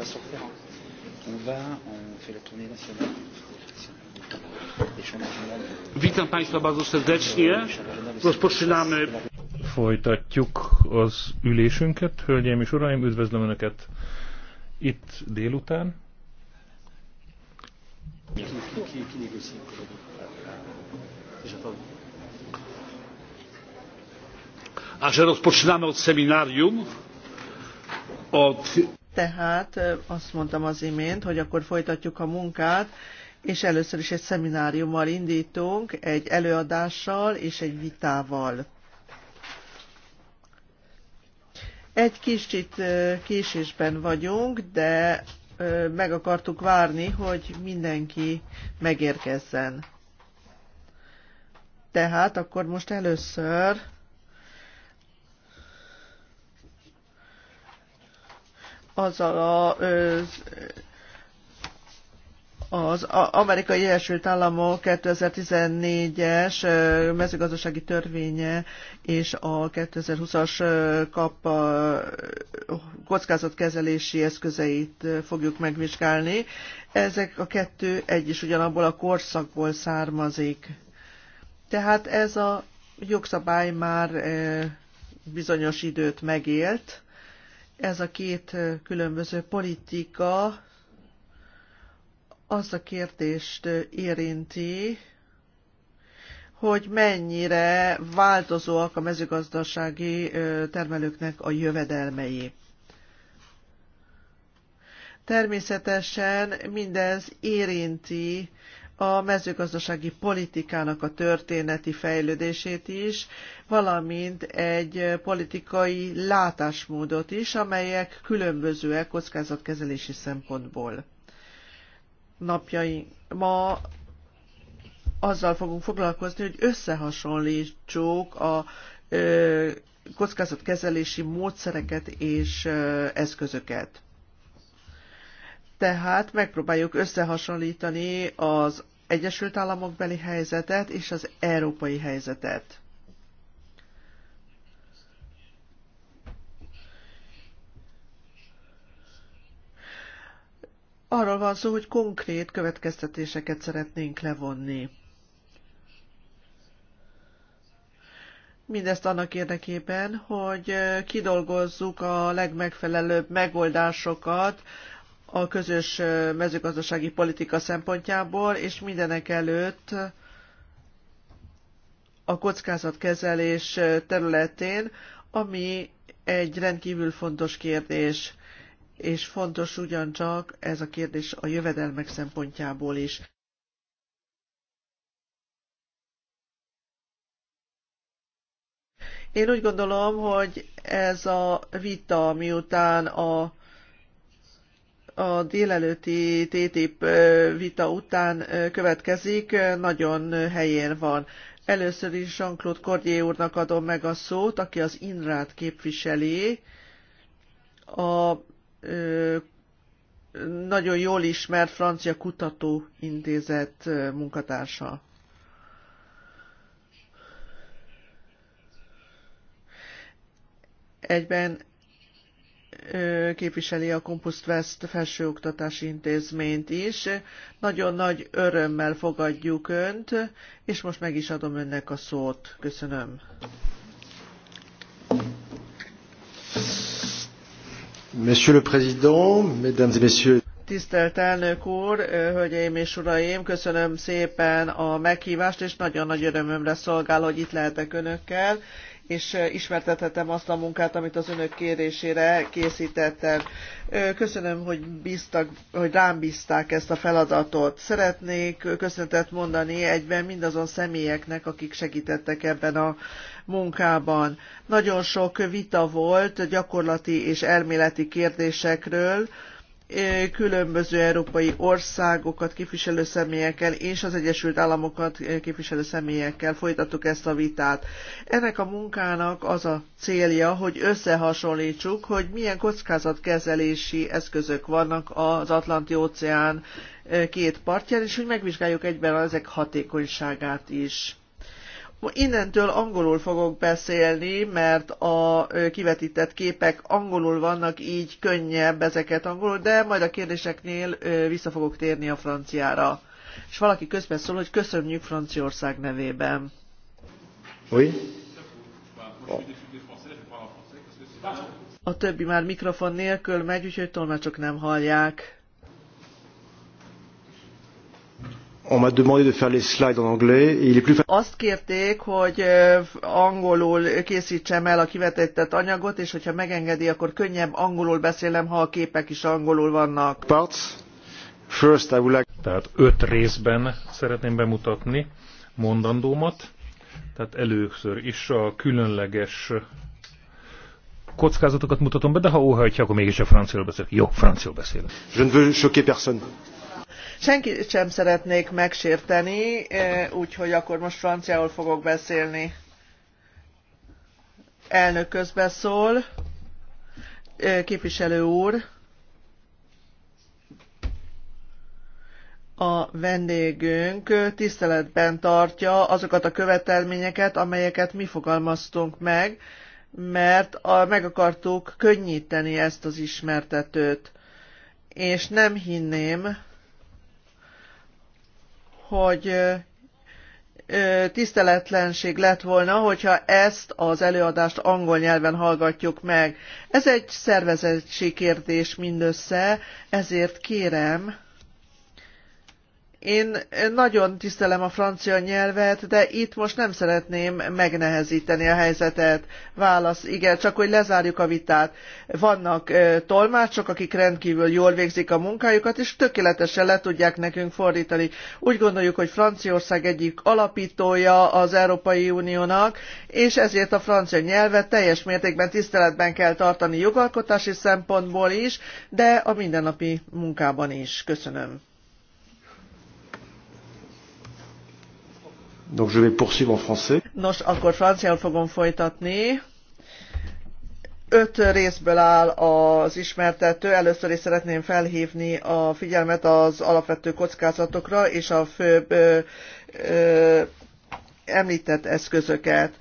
va s'en faire. On va, on fait la tournée nationale. Euh, Witam Państwa bardzo serdecznie. Rozpoczynamy. Folytatjuk az ülésünket. Hölgyeim és Uraim, üdvözlöm Önöket itt délután. A że rozpoczynamy od seminarium, od tehát azt mondtam az imént, hogy akkor folytatjuk a munkát, és először is egy szemináriummal indítunk, egy előadással és egy vitával. Egy kicsit késésben vagyunk, de meg akartuk várni, hogy mindenki megérkezzen. Tehát akkor most először azzal a, az, az Amerikai Egyesült Államok 2014-es mezőgazdasági törvénye és a 2020-as kap kockázatkezelési eszközeit fogjuk megvizsgálni. Ezek a kettő egy is ugyanabból a korszakból származik. Tehát ez a jogszabály már bizonyos időt megélt, ez a két különböző politika azt a kérdést érinti, hogy mennyire változóak a mezőgazdasági termelőknek a jövedelmei. Természetesen mindez érinti a mezőgazdasági politikának a történeti fejlődését is, valamint egy politikai látásmódot is, amelyek különbözőek kockázatkezelési szempontból. Napjai ma azzal fogunk foglalkozni, hogy összehasonlítsuk a ö, kockázatkezelési módszereket és eszközöket. Tehát megpróbáljuk összehasonlítani az Egyesült Államok beli helyzetet és az európai helyzetet. Arról van szó, hogy konkrét következtetéseket szeretnénk levonni. Mindezt annak érdekében, hogy kidolgozzuk a legmegfelelőbb megoldásokat a közös mezőgazdasági politika szempontjából, és mindenek előtt a kockázatkezelés területén, ami egy rendkívül fontos kérdés, és fontos ugyancsak ez a kérdés a jövedelmek szempontjából is. Én úgy gondolom, hogy ez a vita, miután a a délelőtti TTIP vita után következik, nagyon helyén van. Először is Jean-Claude Cordier úrnak adom meg a szót, aki az INRÁT képviseli, a ö, nagyon jól ismert francia kutatóintézet munkatársa. Egyben képviseli a Compost West felsőoktatási intézményt is. Nagyon nagy örömmel fogadjuk Önt, és most meg is adom Önnek a szót. Köszönöm. Monsieur le Président, Mesdames et Messieurs, Tisztelt elnök úr, hölgyeim és uraim, köszönöm szépen a meghívást, és nagyon nagy örömömre szolgál, hogy itt lehetek önökkel, és ismertethetem azt a munkát, amit az önök kérésére készítettem. Köszönöm, hogy, bíztak, hogy rám bízták ezt a feladatot. Szeretnék köszöntet mondani egyben mindazon személyeknek, akik segítettek ebben a munkában. Nagyon sok vita volt gyakorlati és elméleti kérdésekről, különböző európai országokat képviselő személyekkel és az Egyesült Államokat képviselő személyekkel folytattuk ezt a vitát. Ennek a munkának az a célja, hogy összehasonlítsuk, hogy milyen kockázatkezelési eszközök vannak az Atlanti-óceán két partján, és hogy megvizsgáljuk egyben ezek hatékonyságát is. Innentől angolul fogok beszélni, mert a kivetített képek angolul vannak, így könnyebb ezeket angolul, de majd a kérdéseknél vissza fogok térni a franciára. És valaki közben szól, hogy köszönjük Franciaország nevében. Oui? A többi már mikrofon nélkül megy, úgyhogy tolmácsok nem hallják. On m'a demandé de faire les slides en anglais, et il est plus facile. Azt kérték, hogy angolul készítsem el a kivetettet anyagot, és hogyha megengedi, akkor könnyebb angolul beszélem, ha a képek is angolul vannak. Parts. First, I would like... Tehát öt részben szeretném bemutatni mondandómat. Tehát először is a különleges kockázatokat mutatom be, de ha óhajtja, akkor mégis a franciául beszélek. Jó, franciául beszélek. Je ne veux choquer personne. Senkit sem szeretnék megsérteni, eh, úgyhogy akkor most franciául fogok beszélni. Elnök közbeszól. Eh, képviselő úr. a vendégünk tiszteletben tartja azokat a követelményeket, amelyeket mi fogalmaztunk meg, mert a, meg akartuk könnyíteni ezt az ismertetőt. És nem hinném, hogy tiszteletlenség lett volna, hogyha ezt az előadást angol nyelven hallgatjuk meg. Ez egy szervezettség kérdés mindössze, ezért kérem, én nagyon tisztelem a francia nyelvet, de itt most nem szeretném megnehezíteni a helyzetet. Válasz, igen, csak hogy lezárjuk a vitát. Vannak ö, tolmácsok, akik rendkívül jól végzik a munkájukat, és tökéletesen le tudják nekünk fordítani. Úgy gondoljuk, hogy Franciaország egyik alapítója az Európai Uniónak, és ezért a francia nyelvet teljes mértékben tiszteletben kell tartani jogalkotási szempontból is, de a mindennapi munkában is. Köszönöm. Donc je vais poursuivre en français. Nos, akkor franciául fogom folytatni. Öt részből áll az ismertető. Először is szeretném felhívni a figyelmet az alapvető kockázatokra és a főbb ö, ö, említett eszközöket.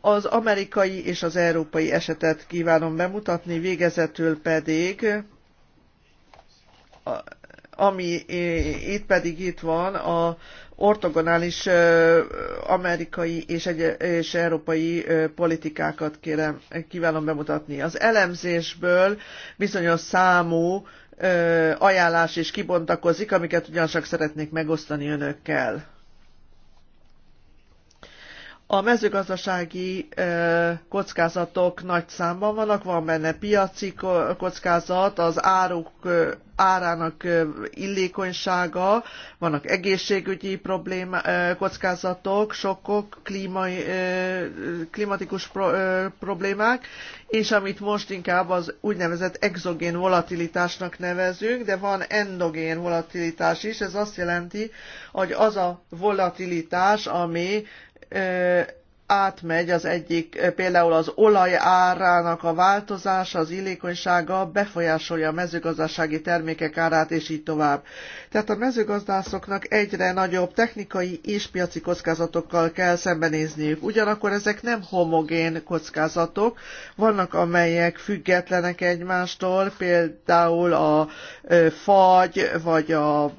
Az amerikai és az európai esetet kívánom bemutatni, végezetül pedig ami itt pedig itt van, a, ortogonális amerikai és, egy, és európai politikákat kérem, kívánom bemutatni. Az elemzésből bizonyos számú ajánlás is kibontakozik, amiket ugyancsak szeretnék megosztani önökkel. A mezőgazdasági kockázatok nagy számban vannak, van benne piaci kockázat, az áruk árának illékonysága, vannak egészségügyi probléma, kockázatok, sokkok, klímai, klimatikus problémák, és amit most inkább az úgynevezett exogén volatilitásnak nevezünk, de van endogén volatilitás is, ez azt jelenti, hogy az a volatilitás, ami ö, átmegy az egyik, például az olaj árának a változása, az illékonysága befolyásolja a mezőgazdasági termékek árát, és így tovább. Tehát a mezőgazdászoknak egyre nagyobb technikai és piaci kockázatokkal kell szembenézniük. Ugyanakkor ezek nem homogén kockázatok, vannak amelyek függetlenek egymástól, például a fagy, vagy a,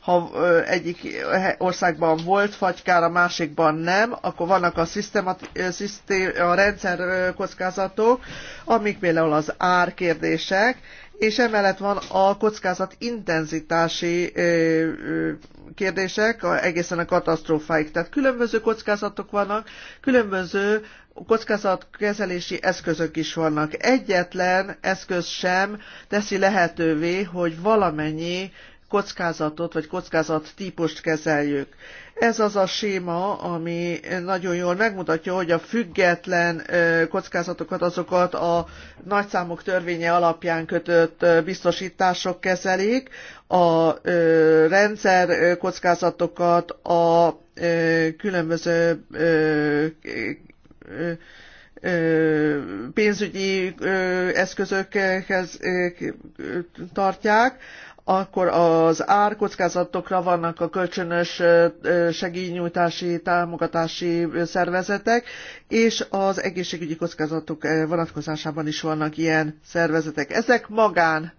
ha egyik országban volt fagykár, a másikban nem, akkor vannak a Eh, a rendszer eh, kockázatok, amik például az árkérdések, és emellett van a kockázat intenzitási eh, kérdések egészen a katasztrófáig. Tehát különböző kockázatok vannak, különböző kockázatkezelési eszközök is vannak. Egyetlen eszköz sem teszi lehetővé, hogy valamennyi kockázatot vagy kockázat típust kezeljük. Ez az a séma, ami nagyon jól megmutatja, hogy a független kockázatokat, azokat a nagyszámok törvénye alapján kötött biztosítások kezelik, a rendszer kockázatokat a különböző pénzügyi eszközökhez tartják, akkor az árkockázatokra vannak a kölcsönös segélynyújtási, támogatási szervezetek, és az egészségügyi kockázatok vonatkozásában is vannak ilyen szervezetek. Ezek magán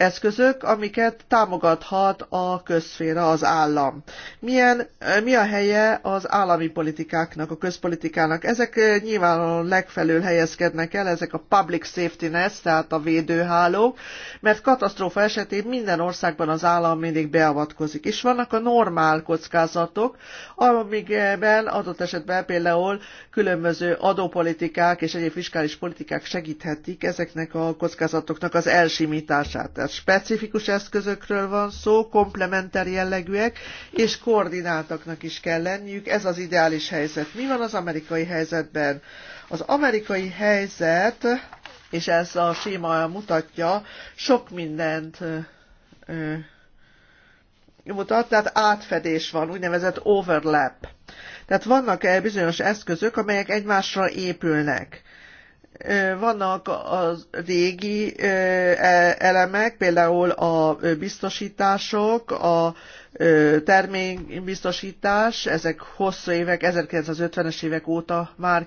eszközök, amiket támogathat a közféra, az állam. Milyen, eh, mi a helye az állami politikáknak, a közpolitikának? Ezek eh, nyilvánvalóan legfelül helyezkednek el, ezek a public safety nets, tehát a védőhálók, mert katasztrófa esetén minden országban az állam mindig beavatkozik. És vannak a normál kockázatok, amikben adott esetben például különböző adópolitikák és egyéb fiskális politikák segíthetik ezeknek a kockázatoknak az elsimítását tehát specifikus eszközökről van szó, komplementer jellegűek, és koordináltaknak is kell lenniük, ez az ideális helyzet. Mi van az amerikai helyzetben? Az amerikai helyzet, és ez a séma mutatja, sok mindent ö, mutat, tehát átfedés van, úgynevezett overlap. Tehát vannak -e bizonyos eszközök, amelyek egymásra épülnek. Vannak a régi e, elemek, például a biztosítások, a terménybiztosítás, ezek hosszú évek, 1950-es évek óta már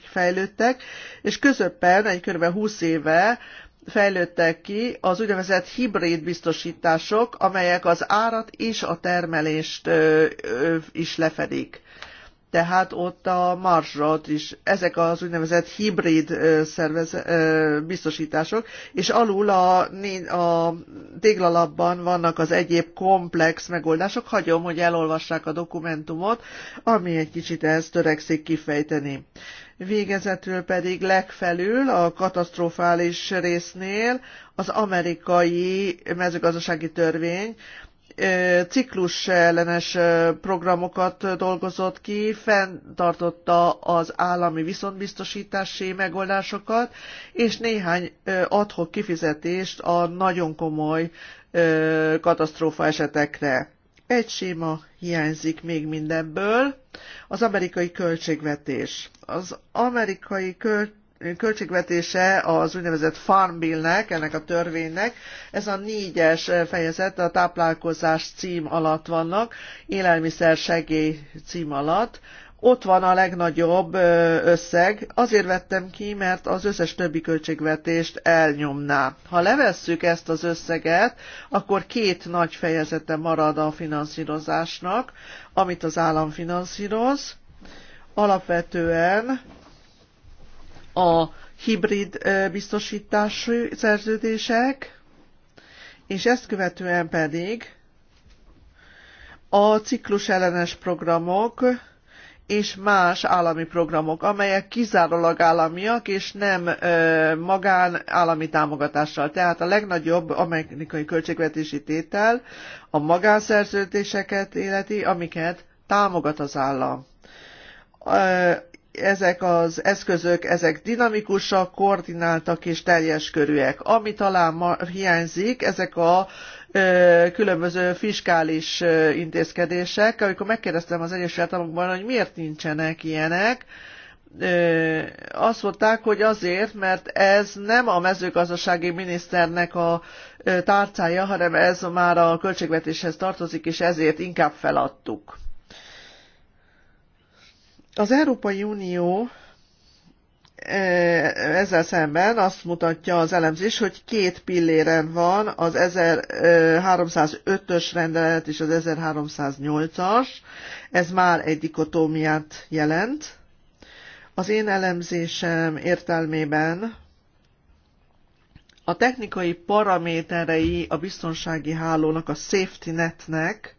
kifejlődtek, és közöppen, egy kb. 20 éve fejlődtek ki az úgynevezett hibrid biztosítások, amelyek az árat és a termelést is lefedik tehát ott a marsrot is, ezek az úgynevezett hibrid szervez, biztosítások, és alul a, a téglalapban vannak az egyéb komplex megoldások. Hagyom, hogy elolvassák a dokumentumot, ami egy kicsit ezt törekszik kifejteni. Végezetül pedig legfelül a katasztrofális résznél az amerikai mezőgazdasági törvény, ciklus ellenes programokat dolgozott ki, fenntartotta az állami viszontbiztosítási megoldásokat, és néhány adhok kifizetést a nagyon komoly katasztrófa esetekre. Egy séma hiányzik még mindebből, az amerikai költségvetés. Az amerikai költségvetés költségvetése az úgynevezett Farm Billnek, ennek a törvénynek. Ez a négyes fejezet a táplálkozás cím alatt vannak, élelmiszer segély cím alatt. Ott van a legnagyobb összeg. Azért vettem ki, mert az összes többi költségvetést elnyomná. Ha levesszük ezt az összeget, akkor két nagy fejezete marad a finanszírozásnak, amit az állam finanszíroz. Alapvetően a hibrid biztosítási szerződések, és ezt követően pedig a ciklus ellenes programok és más állami programok, amelyek kizárólag államiak és nem ö, magán állami támogatással. Tehát a legnagyobb amerikai költségvetési tétel a magánszerződéseket életi, amiket támogat az állam ezek az eszközök, ezek dinamikusak, koordináltak és teljes körűek. Ami talán ma hiányzik, ezek a ö, különböző fiskális ö, intézkedések. Amikor megkérdeztem az Egyesült Államokban, hogy miért nincsenek ilyenek, ö, azt mondták, hogy azért, mert ez nem a mezőgazdasági miniszternek a ö, tárcája, hanem ez már a költségvetéshez tartozik, és ezért inkább feladtuk. Az Európai Unió e, ezzel szemben azt mutatja az elemzés, hogy két pilléren van az 1305-ös rendelet és az 1308-as. Ez már egy dikotómiát jelent. Az én elemzésem értelmében a technikai paraméterei a biztonsági hálónak, a safety netnek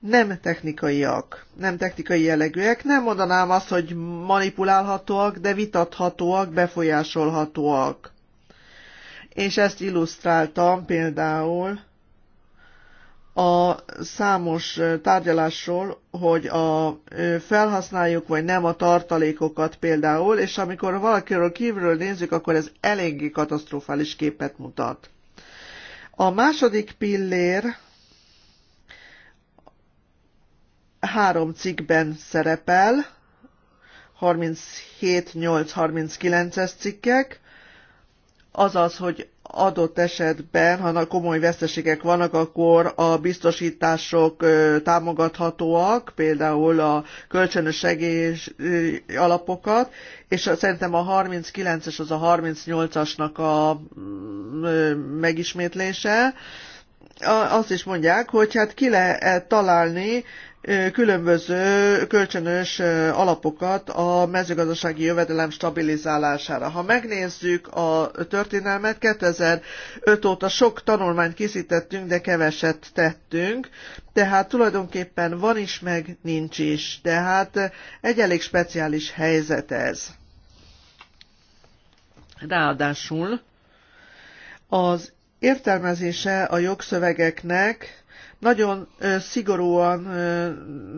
nem technikaiak, nem technikai jellegűek. Nem mondanám azt, hogy manipulálhatóak, de vitathatóak, befolyásolhatóak. És ezt illusztráltam például a számos tárgyalásról, hogy a felhasználjuk vagy nem a tartalékokat például, és amikor valakiről kívülről nézzük, akkor ez eléggé katasztrofális képet mutat. A második pillér három cikkben szerepel, 37-8-39-es cikkek, azaz, hogy adott esetben, ha komoly veszteségek vannak, akkor a biztosítások támogathatóak, például a kölcsönös segély alapokat, és szerintem a 39-es az a 38-asnak a mm, megismétlése, azt is mondják, hogy hát ki lehet találni különböző kölcsönös alapokat a mezőgazdasági jövedelem stabilizálására. Ha megnézzük a történelmet, 2005 óta sok tanulmányt készítettünk, de keveset tettünk, tehát tulajdonképpen van is, meg nincs is. Tehát egy elég speciális helyzet ez. Ráadásul az értelmezése a jogszövegeknek nagyon szigorúan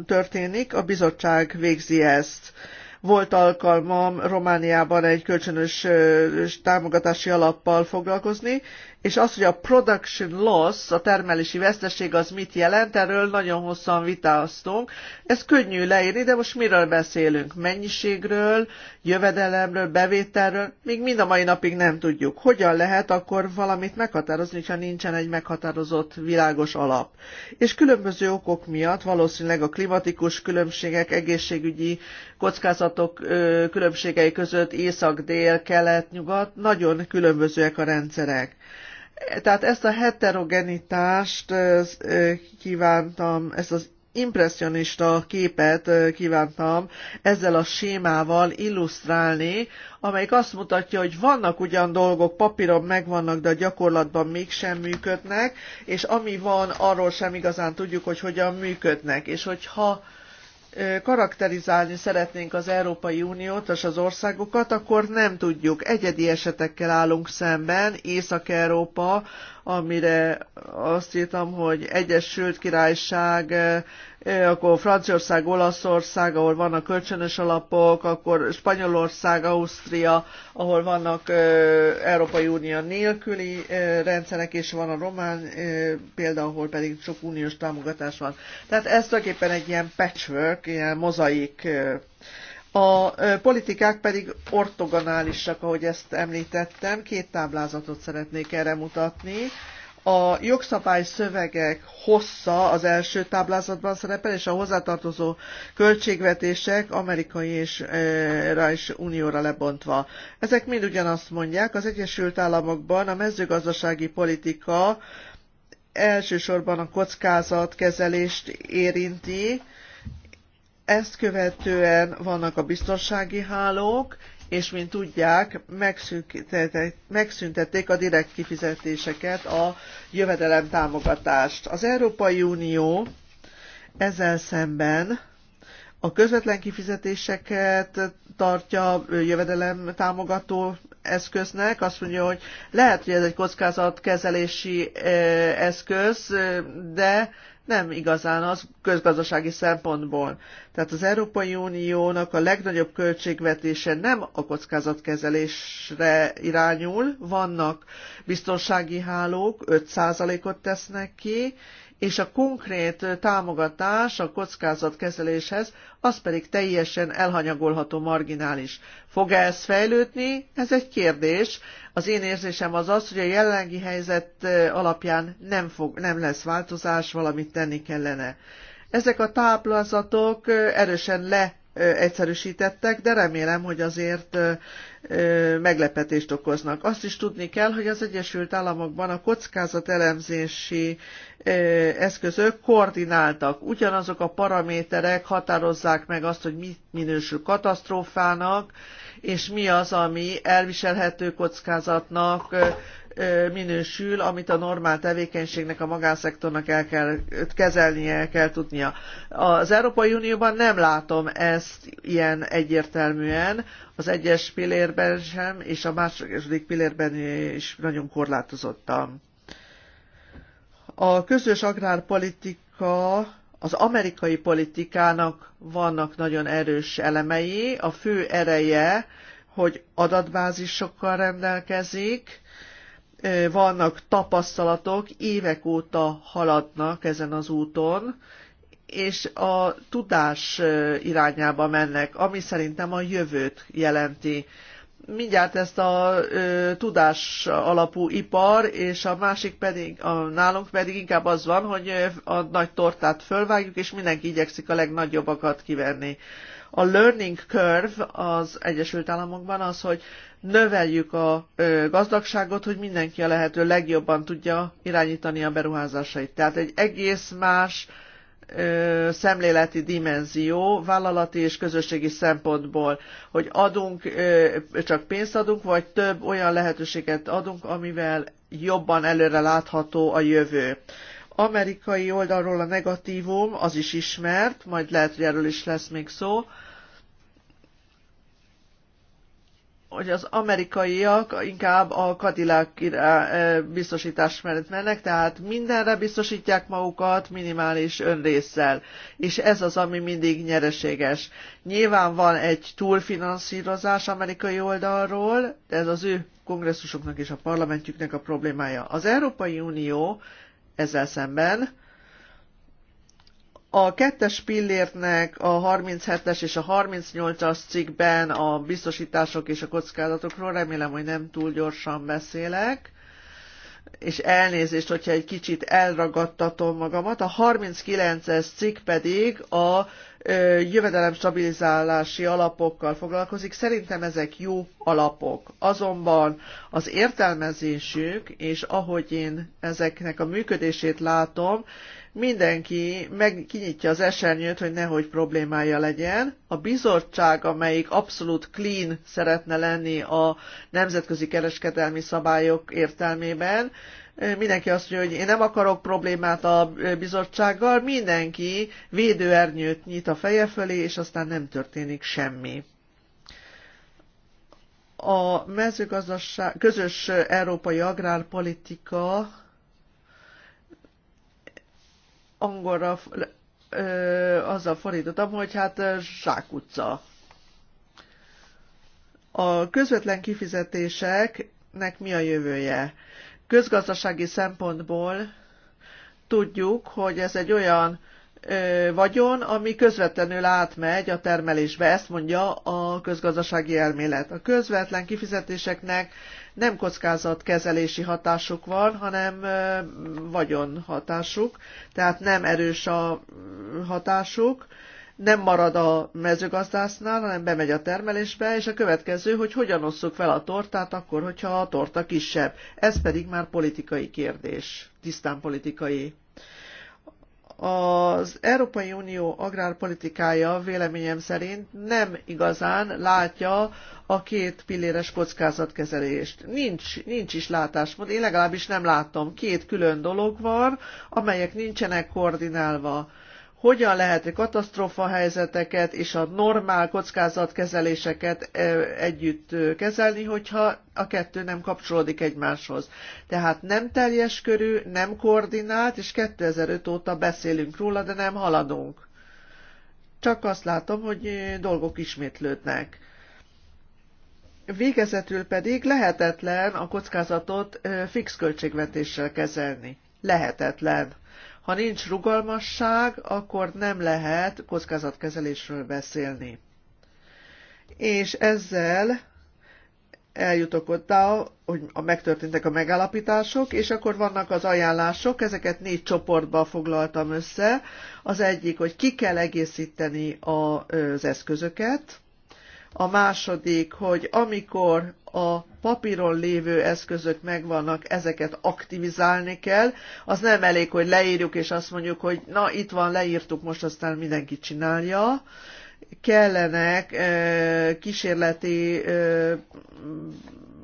történik, a bizottság végzi ezt. Volt alkalmam Romániában egy kölcsönös támogatási alappal foglalkozni, és az, hogy a production loss, a termelési veszteség az mit jelent, erről nagyon hosszan vitáztunk. Ez könnyű leírni, de most miről beszélünk? Mennyiségről, jövedelemről, bevételről? Még mind a mai napig nem tudjuk. Hogyan lehet akkor valamit meghatározni, ha nincsen egy meghatározott világos alap? És különböző okok miatt valószínűleg a klimatikus különbségek, egészségügyi kockázatok különbségei között észak, dél, kelet, nyugat nagyon különbözőek a rendszerek. Tehát ezt a heterogenitást kívántam, ezt az impressionista képet kívántam ezzel a sémával illusztrálni, amelyik azt mutatja, hogy vannak ugyan dolgok, papíron megvannak, de a gyakorlatban mégsem működnek, és ami van, arról sem igazán tudjuk, hogy hogyan működnek. És hogyha karakterizálni szeretnénk az Európai Uniót és az országokat, akkor nem tudjuk. Egyedi esetekkel állunk szemben. Észak-Európa, amire azt írtam, hogy Egyesült Királyság E, akkor Franciaország, Olaszország, ahol vannak kölcsönös alapok, akkor Spanyolország, Ausztria, ahol vannak e, Európai Unió nélküli e, rendszerek, és van a román példa, ahol pedig sok uniós támogatás van. Tehát ez tulajdonképpen egy ilyen patchwork, ilyen mozaik a politikák pedig ortogonálisak, ahogy ezt említettem. Két táblázatot szeretnék erre mutatni. A jogszabály szövegek hossza az első táblázatban szerepel, és a hozzátartozó költségvetések amerikai és, e, unióra lebontva. Ezek mind ugyanazt mondják, az Egyesült Államokban a mezőgazdasági politika elsősorban a kockázatkezelést érinti, ezt követően vannak a biztonsági hálók, és mint tudják, megszüntették a direkt kifizetéseket, a jövedelem támogatást. Az Európai Unió ezzel szemben a közvetlen kifizetéseket tartja jövedelem támogató eszköznek, azt mondja, hogy lehet, hogy ez egy kockázatkezelési eh, eszköz, de nem igazán az közgazdasági szempontból. Tehát az Európai Uniónak a legnagyobb költségvetése nem a kockázatkezelésre irányul, vannak biztonsági hálók, 5%-ot tesznek ki, és a konkrét támogatás a kockázatkezeléshez, az pedig teljesen elhanyagolható marginális. Fog-e ez fejlődni? Ez egy kérdés. Az én érzésem az az, hogy a jelenlegi helyzet alapján nem, fog, nem lesz változás, valamit tenni kellene. Ezek a táplázatok erősen le egyszerűsítettek, de remélem, hogy azért meglepetést okoznak. Azt is tudni kell, hogy az Egyesült Államokban a kockázatelemzési eszközök koordináltak. Ugyanazok a paraméterek határozzák meg azt, hogy mit minősül katasztrófának, és mi az, ami elviselhető kockázatnak, minősül, amit a normál tevékenységnek, a magánszektornak el kell kezelnie, el kell tudnia. Az Európai Unióban nem látom ezt ilyen egyértelműen, az egyes pillérben sem, és a második pillérben is nagyon korlátozottan. A közös agrárpolitika az amerikai politikának vannak nagyon erős elemei, a fő ereje, hogy adatbázisokkal rendelkezik, vannak tapasztalatok, évek óta haladnak ezen az úton, és a tudás irányába mennek, ami szerintem a jövőt jelenti. Mindjárt ezt a ö, tudás alapú ipar, és a másik pedig, a, nálunk pedig inkább az van, hogy a nagy tortát fölvágjuk, és mindenki igyekszik a legnagyobbakat kivenni. Ö, a learning curve az Egyesült Államokban az, hogy növeljük a gazdagságot, hogy mindenki a lehető legjobban tudja irányítani a beruházásait. Tehát egy egész más szemléleti dimenzió vállalati és közösségi szempontból, hogy adunk, csak pénzt adunk, vagy több olyan lehetőséget adunk, amivel jobban előre látható a jövő amerikai oldalról a negatívum, az is ismert, majd lehet, hogy erről is lesz még szó, hogy az amerikaiak inkább a kadilák eh, biztosítás mellett mennek, tehát mindenre biztosítják magukat minimális önrészsel, és ez az, ami mindig nyereséges. Nyilván van egy túlfinanszírozás amerikai oldalról, de ez az ő kongresszusoknak és a parlamentjüknek a problémája. Az Európai Unió ezzel szemben. A kettes pillérnek a 37-es és a 38-as cikkben a biztosítások és a kockázatokról, remélem, hogy nem túl gyorsan beszélek, és elnézést, hogyha egy kicsit elragadtatom magamat. A 39-es cikk pedig a jövedelem stabilizálási alapokkal foglalkozik. Szerintem ezek jó alapok. Azonban az értelmezésük, és ahogy én ezeknek a működését látom, mindenki meg kinyitja az esernyőt, hogy nehogy problémája legyen. A bizottság, amelyik abszolút clean szeretne lenni a nemzetközi kereskedelmi szabályok értelmében, mindenki azt mondja, hogy én nem akarok problémát a bizottsággal, mindenki védőernyőt nyit a feje fölé, és aztán nem történik semmi a mezőgazdaság, közös európai agrárpolitika angolra ö, azzal fordítottam, hogy hát zsákutca. A közvetlen kifizetéseknek mi a jövője? Közgazdasági szempontból tudjuk, hogy ez egy olyan ö, vagyon, ami közvetlenül átmegy a termelésbe. Ezt mondja a közgazdasági elmélet. A közvetlen kifizetéseknek nem kockázatkezelési hatásuk van, hanem vagyon hatásuk, tehát nem erős a hatásuk, nem marad a mezőgazdásznál, hanem bemegy a termelésbe, és a következő, hogy hogyan osszuk fel a tortát akkor, hogyha a torta kisebb. Ez pedig már politikai kérdés, tisztán politikai az Európai Unió agrárpolitikája véleményem szerint nem igazán látja a két pilléres kockázatkezelést. Nincs, nincs is látásmód, én legalábbis nem látom. Két külön dolog van, amelyek nincsenek koordinálva hogyan lehet katasztrófa helyzeteket és a normál kockázatkezeléseket együtt kezelni, hogyha a kettő nem kapcsolódik egymáshoz. Tehát nem teljes körű, nem koordinált, és 2005 óta beszélünk róla, de nem haladunk. Csak azt látom, hogy dolgok ismétlődnek. Végezetül pedig lehetetlen a kockázatot fix költségvetéssel kezelni. Lehetetlen ha nincs rugalmasság, akkor nem lehet kockázatkezelésről beszélni. És ezzel eljutok oda, hogy a megtörténtek a megállapítások, és akkor vannak az ajánlások, ezeket négy csoportba foglaltam össze. Az egyik, hogy ki kell egészíteni az eszközöket, a második, hogy amikor a papíron lévő eszközök megvannak, ezeket aktivizálni kell. Az nem elég, hogy leírjuk, és azt mondjuk, hogy na itt van, leírtuk, most aztán mindenki csinálja. Kellenek kísérleti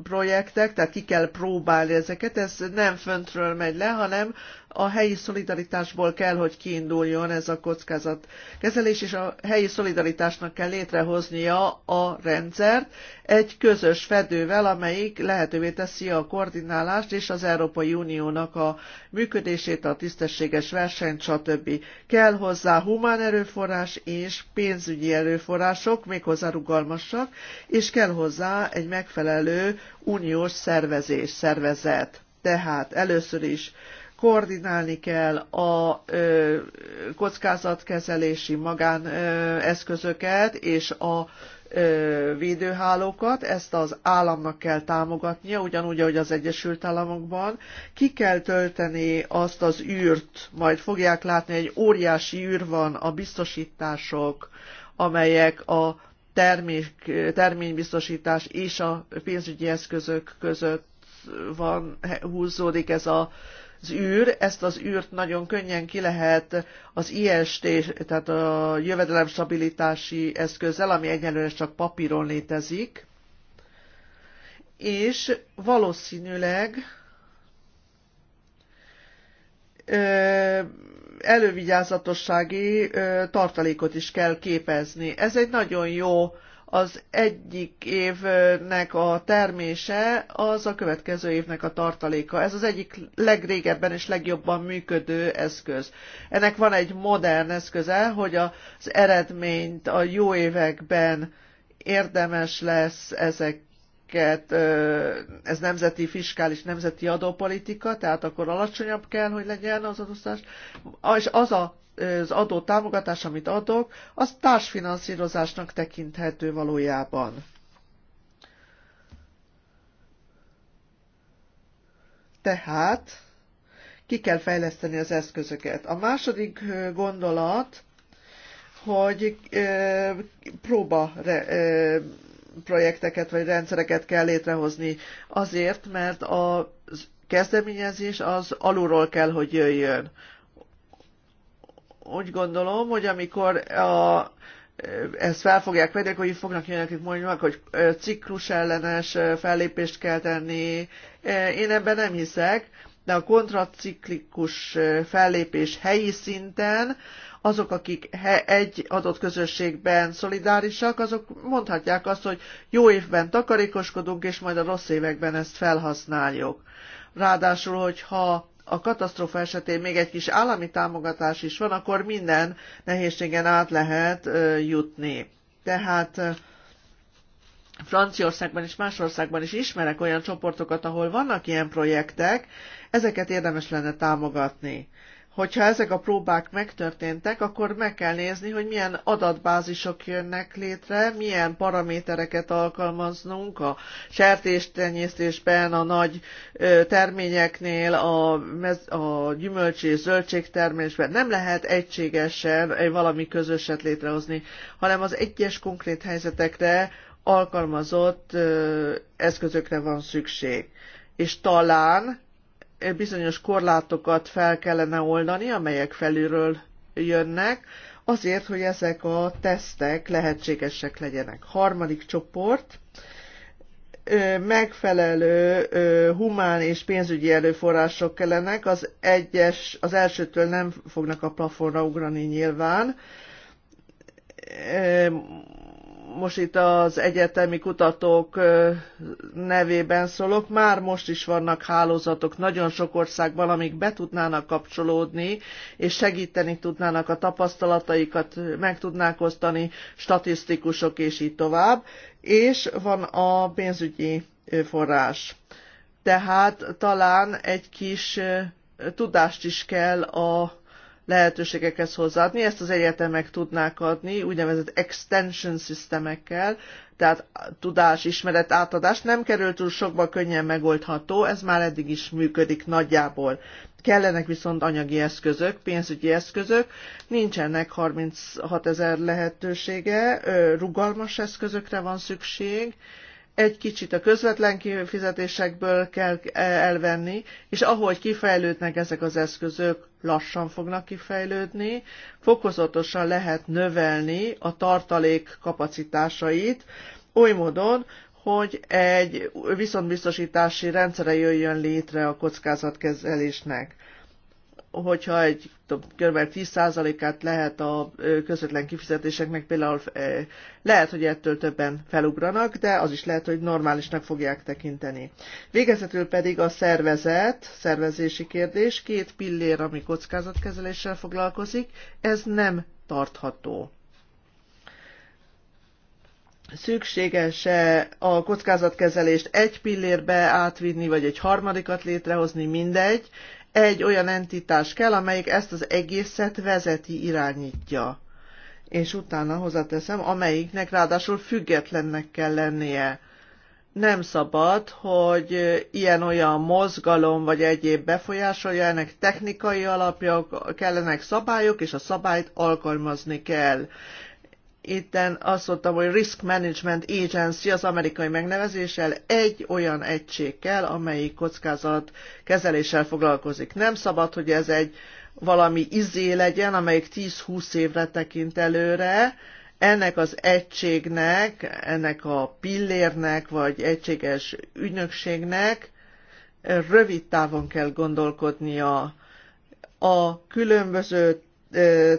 projektek, tehát ki kell próbálni ezeket, ez nem föntről megy le, hanem a helyi szolidaritásból kell, hogy kiinduljon ez a kockázatkezelés, és a helyi szolidaritásnak kell létrehoznia a rendszert egy közös fedővel, amelyik lehetővé teszi a koordinálást és az Európai Uniónak a működését, a tisztességes versenyt, stb. Kell hozzá humán erőforrás és pénzügyi erőforrások, méghozzá rugalmasak, és kell hozzá egy megfelelő uniós szervezés, szervezet. Tehát először is koordinálni kell a ö, kockázatkezelési magáneszközöket és a ö, védőhálókat, ezt az államnak kell támogatnia, ugyanúgy, ahogy az Egyesült Államokban. Ki kell tölteni azt az űrt, majd fogják látni, egy óriási űr van a biztosítások, amelyek a termék, terménybiztosítás és a pénzügyi eszközök között van, húzódik ez a az űr, ezt az űrt nagyon könnyen ki lehet az IST, tehát a jövedelemstabilitási eszközzel, ami egyelőre csak papíron létezik, és valószínűleg elővigyázatossági tartalékot is kell képezni. Ez egy nagyon jó az egyik évnek a termése az a következő évnek a tartaléka. Ez az egyik legrégebben és legjobban működő eszköz. Ennek van egy modern eszköze, hogy az eredményt a jó években érdemes lesz ezek ez nemzeti fiskális, nemzeti adópolitika, tehát akkor alacsonyabb kell, hogy legyen az adóztás. És az a az adó támogatás, amit adok, az társfinanszírozásnak tekinthető valójában. Tehát ki kell fejleszteni az eszközöket. A második gondolat, hogy próba projekteket vagy rendszereket kell létrehozni azért, mert a kezdeményezés az alulról kell, hogy jöjjön úgy gondolom, hogy amikor a, ezt fel fogják venni, hogy fognak jönni nekik mondjuk, hogy ciklus ellenes fellépést kell tenni. Én ebben nem hiszek, de a kontraciklikus fellépés helyi szinten azok, akik egy adott közösségben szolidárisak, azok mondhatják azt, hogy jó évben takarékoskodunk, és majd a rossz években ezt felhasználjuk. Ráadásul, hogyha a katasztrófa esetén még egy kis állami támogatás is van, akkor minden nehézségen át lehet jutni. Tehát Franciaországban és más országban is ismerek olyan csoportokat, ahol vannak ilyen projektek, ezeket érdemes lenne támogatni hogyha ezek a próbák megtörténtek, akkor meg kell nézni, hogy milyen adatbázisok jönnek létre, milyen paramétereket alkalmaznunk a sertéstenyésztésben, a nagy terményeknél, a, mez, a gyümölcs és zöldségtermésben. Nem lehet egységesen valami közöset létrehozni, hanem az egyes konkrét helyzetekre alkalmazott eszközökre van szükség. És talán bizonyos korlátokat fel kellene oldani, amelyek felülről jönnek, azért, hogy ezek a tesztek lehetségesek legyenek. Harmadik csoport, megfelelő humán és pénzügyi előforrások kellenek, az egyes, az elsőtől nem fognak a plafonra ugrani nyilván, most itt az egyetemi kutatók nevében szólok, már most is vannak hálózatok nagyon sok országban, amik be tudnának kapcsolódni, és segíteni tudnának a tapasztalataikat, meg tudnák osztani statisztikusok, és így tovább, és van a pénzügyi forrás. Tehát talán egy kis tudást is kell a lehetőségekhez hozzáadni, ezt az egyetemek tudnák adni, úgynevezett extension systemekkel, tehát tudás, ismeret, átadás nem kerül túl sokba, könnyen megoldható, ez már eddig is működik nagyjából. Kellenek viszont anyagi eszközök, pénzügyi eszközök, nincsenek 36 ezer lehetősége, rugalmas eszközökre van szükség, egy kicsit a közvetlen kifizetésekből kell eh, elvenni, és ahogy kifejlődnek ezek az eszközök, lassan fognak kifejlődni, fokozatosan lehet növelni a tartalék kapacitásait, oly módon, hogy egy viszontbiztosítási rendszere jöjjön létre a kockázatkezelésnek hogyha egy kb. 10%-át lehet a közvetlen kifizetéseknek, például lehet, hogy ettől többen felugranak, de az is lehet, hogy normálisnak fogják tekinteni. Végezetül pedig a szervezet, szervezési kérdés, két pillér, ami kockázatkezeléssel foglalkozik, ez nem tartható szükséges-e a kockázatkezelést egy pillérbe átvinni, vagy egy harmadikat létrehozni, mindegy egy olyan entitás kell, amelyik ezt az egészet vezeti, irányítja. És utána hozzáteszem, amelyiknek ráadásul függetlennek kell lennie. Nem szabad, hogy ilyen-olyan mozgalom vagy egyéb befolyásolja, ennek technikai alapja kellenek szabályok, és a szabályt alkalmazni kell itt azt mondtam, hogy Risk Management Agency az amerikai megnevezéssel egy olyan egység kell, amelyik kockázat kezeléssel foglalkozik. Nem szabad, hogy ez egy valami izé legyen, amelyik 10-20 évre tekint előre, ennek az egységnek, ennek a pillérnek, vagy egységes ügynökségnek rövid távon kell gondolkodnia a különböző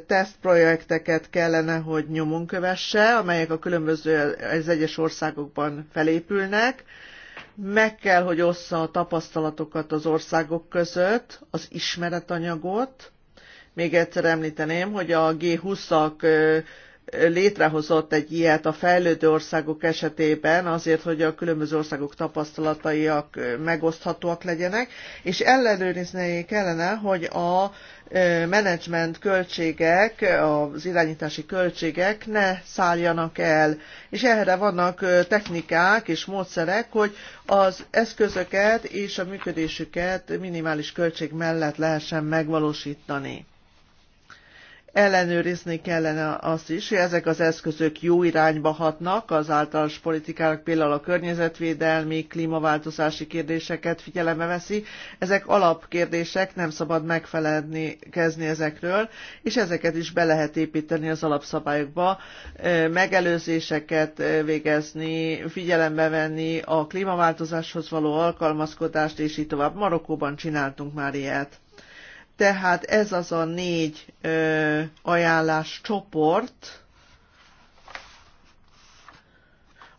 tesztprojekteket kellene, hogy nyomon kövesse, amelyek a különböző az egyes országokban felépülnek. Meg kell, hogy ossza a tapasztalatokat az országok között, az ismeretanyagot. Még egyszer említeném, hogy a G20-ak létrehozott egy ilyet a fejlődő országok esetében azért, hogy a különböző országok tapasztalataiak megoszthatóak legyenek, és ellenőrizni kellene, hogy a menedzsment költségek, az irányítási költségek ne szálljanak el. És erre vannak technikák és módszerek, hogy az eszközöket és a működésüket minimális költség mellett lehessen megvalósítani ellenőrizni kellene azt is, hogy ezek az eszközök jó irányba hatnak az általános politikának, például a környezetvédelmi, klímaváltozási kérdéseket figyelembe veszi. Ezek alapkérdések, nem szabad megfelelni kezni ezekről, és ezeket is be lehet építeni az alapszabályokba, megelőzéseket végezni, figyelembe venni a klímaváltozáshoz való alkalmazkodást, és így tovább. Marokkóban csináltunk már ilyet. Tehát ez az a négy ö, ajánlás csoport,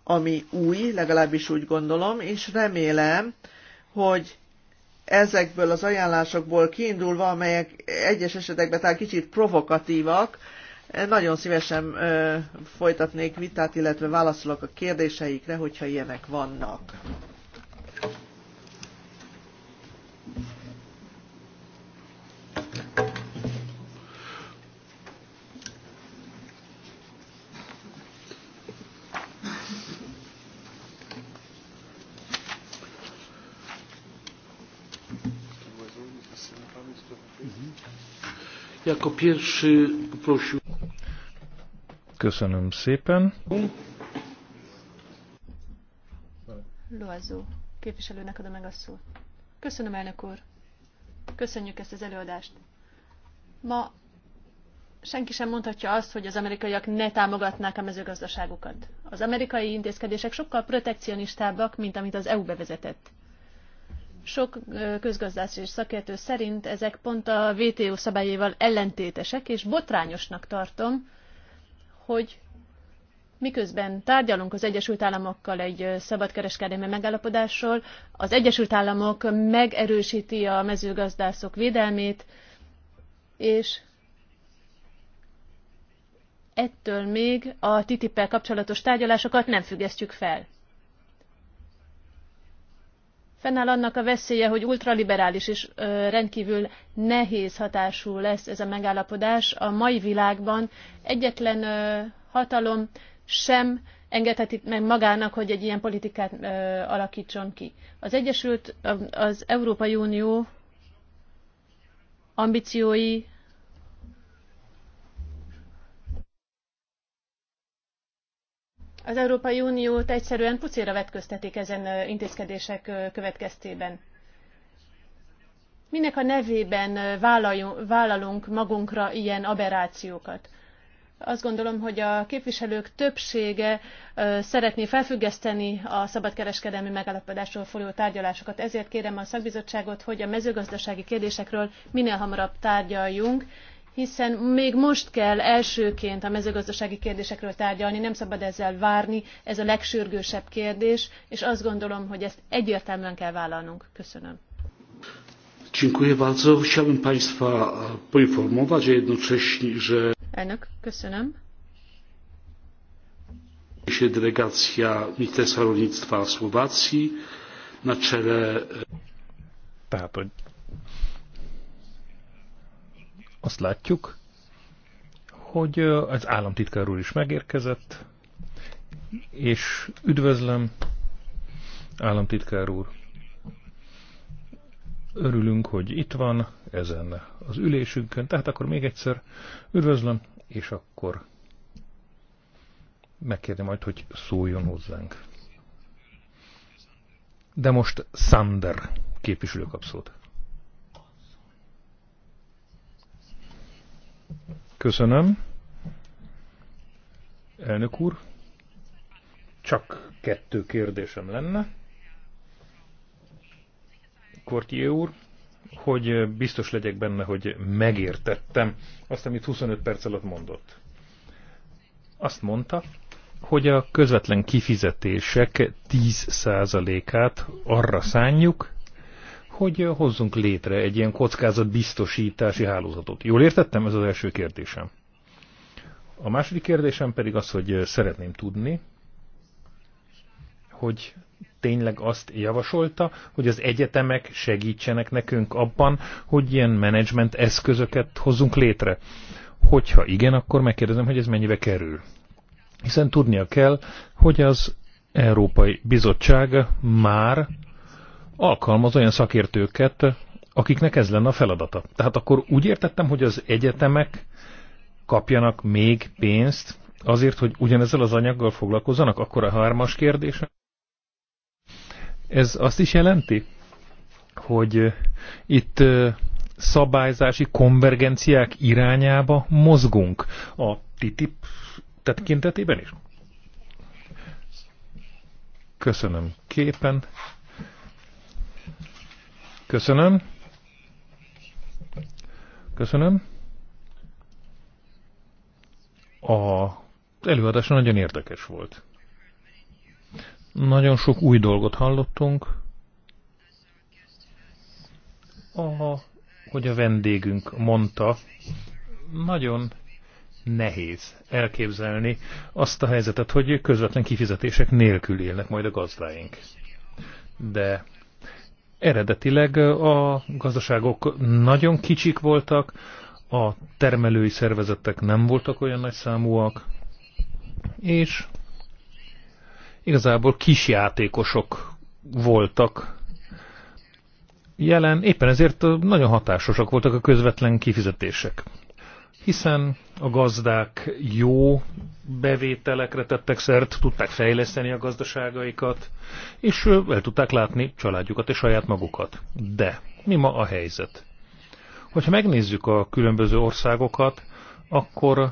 ami új, legalábbis úgy gondolom, és remélem, hogy ezekből az ajánlásokból kiindulva, amelyek egyes esetekben talán kicsit provokatívak, nagyon szívesen ö, folytatnék vitát, illetve válaszolok a kérdéseikre, hogyha ilyenek vannak. Jako pierwszy poprosił. Köszönöm szépen. Loazó, képviselőnek adom meg a szót. Köszönöm, elnök úr. Köszönjük ezt az előadást. Ma senki sem mondhatja azt, hogy az amerikaiak ne támogatnák a mezőgazdaságukat. Az amerikai intézkedések sokkal protekcionistábbak, mint amit az EU bevezetett. Sok közgazdász és szakértő szerint ezek pont a WTO szabályaival ellentétesek, és botrányosnak tartom, hogy miközben tárgyalunk az Egyesült Államokkal egy szabadkereskedelmi megállapodásról, az Egyesült Államok megerősíti a mezőgazdászok védelmét, és ettől még a TTIP-el kapcsolatos tárgyalásokat nem függesztjük fel fennáll annak a veszélye, hogy ultraliberális és rendkívül nehéz hatású lesz ez a megállapodás. A mai világban egyetlen hatalom sem engedheti meg magának, hogy egy ilyen politikát ö, alakítson ki. Az Egyesült, az Európai Unió ambíciói Az Európai Uniót egyszerűen pucéra vetköztetik ezen intézkedések következtében. Minek a nevében vállalunk magunkra ilyen aberrációkat? Azt gondolom, hogy a képviselők többsége szeretné felfüggeszteni a szabadkereskedelmi megállapodásról folyó tárgyalásokat. Ezért kérem a szakbizottságot, hogy a mezőgazdasági kérdésekről minél hamarabb tárgyaljunk, hiszen még most kell elsőként a mezőgazdasági kérdésekről tárgyalni, nem szabad ezzel várni, ez a legsürgősebb kérdés, és azt gondolom, hogy ezt egyértelműen kell vállalnunk. Köszönöm. Dziękuję bardzo. Chciałbym Państwa e, poinformować, że jednocześnie, że Elnök, köszönöm. się delegacja Ministerstwa Rolnictwa Słowacji na czele... E, Tehát, hogy azt látjuk, hogy az államtitkár úr is megérkezett, és üdvözlöm, államtitkár úr. Örülünk, hogy itt van ezen az ülésünkön, tehát akkor még egyszer üdvözlöm, és akkor megkérdem majd, hogy szóljon hozzánk. De most Sander képviselő kap szót. Köszönöm. Elnök úr, csak kettő kérdésem lenne. Kortyé úr, hogy biztos legyek benne, hogy megértettem azt, amit 25 perc alatt mondott. Azt mondta, hogy a közvetlen kifizetések 10%-át arra szánjuk, hogy hozzunk létre egy ilyen kockázatbiztosítási hálózatot. Jól értettem? Ez az első kérdésem. A második kérdésem pedig az, hogy szeretném tudni, hogy tényleg azt javasolta, hogy az egyetemek segítsenek nekünk abban, hogy ilyen menedzsment eszközöket hozzunk létre. Hogyha igen, akkor megkérdezem, hogy ez mennyibe kerül. Hiszen tudnia kell, hogy az Európai Bizottság már alkalmaz olyan szakértőket, akiknek ez lenne a feladata. Tehát akkor úgy értettem, hogy az egyetemek kapjanak még pénzt azért, hogy ugyanezzel az anyaggal foglalkozzanak, akkor a hármas kérdése. Ez azt is jelenti, hogy itt szabályzási konvergenciák irányába mozgunk a TTIP tekintetében is. Köszönöm képen. Köszönöm. Köszönöm. A előadása nagyon érdekes volt. Nagyon sok új dolgot hallottunk. A, hogy a vendégünk mondta, nagyon nehéz elképzelni azt a helyzetet, hogy közvetlen kifizetések nélkül élnek majd a gazdáink. De Eredetileg a gazdaságok nagyon kicsik voltak, a termelői szervezetek nem voltak olyan nagy számúak, és igazából kisjátékosok voltak jelen, éppen ezért nagyon hatásosak voltak a közvetlen kifizetések hiszen a gazdák jó bevételekre tettek szert, tudták fejleszteni a gazdaságaikat, és el tudták látni családjukat és saját magukat. De mi ma a helyzet? Hogyha megnézzük a különböző országokat, akkor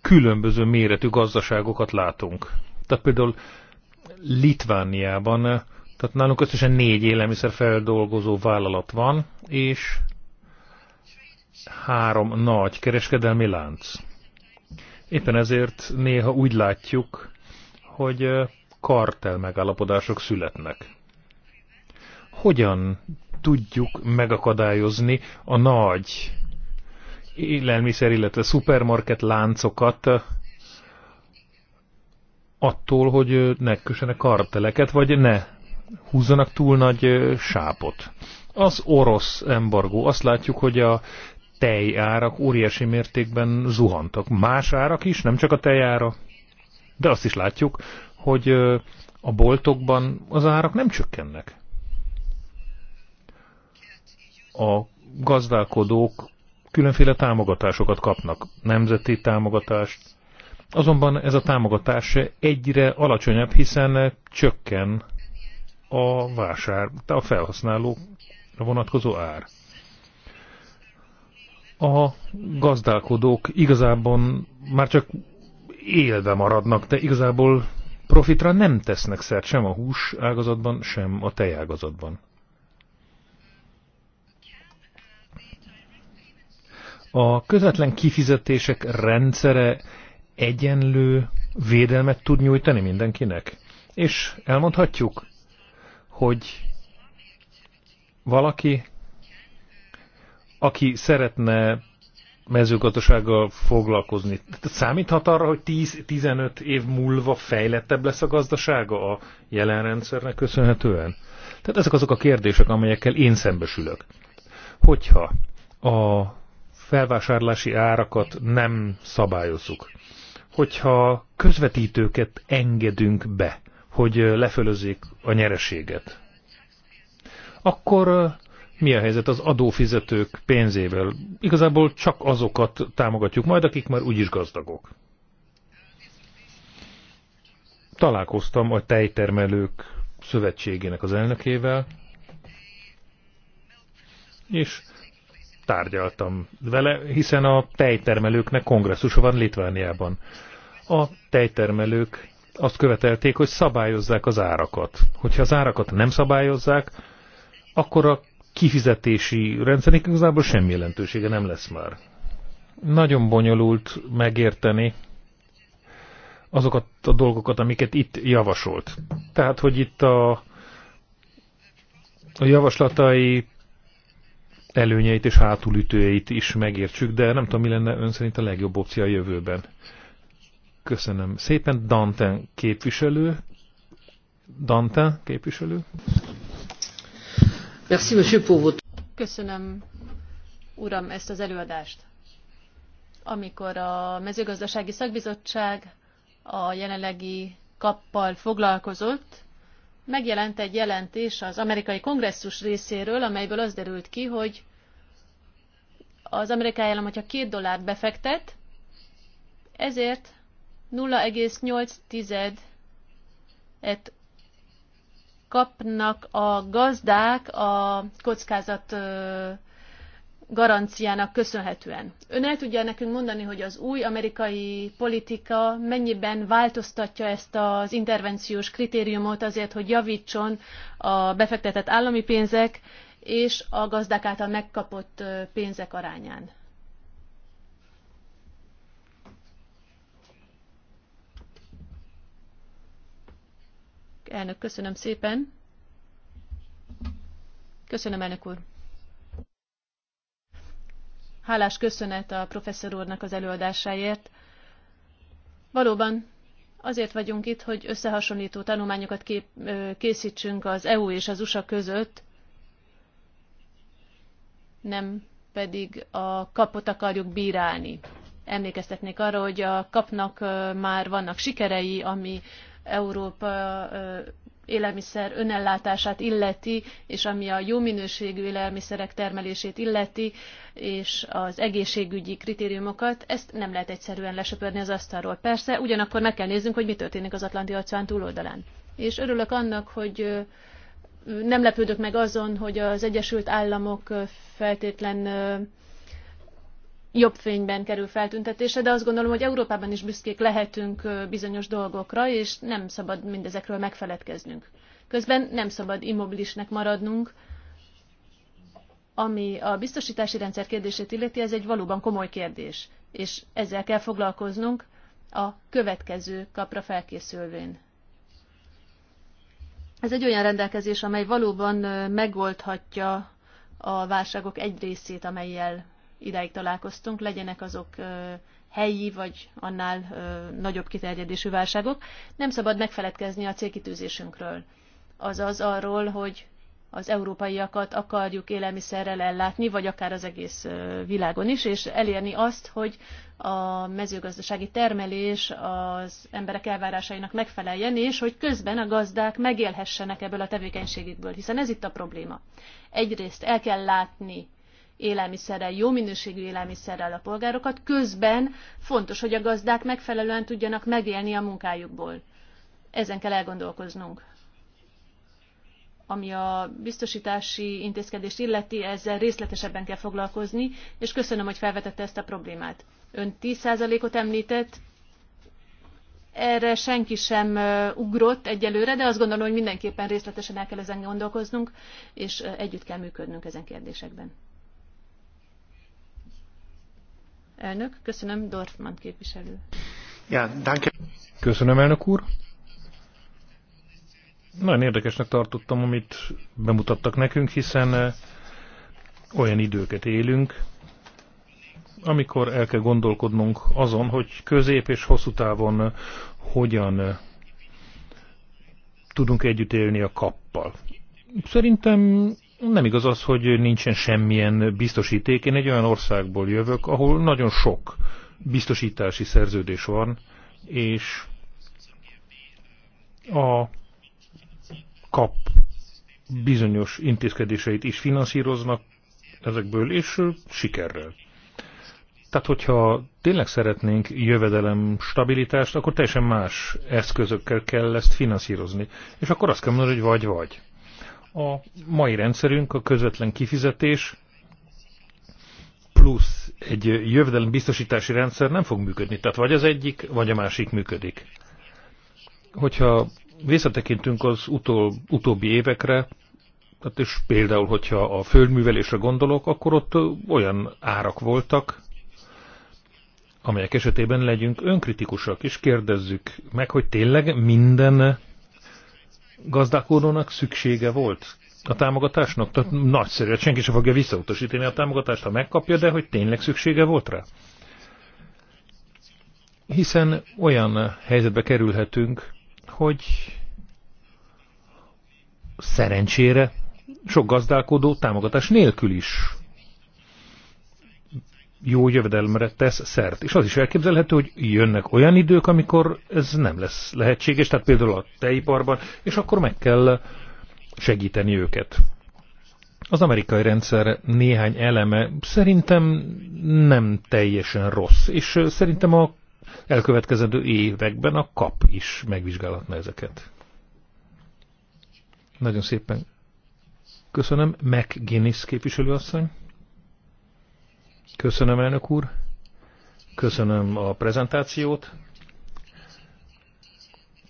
különböző méretű gazdaságokat látunk. Tehát például Litvániában, tehát nálunk összesen négy élelmiszerfeldolgozó feldolgozó vállalat van, és három nagy kereskedelmi lánc. Éppen ezért néha úgy látjuk, hogy kartel megállapodások születnek. Hogyan tudjuk megakadályozni a nagy élelmiszer, illetve szupermarket láncokat attól, hogy ne kössenek karteleket, vagy ne húzzanak túl nagy sápot. Az orosz embargó. Azt látjuk, hogy a tejárak óriási mértékben zuhantak. Más árak is, nem csak a tejára, de azt is látjuk, hogy a boltokban az árak nem csökkennek. A gazdálkodók különféle támogatásokat kapnak, nemzeti támogatást, azonban ez a támogatás egyre alacsonyabb, hiszen csökken a vásár, a felhasználó vonatkozó ár a gazdálkodók igazából már csak élve maradnak, de igazából profitra nem tesznek szert sem a hús ágazatban, sem a tejágazatban. A közvetlen kifizetések rendszere egyenlő védelmet tud nyújtani mindenkinek. És elmondhatjuk, hogy valaki aki szeretne mezőgazdasággal foglalkozni, számíthat arra, hogy 10-15 év múlva fejlettebb lesz a gazdasága a jelen rendszernek köszönhetően? Tehát ezek azok a kérdések, amelyekkel én szembesülök. Hogyha a felvásárlási árakat nem szabályozzuk, hogyha közvetítőket engedünk be, hogy lefölözzék a nyereséget, akkor mi a helyzet az adófizetők pénzével. Igazából csak azokat támogatjuk majd, akik már úgyis gazdagok. Találkoztam a tejtermelők szövetségének az elnökével, és tárgyaltam vele, hiszen a tejtermelőknek kongresszusa van Litvániában. A tejtermelők azt követelték, hogy szabályozzák az árakat. Hogyha az árakat nem szabályozzák, akkor a kifizetési rendszernek igazából semmi jelentősége nem lesz már. Nagyon bonyolult megérteni azokat a dolgokat, amiket itt javasolt. Tehát, hogy itt a, a javaslatai előnyeit és hátulütőjeit is megértsük, de nem tudom, mi lenne ön szerint a legjobb opció a jövőben. Köszönöm szépen. Danten képviselő. Danten képviselő. Köszönöm, uram, ezt az előadást. Amikor a mezőgazdasági szakbizottság a jelenlegi kappal foglalkozott, megjelent egy jelentés az amerikai kongresszus részéről, amelyből az derült ki, hogy az amerikai állam, hogyha két dollárt befektet, ezért 0,8-et kapnak a gazdák a kockázat garanciának köszönhetően. Ön el tudja nekünk mondani, hogy az új amerikai politika mennyiben változtatja ezt az intervenciós kritériumot azért, hogy javítson a befektetett állami pénzek és a gazdák által megkapott pénzek arányán? Elnök, köszönöm szépen. Köszönöm, elnök úr. Hálás köszönet a professzor úrnak az előadásáért. Valóban azért vagyunk itt, hogy összehasonlító tanulmányokat kép, készítsünk az EU és az USA között, nem pedig a kapot akarjuk bírálni. Emlékeztetnék arra, hogy a kapnak már vannak sikerei, ami Európa élelmiszer önellátását illeti, és ami a jó minőségű élelmiszerek termelését illeti, és az egészségügyi kritériumokat, ezt nem lehet egyszerűen lesöpörni az asztalról. Persze, ugyanakkor meg kell néznünk, hogy mi történik az Atlanti óceán túloldalán. És örülök annak, hogy nem lepődök meg azon, hogy az Egyesült Államok feltétlen jobb fényben kerül feltüntetése, de azt gondolom, hogy Európában is büszkék lehetünk bizonyos dolgokra, és nem szabad mindezekről megfeledkeznünk. Közben nem szabad immobilisnek maradnunk, ami a biztosítási rendszer kérdését illeti, ez egy valóban komoly kérdés, és ezzel kell foglalkoznunk a következő kapra felkészülvén. Ez egy olyan rendelkezés, amely valóban megoldhatja a válságok egy részét, amelyel idáig találkoztunk, legyenek azok helyi vagy annál nagyobb kiterjedésű válságok, nem szabad megfeledkezni a célkitűzésünkről. Azaz arról, hogy az európaiakat akarjuk élelmiszerrel ellátni, vagy akár az egész világon is, és elérni azt, hogy a mezőgazdasági termelés az emberek elvárásainak megfeleljen, és hogy közben a gazdák megélhessenek ebből a tevékenységükből, hiszen ez itt a probléma. Egyrészt el kell látni élelmiszerrel, jó minőségű élelmiszerrel a polgárokat, közben fontos, hogy a gazdák megfelelően tudjanak megélni a munkájukból. Ezen kell elgondolkoznunk. Ami a biztosítási intézkedést illeti, ezzel részletesebben kell foglalkozni, és köszönöm, hogy felvetette ezt a problémát. Ön 10%-ot említett, erre senki sem ugrott egyelőre, de azt gondolom, hogy mindenképpen részletesen el kell ezen gondolkoznunk, és együtt kell működnünk ezen kérdésekben. Elnök, köszönöm, Dorfman képviselő. Ja, danke. Köszönöm, elnök úr. Nagyon érdekesnek tartottam, amit bemutattak nekünk, hiszen eh, olyan időket élünk, amikor el kell gondolkodnunk azon, hogy közép és hosszú távon eh, hogyan eh, tudunk együtt élni a kappal. Szerintem nem igaz az, hogy nincsen semmilyen biztosíték. Én egy olyan országból jövök, ahol nagyon sok biztosítási szerződés van, és a kap bizonyos intézkedéseit is finanszíroznak ezekből, és sikerrel. Tehát, hogyha tényleg szeretnénk jövedelem stabilitást, akkor teljesen más eszközökkel kell ezt finanszírozni. És akkor azt kell mondani, hogy vagy-vagy. A mai rendszerünk a közvetlen kifizetés plusz egy jövedelem biztosítási rendszer nem fog működni. Tehát vagy az egyik, vagy a másik működik. Hogyha visszatekintünk az utol, utóbbi évekre, tehát és például, hogyha a földművelésre gondolok, akkor ott olyan árak voltak, amelyek esetében legyünk önkritikusak, és kérdezzük meg, hogy tényleg minden gazdálkodónak szüksége volt a támogatásnak? Tehát nagyszerű, hogy hát senki sem fogja visszautasítani a támogatást, ha megkapja, de hogy tényleg szüksége volt rá? Hiszen olyan helyzetbe kerülhetünk, hogy szerencsére sok gazdálkodó támogatás nélkül is jó jövedelmre tesz szert. És az is elképzelhető, hogy jönnek olyan idők, amikor ez nem lesz lehetséges, tehát például a tejiparban, és akkor meg kell segíteni őket. Az amerikai rendszer néhány eleme szerintem nem teljesen rossz, és szerintem a elkövetkezendő években a kap is megvizsgálhatna ezeket. Nagyon szépen köszönöm. Meg Guinness képviselőasszony. Köszönöm, elnök úr. Köszönöm a prezentációt.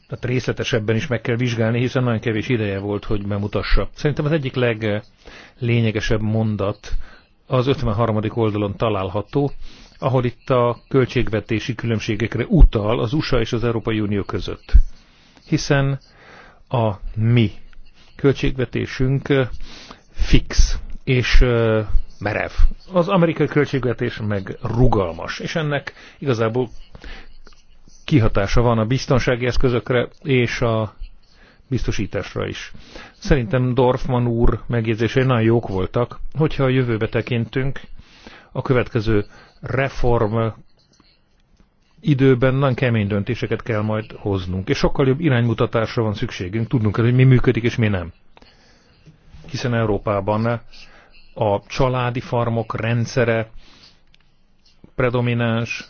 Tehát részletesebben is meg kell vizsgálni, hiszen nagyon kevés ideje volt, hogy bemutassa. Szerintem az egyik leglényegesebb mondat az 53. oldalon található, ahol itt a költségvetési különbségekre utal az USA és az Európai Unió között. Hiszen a mi költségvetésünk fix, és merev. Az amerikai költségvetés meg rugalmas, és ennek igazából kihatása van a biztonsági eszközökre és a biztosításra is. Szerintem Dorfman úr megjegyzései nagyon jók voltak, hogyha a jövőbe tekintünk, a következő reform időben nagyon kemény döntéseket kell majd hoznunk, és sokkal jobb iránymutatásra van szükségünk, tudnunk kell, hogy mi működik és mi nem. Hiszen Európában a családi farmok rendszere predomináns,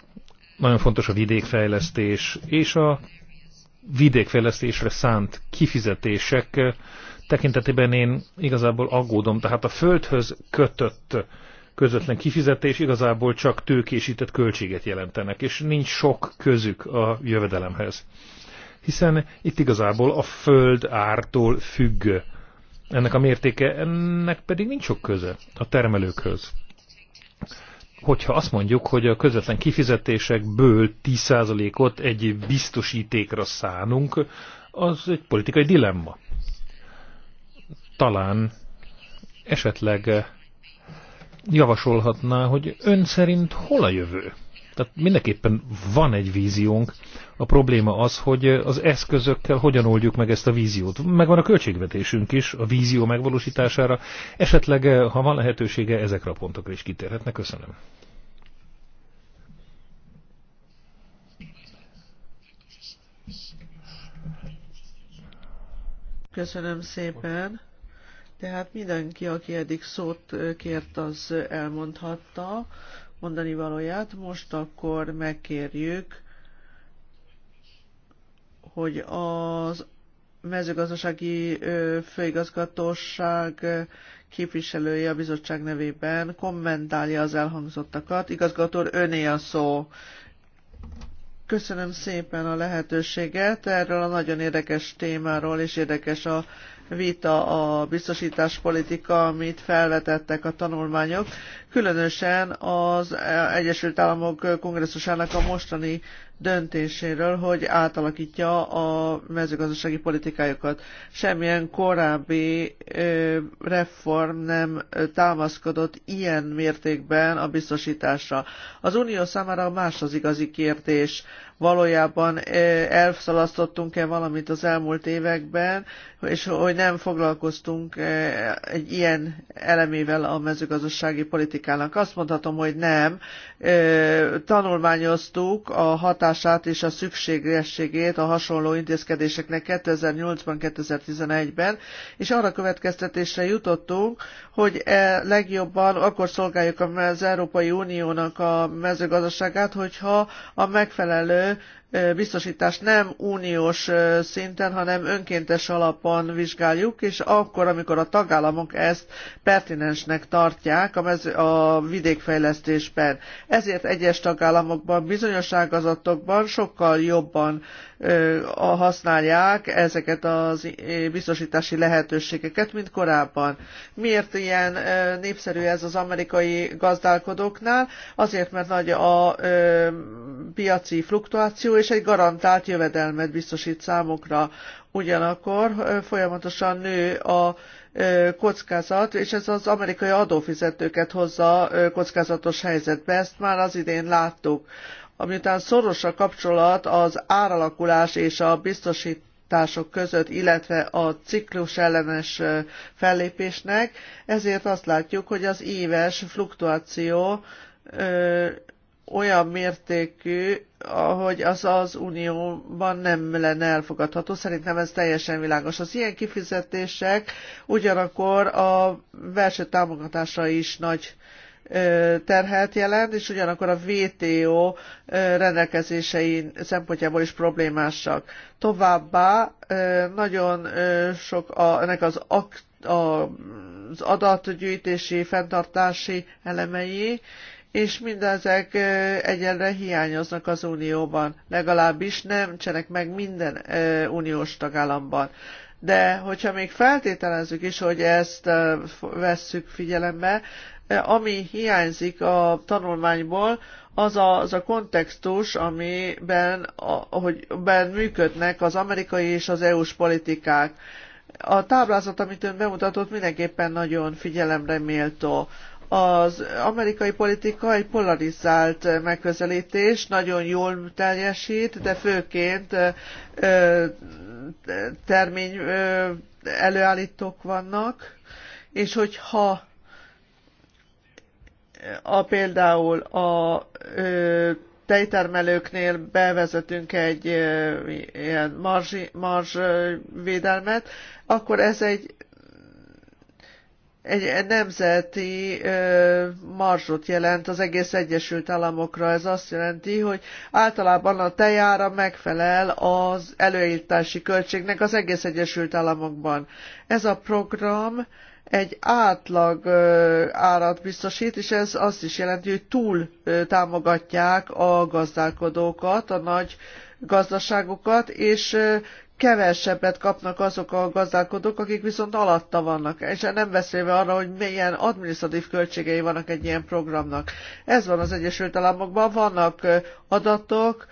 nagyon fontos a vidékfejlesztés, és a vidékfejlesztésre szánt kifizetések tekintetében én igazából aggódom. Tehát a földhöz kötött közvetlen kifizetés igazából csak tőkésített költséget jelentenek, és nincs sok közük a jövedelemhez. Hiszen itt igazából a föld ártól függ ennek a mértéke, ennek pedig nincs sok köze a termelőkhöz. Hogyha azt mondjuk, hogy a közvetlen kifizetésekből 10%-ot egy biztosítékra szánunk, az egy politikai dilemma. Talán esetleg javasolhatná, hogy ön szerint hol a jövő? Tehát mindenképpen van egy víziónk. A probléma az, hogy az eszközökkel hogyan oldjuk meg ezt a víziót. Megvan a költségvetésünk is a vízió megvalósítására. Esetleg, eh, ha van lehetősége, ezekre a pontokra is kitérhetne. Köszönöm. Köszönöm szépen. Tehát mindenki, aki eddig szót eh, kért, az elmondhatta mondani valóját. Most akkor megkérjük, hogy az mezőgazdasági főigazgatóság képviselője a bizottság nevében kommentálja az elhangzottakat. Igazgató öné a szó. Köszönöm szépen a lehetőséget erről a nagyon érdekes témáról, és érdekes a vita a biztosításpolitika, amit felvetettek a tanulmányok, különösen az Egyesült Államok kongresszusának a mostani döntéséről, hogy átalakítja a mezőgazdasági politikájukat. Semmilyen korábbi reform nem támaszkodott ilyen mértékben a biztosításra. Az unió számára más az igazi kérdés. Valójában elszalasztottunk-e valamit az elmúlt években, és hogy nem foglalkoztunk egy ilyen elemével a mezőgazdasági politikának. Azt mondhatom, hogy nem. Tanulmányoztuk a hatás hatását és a szükségességét a hasonló intézkedéseknek 2008-ban, 2011-ben, és arra következtetésre jutottunk, hogy e legjobban akkor szolgáljuk az Európai Uniónak a mezőgazdaságát, hogyha a megfelelő biztosítást nem uniós szinten, hanem önkéntes alapon vizsgáljuk, és akkor, amikor a tagállamok ezt pertinensnek tartják a, mező, a vidékfejlesztésben. Ezért egyes tagállamokban, bizonyos ágazatokban sokkal jobban a használják ezeket az biztosítási lehetőségeket, mint korábban. Miért ilyen népszerű ez az amerikai gazdálkodóknál? Azért, mert nagy a piaci fluktuáció, és egy garantált jövedelmet biztosít számukra. Ugyanakkor folyamatosan nő a kockázat, és ez az amerikai adófizetőket hozza kockázatos helyzetbe. Ezt már az idén láttuk. Amiután szoros a kapcsolat az áralakulás és a biztosítások között, illetve a ciklus ellenes fellépésnek, ezért azt látjuk, hogy az éves fluktuáció ö, olyan mértékű, ahogy az az unióban nem lenne elfogadható. Szerintem ez teljesen világos. Az ilyen kifizetések ugyanakkor a verső támogatásra is nagy terhelt jelent, és ugyanakkor a VTO rendelkezései szempontjából is problémásak. Továbbá nagyon sok a, ennek az, akt, a, az adatgyűjtési, fenntartási elemei, és mindezek egyenre hiányoznak az Unióban, legalábbis nem csenek meg minden uniós tagállamban. De hogyha még feltételezzük is, hogy ezt vesszük figyelembe, ami hiányzik a tanulmányból, az a, az a kontextus, amiben hogy ben működnek az amerikai és az EU-s politikák. A táblázat, amit ön bemutatott, mindenképpen nagyon figyelemre méltó az amerikai politika egy polarizált megközelítés, nagyon jól teljesít, de főként termény előállítók vannak, és hogyha a, például a ö, tejtermelőknél bevezetünk egy ö, ilyen marzs, marzs védelmet, akkor ez egy egy nemzeti ö, marzsot jelent az egész Egyesült Államokra. Ez azt jelenti, hogy általában a tejára megfelel az előírtási költségnek az egész Egyesült Államokban. Ez a program ö, egy átlag árat biztosít, és ez azt is jelenti, hogy túl támogatják a gazdálkodókat, a nagy gazdaságokat, és kevesebbet kapnak azok a gazdálkodók, akik viszont alatta vannak, és nem beszélve arra, hogy milyen adminisztratív költségei vannak egy ilyen programnak. Ez van az Egyesült Államokban, vannak adatok,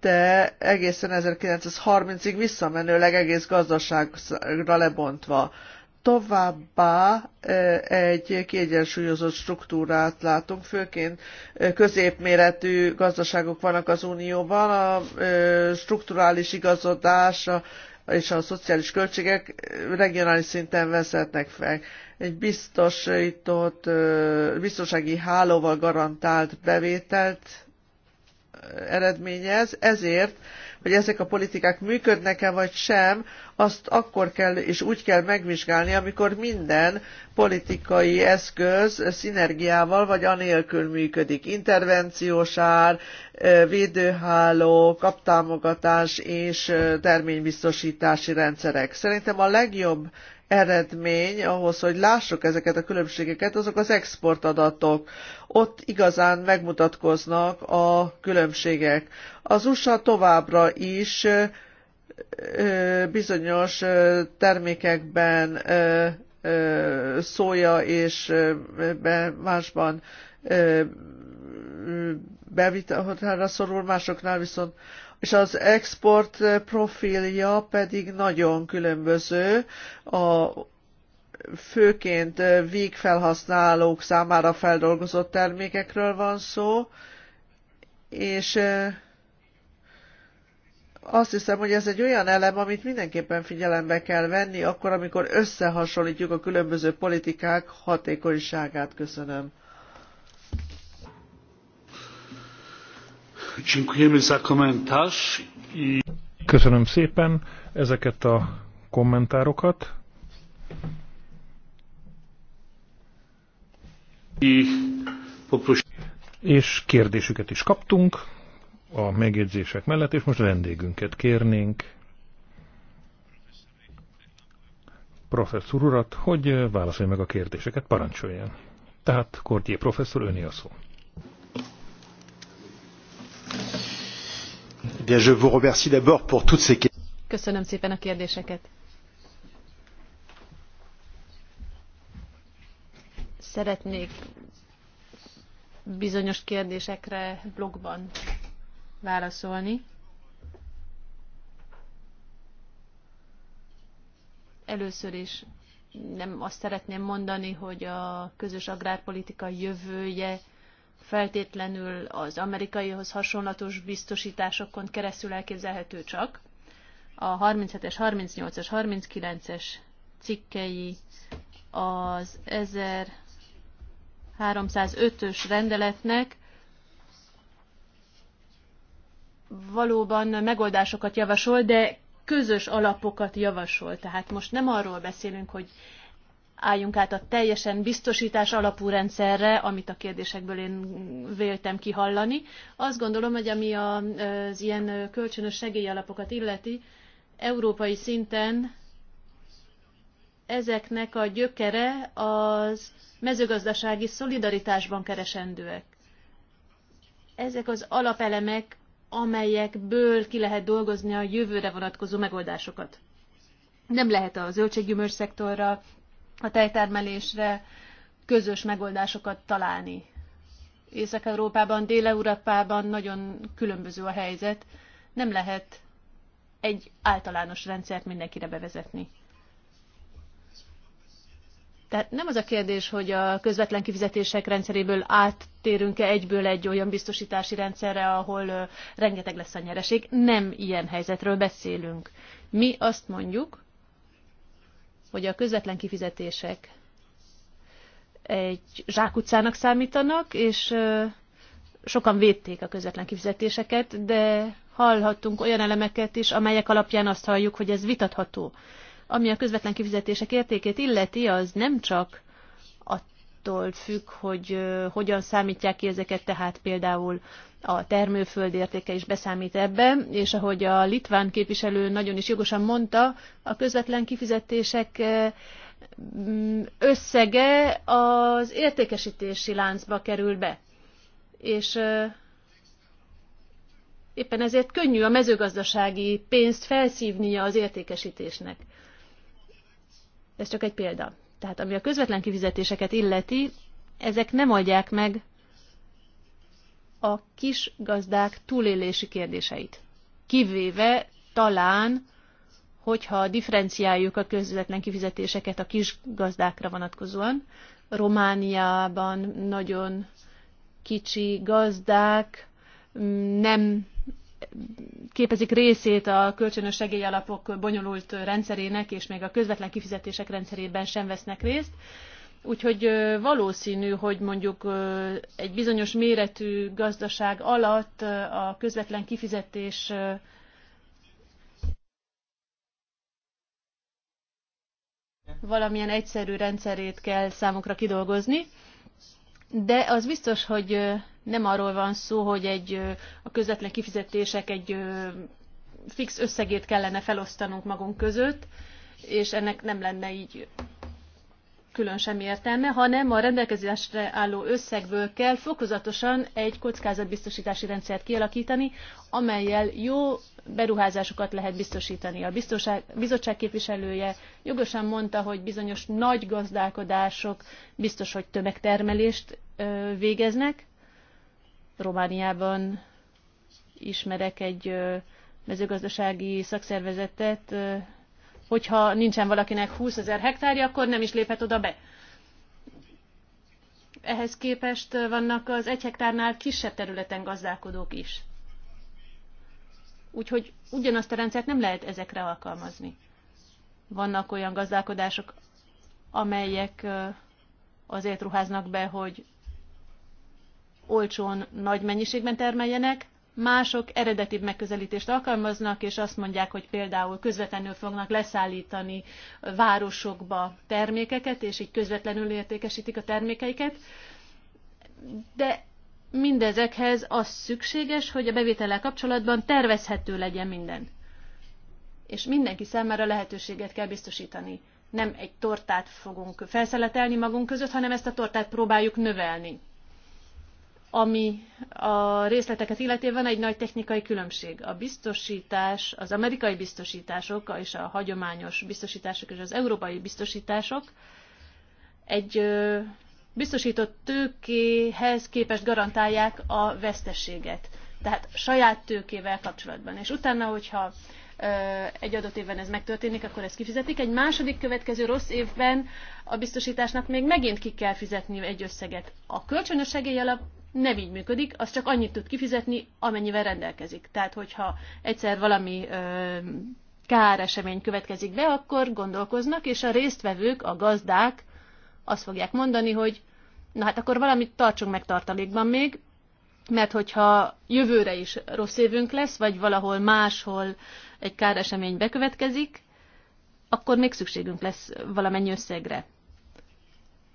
de egészen 1930-ig visszamenőleg egész gazdaságra lebontva. Továbbá egy kiegyensúlyozott struktúrát látunk, főként középméretű gazdaságok vannak az Unióban, a strukturális igazodás és a szociális költségek regionális szinten vezetnek fel. Egy biztosított, biztonsági hálóval garantált bevételt eredményez, ezért, hogy ezek a politikák működnek-e vagy sem, azt akkor kell és úgy kell megvizsgálni, amikor minden politikai eszköz szinergiával vagy anélkül működik. Intervenciós ár, védőháló, kaptámogatás és terménybiztosítási rendszerek. Szerintem a legjobb eredmény ahhoz, hogy lássuk ezeket a különbségeket, azok az exportadatok. Ott igazán megmutatkoznak a különbségek. Az USA továbbra is bizonyos termékekben szója és másban bevitára szorul, másoknál viszont és az export profilja pedig nagyon különböző. A főként végfelhasználók számára feldolgozott termékekről van szó, és azt hiszem, hogy ez egy olyan elem, amit mindenképpen figyelembe kell venni, akkor, amikor összehasonlítjuk a különböző politikák hatékonyságát. Köszönöm. Köszönöm szépen ezeket a kommentárokat. És kérdésüket is kaptunk a megjegyzések mellett, és most vendégünket kérnénk, professzor urat, hogy válaszolja meg a kérdéseket, parancsoljon. Tehát Kortyé professzor, öné a szó. Bien, je vous remercie d'abord pour toutes ces questions. Köszönöm szépen a kérdéseket. Szeretnék bizonyos kérdésekre blogban válaszolni. Először is nem azt szeretném mondani, hogy a közös agrárpolitika jövője feltétlenül az amerikaihoz hasonlatos biztosításokon keresztül elképzelhető csak. A 37-es, 38 es 39-es cikkei az 1305-ös rendeletnek valóban megoldásokat javasol, de közös alapokat javasol. Tehát most nem arról beszélünk, hogy álljunk át a teljesen biztosítás alapú rendszerre, amit a kérdésekből én véltem kihallani. Azt gondolom, hogy ami az ilyen kölcsönös segélyalapokat illeti, európai szinten ezeknek a gyökere az mezőgazdasági szolidaritásban keresendőek. Ezek az alapelemek amelyekből ki lehet dolgozni a jövőre vonatkozó megoldásokat. Nem lehet a zöldséggyümölcs szektorra, a tejtermelésre közös megoldásokat találni. Észak-Európában, Dél-Európában nagyon különböző a helyzet. Nem lehet egy általános rendszert mindenkire bevezetni. Tehát nem az a kérdés, hogy a közvetlen kifizetések rendszeréből áttérünk-e egyből egy olyan biztosítási rendszerre, ahol rengeteg lesz a nyereség. Nem ilyen helyzetről beszélünk. Mi azt mondjuk, hogy a közvetlen kifizetések egy zsákutcának számítanak, és sokan védték a közvetlen kifizetéseket, de hallhattunk olyan elemeket is, amelyek alapján azt halljuk, hogy ez vitatható. Ami a közvetlen kifizetések értékét illeti, az nem csak attól függ, hogy hogyan számítják ki ezeket, tehát például a termőföld értéke is beszámít ebbe, és ahogy a litván képviselő nagyon is jogosan mondta, a közvetlen kifizetések mm, összege az értékesítési láncba kerül be. És éppen ezért könnyű a mezőgazdasági pénzt felszívnia az értékesítésnek. Ez csak egy példa. Tehát ami a közvetlen kifizetéseket illeti, ezek nem adják meg a kis gazdák túlélési kérdéseit. Kivéve talán, hogyha differenciáljuk a közvetlen kifizetéseket a kis gazdákra vonatkozóan. Romániában nagyon kicsi gazdák mm, nem képezik részét a kölcsönös segélyalapok bonyolult rendszerének, és még a közvetlen kifizetések rendszerében sem vesznek részt. Úgyhogy valószínű, hogy mondjuk egy bizonyos méretű gazdaság alatt a közvetlen kifizetés valamilyen egyszerű rendszerét kell számukra kidolgozni, de az biztos, hogy nem arról van szó, hogy egy, a közvetlen kifizetések egy fix összegét kellene felosztanunk magunk között, és ennek nem lenne így külön semmi értelme, hanem a rendelkezésre álló összegből kell fokozatosan egy kockázatbiztosítási rendszert kialakítani, amelyel jó beruházásokat lehet biztosítani. A bizottság képviselője jogosan mondta, hogy bizonyos nagy gazdálkodások biztos, hogy tömegtermelést végeznek, Romániában ismerek egy mezőgazdasági szakszervezetet, hogyha nincsen valakinek 20 ezer hektárja, akkor nem is léphet oda be. Ehhez képest vannak az egy hektárnál kisebb területen gazdálkodók is. Úgyhogy ugyanazt a rendszert nem lehet ezekre alkalmazni. Vannak olyan gazdálkodások, amelyek azért ruháznak be, hogy olcsón, nagy mennyiségben termeljenek, mások eredetibb megközelítést alkalmaznak, és azt mondják, hogy például közvetlenül fognak leszállítani városokba termékeket, és így közvetlenül értékesítik a termékeiket. De mindezekhez az szükséges, hogy a bevétellel kapcsolatban tervezhető legyen minden. És mindenki számára lehetőséget kell biztosítani. Nem egy tortát fogunk felszeletelni magunk között, hanem ezt a tortát próbáljuk növelni ami a részleteket illeti, van egy nagy technikai különbség. A biztosítás, az amerikai biztosítások és a hagyományos biztosítások és az európai biztosítások egy biztosított tőkéhez képest garantálják a veszteséget. Tehát saját tőkével kapcsolatban. És utána, hogyha egy adott évben ez megtörténik, akkor ezt kifizetik. Egy második következő rossz évben a biztosításnak még megint ki kell fizetni egy összeget. A kölcsönös segélyalap nem így működik, az csak annyit tud kifizetni, amennyivel rendelkezik. Tehát, hogyha egyszer valami ö, káresemény következik be, akkor gondolkoznak, és a résztvevők, a gazdák azt fogják mondani, hogy na hát akkor valamit tartsunk meg tartalékban még, mert hogyha jövőre is rossz évünk lesz, vagy valahol máshol egy káresemény bekövetkezik, akkor még szükségünk lesz valamennyi összegre.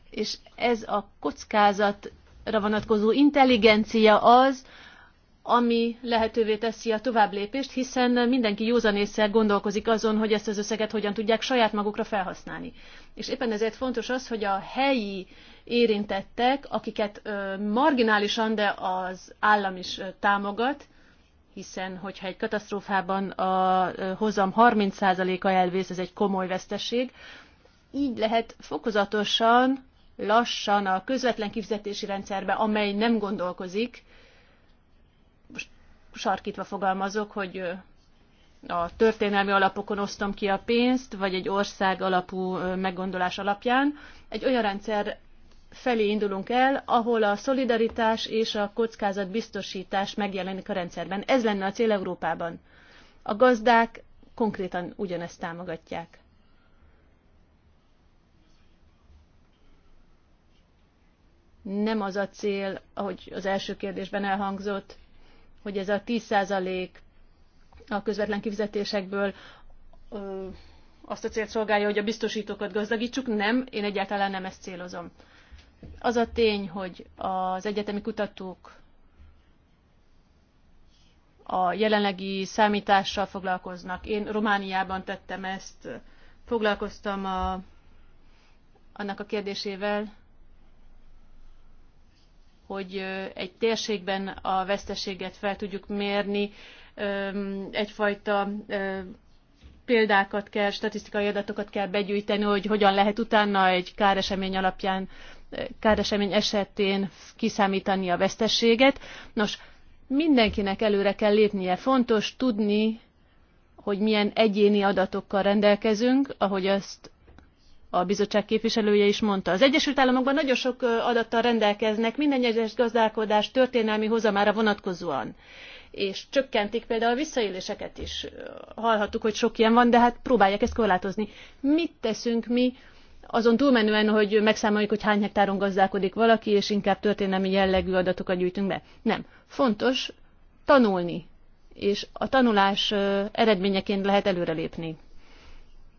És ez a kockázatra vonatkozó intelligencia az, ami lehetővé teszi a továbblépést, hiszen mindenki józan észre gondolkozik azon, hogy ezt az összeget hogyan tudják saját magukra felhasználni. És éppen ezért fontos az, hogy a helyi érintettek, akiket marginálisan, de az állam is támogat, hiszen hogyha egy katasztrófában a hozam 30%-a elvész, ez egy komoly veszteség, így lehet fokozatosan, lassan a közvetlen kifizetési rendszerbe, amely nem gondolkozik, sarkítva fogalmazok, hogy a történelmi alapokon osztom ki a pénzt, vagy egy ország alapú meggondolás alapján. Egy olyan rendszer felé indulunk el, ahol a szolidaritás és a kockázat biztosítás megjelenik a rendszerben. Ez lenne a cél Európában. A gazdák konkrétan ugyanezt támogatják. Nem az a cél, ahogy az első kérdésben elhangzott, hogy ez a 10% a közvetlen kifizetésekből azt a célt szolgálja, hogy a biztosítókat gazdagítsuk. Nem, én egyáltalán nem ezt célozom. Az a tény, hogy az egyetemi kutatók a jelenlegi számítással foglalkoznak. Én Romániában tettem ezt, foglalkoztam a, annak a kérdésével, hogy egy térségben a veszteséget fel tudjuk mérni, egyfajta példákat kell, statisztikai adatokat kell begyűjteni, hogy hogyan lehet utána egy káresemény alapján, káresemény esetén kiszámítani a veszteséget. Nos, mindenkinek előre kell lépnie. Fontos tudni, hogy milyen egyéni adatokkal rendelkezünk, ahogy azt a bizottság képviselője is mondta. Az Egyesült Államokban nagyon sok adattal rendelkeznek minden egyes gazdálkodás történelmi hozamára vonatkozóan és csökkentik például a visszaéléseket is. Hallhattuk, hogy sok ilyen van, de hát próbálják ezt korlátozni. Mit teszünk mi azon túlmenően, hogy megszámoljuk, hogy hány hektáron gazdálkodik valaki, és inkább történelmi jellegű adatokat gyűjtünk be? Nem. Fontos tanulni, és a tanulás eredményeként lehet előrelépni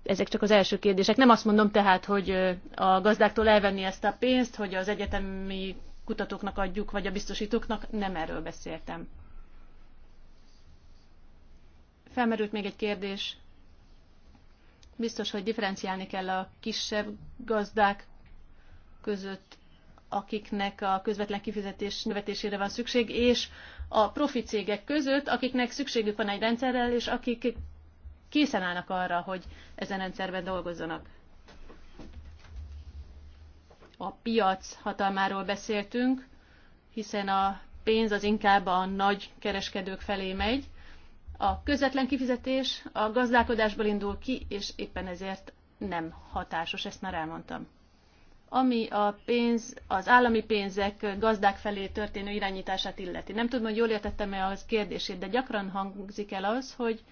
ezek csak az első kérdések. Nem azt mondom tehát, hogy a gazdáktól elvenni ezt a pénzt, hogy az egyetemi kutatóknak adjuk, vagy a biztosítóknak, nem erről beszéltem. Felmerült még egy kérdés. Biztos, hogy differenciálni kell a kisebb gazdák között, akiknek a közvetlen kifizetés növetésére van szükség, és a profi cégek között, akiknek szükségük van egy rendszerrel, és akik készen állnak arra, hogy ezen rendszerben dolgozzanak. A piac hatalmáról beszéltünk, hiszen a pénz az inkább a nagy kereskedők felé megy. A közvetlen kifizetés a gazdálkodásból indul ki, és éppen ezért nem hatásos, ezt már elmondtam. Ami a pénz, az állami pénzek gazdák felé történő irányítását illeti. Nem tudom, hogy jól értettem-e az kérdését, de gyakran hangzik el az, hogy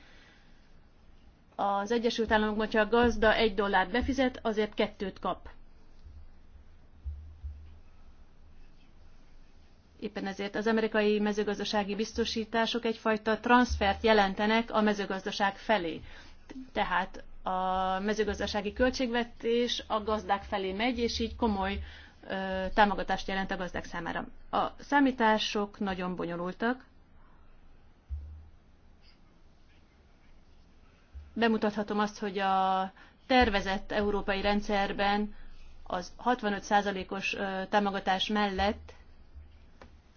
az Egyesült Államokban, hogyha a gazda egy dollár befizet, azért kettőt kap. Éppen ezért az amerikai mezőgazdasági biztosítások egyfajta transfert jelentenek a mezőgazdaság felé. Tehát a mezőgazdasági költségvetés a gazdák felé megy, és így komoly ö, támogatást jelent a gazdák számára. A számítások nagyon bonyolultak, bemutathatom azt, hogy a tervezett európai rendszerben az 65%-os támogatás mellett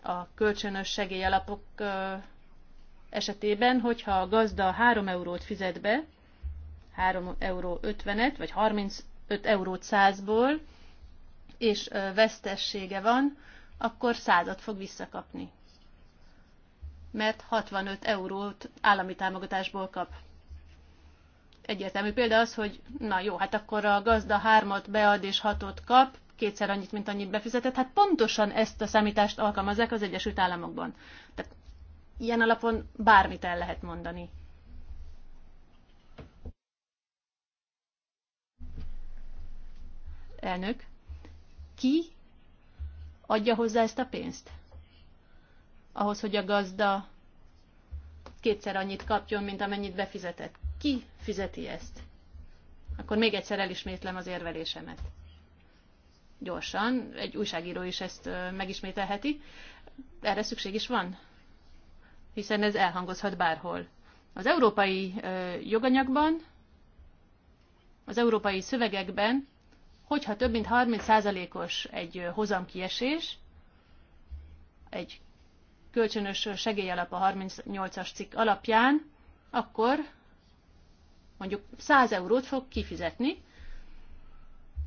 a kölcsönös segélyalapok esetében, hogyha a gazda 3 eurót fizet be, 3 euró 50-et, vagy 35 eurót 100-ból, és vesztessége van, akkor százat fog visszakapni. Mert 65 eurót állami támogatásból kap egyértelmű példa az, hogy na jó, hát akkor a gazda hármat bead és hatot kap, kétszer annyit, mint annyit befizetett. Hát pontosan ezt a számítást alkalmazzák az Egyesült Államokban. Tehát ilyen alapon bármit el lehet mondani. Elnök, ki adja hozzá ezt a pénzt? Ahhoz, hogy a gazda kétszer annyit kapjon, mint amennyit befizetett. Ki fizeti ezt? Akkor még egyszer elismétlem az érvelésemet. Gyorsan, egy újságíró is ezt megismételheti. Erre szükség is van, hiszen ez elhangozhat bárhol. Az európai joganyagban, az európai szövegekben, hogyha több mint 30%-os egy hozamkiesés, egy kölcsönös segélyalap a 38-as cikk alapján, akkor mondjuk 100 eurót fog kifizetni,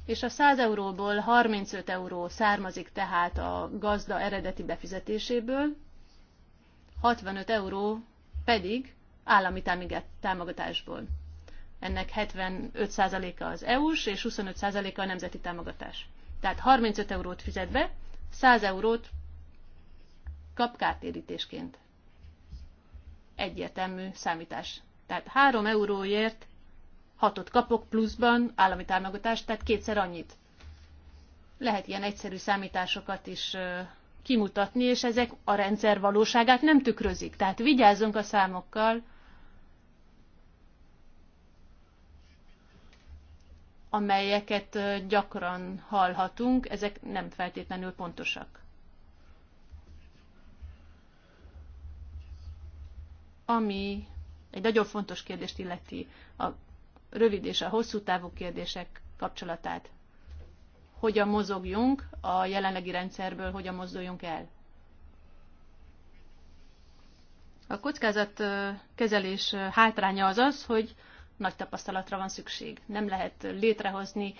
és a 100 euróból 35 euró származik tehát a gazda eredeti befizetéséből, 65 euró pedig állami támogatásból. Ennek 75%-a az EU-s, és 25%-a a nemzeti támogatás. Tehát 35 eurót fizet be, 100 eurót kap kártérítésként. Egyértelmű számítás. Tehát három euróért hatot kapok pluszban állami támogatást, tehát kétszer annyit. Lehet ilyen egyszerű számításokat is kimutatni, és ezek a rendszer valóságát nem tükrözik. Tehát vigyázzunk a számokkal, amelyeket gyakran hallhatunk, ezek nem feltétlenül pontosak. Ami egy nagyon fontos kérdést illeti a rövid és a hosszú távú kérdések kapcsolatát. Hogyan mozogjunk a jelenlegi rendszerből, hogyan mozduljunk el? A kockázat kezelés hátránya az az, hogy nagy tapasztalatra van szükség. Nem lehet létrehozni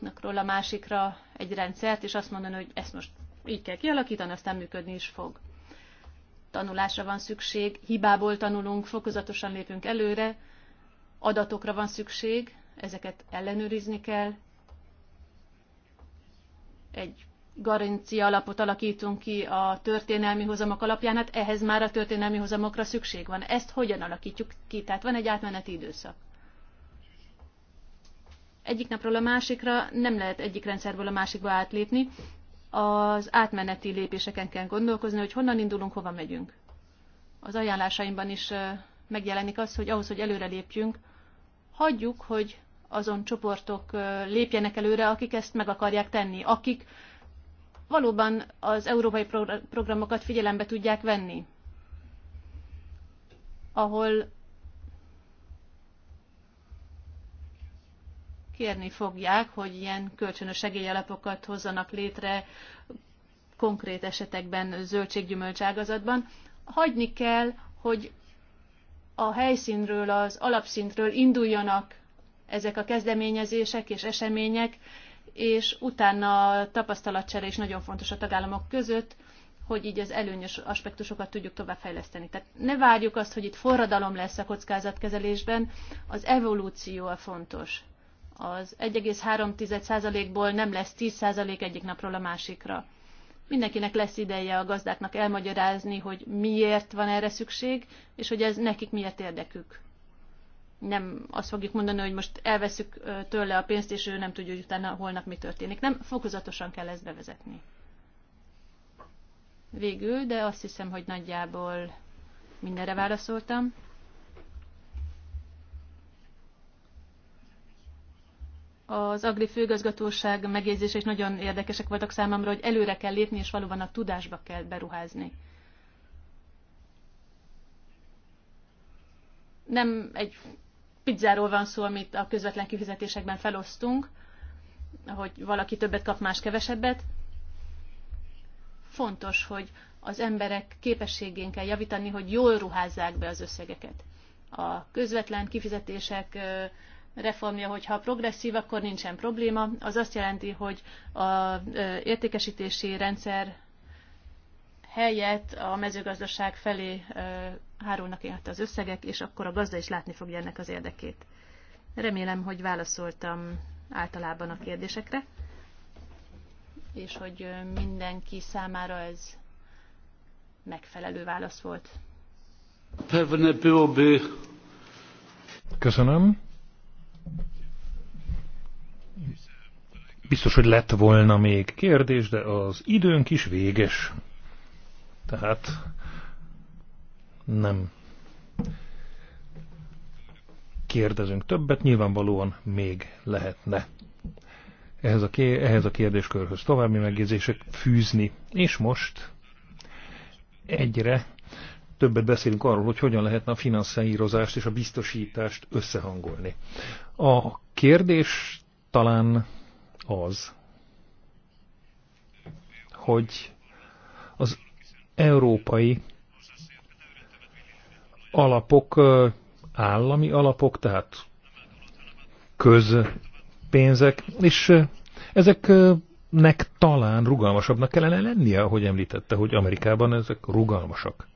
napról a másikra egy rendszert, és azt mondani, hogy ezt most így kell kialakítani, aztán működni is fog tanulásra van szükség, hibából tanulunk, fokozatosan lépünk előre, adatokra van szükség, ezeket ellenőrizni kell. Egy garancia alapot alakítunk ki a történelmi hozamok alapján, hát ehhez már a történelmi hozamokra szükség van. Ezt hogyan alakítjuk ki? Tehát van egy átmeneti időszak. Egyik napról a másikra nem lehet egyik rendszerből a másikba átlépni, az átmeneti lépéseken kell gondolkozni, hogy honnan indulunk, hova megyünk. Az ajánlásaimban is megjelenik az, hogy ahhoz, hogy előre lépjünk, hagyjuk, hogy azon csoportok lépjenek előre, akik ezt meg akarják tenni, akik valóban az európai programokat figyelembe tudják venni, ahol kérni fogják, hogy ilyen kölcsönös segélyalapokat hozzanak létre konkrét esetekben zöldséggyümölcs ágazatban. Hagyni kell, hogy a helyszínről, az alapszintről induljanak ezek a kezdeményezések és események, és utána a tapasztalatcsere is nagyon fontos a tagállamok között, hogy így az előnyös aspektusokat tudjuk továbbfejleszteni. Tehát ne várjuk azt, hogy itt forradalom lesz a kockázatkezelésben, az evolúció a fontos az 1,3%-ból nem lesz 10% egyik napról a másikra. Mindenkinek lesz ideje a gazdáknak elmagyarázni, hogy miért van erre szükség, és hogy ez nekik miért érdekük. Nem azt fogjuk mondani, hogy most elveszük tőle a pénzt, és ő nem tudja, hogy utána holnap mi történik. Nem, fokozatosan kell ezt bevezetni. Végül, de azt hiszem, hogy nagyjából mindenre válaszoltam. az Agri főgazgatóság is nagyon érdekesek voltak számomra, hogy előre kell lépni, és valóban a tudásba kell beruházni. Nem egy pizzáról van szó, amit a közvetlen kifizetésekben felosztunk, hogy valaki többet kap, más kevesebbet. Fontos, hogy az emberek képességén kell javítani, hogy jól ruházzák be az összegeket. A közvetlen kifizetések reformja, hogyha progresszív, akkor nincsen probléma. Az azt jelenti, hogy a értékesítési rendszer helyett a mezőgazdaság felé hárulnak érte az összegek, és akkor a gazda is látni fogja ennek az érdekét. Remélem, hogy válaszoltam általában a kérdésekre, és hogy mindenki számára ez megfelelő válasz volt. Köszönöm. Biztos, hogy lett volna még kérdés, de az időnk is véges. Tehát nem kérdezünk többet, nyilvánvalóan még lehetne ehhez a, ké ehhez a kérdéskörhöz további megjegyzések fűzni. És most egyre többet beszélünk arról, hogy hogyan lehetne a finanszírozást és a biztosítást összehangolni. A kérdés talán az, hogy az európai alapok, állami alapok, tehát közpénzek, és ezeknek talán rugalmasabbnak kellene lennie, ahogy említette, hogy Amerikában ezek rugalmasak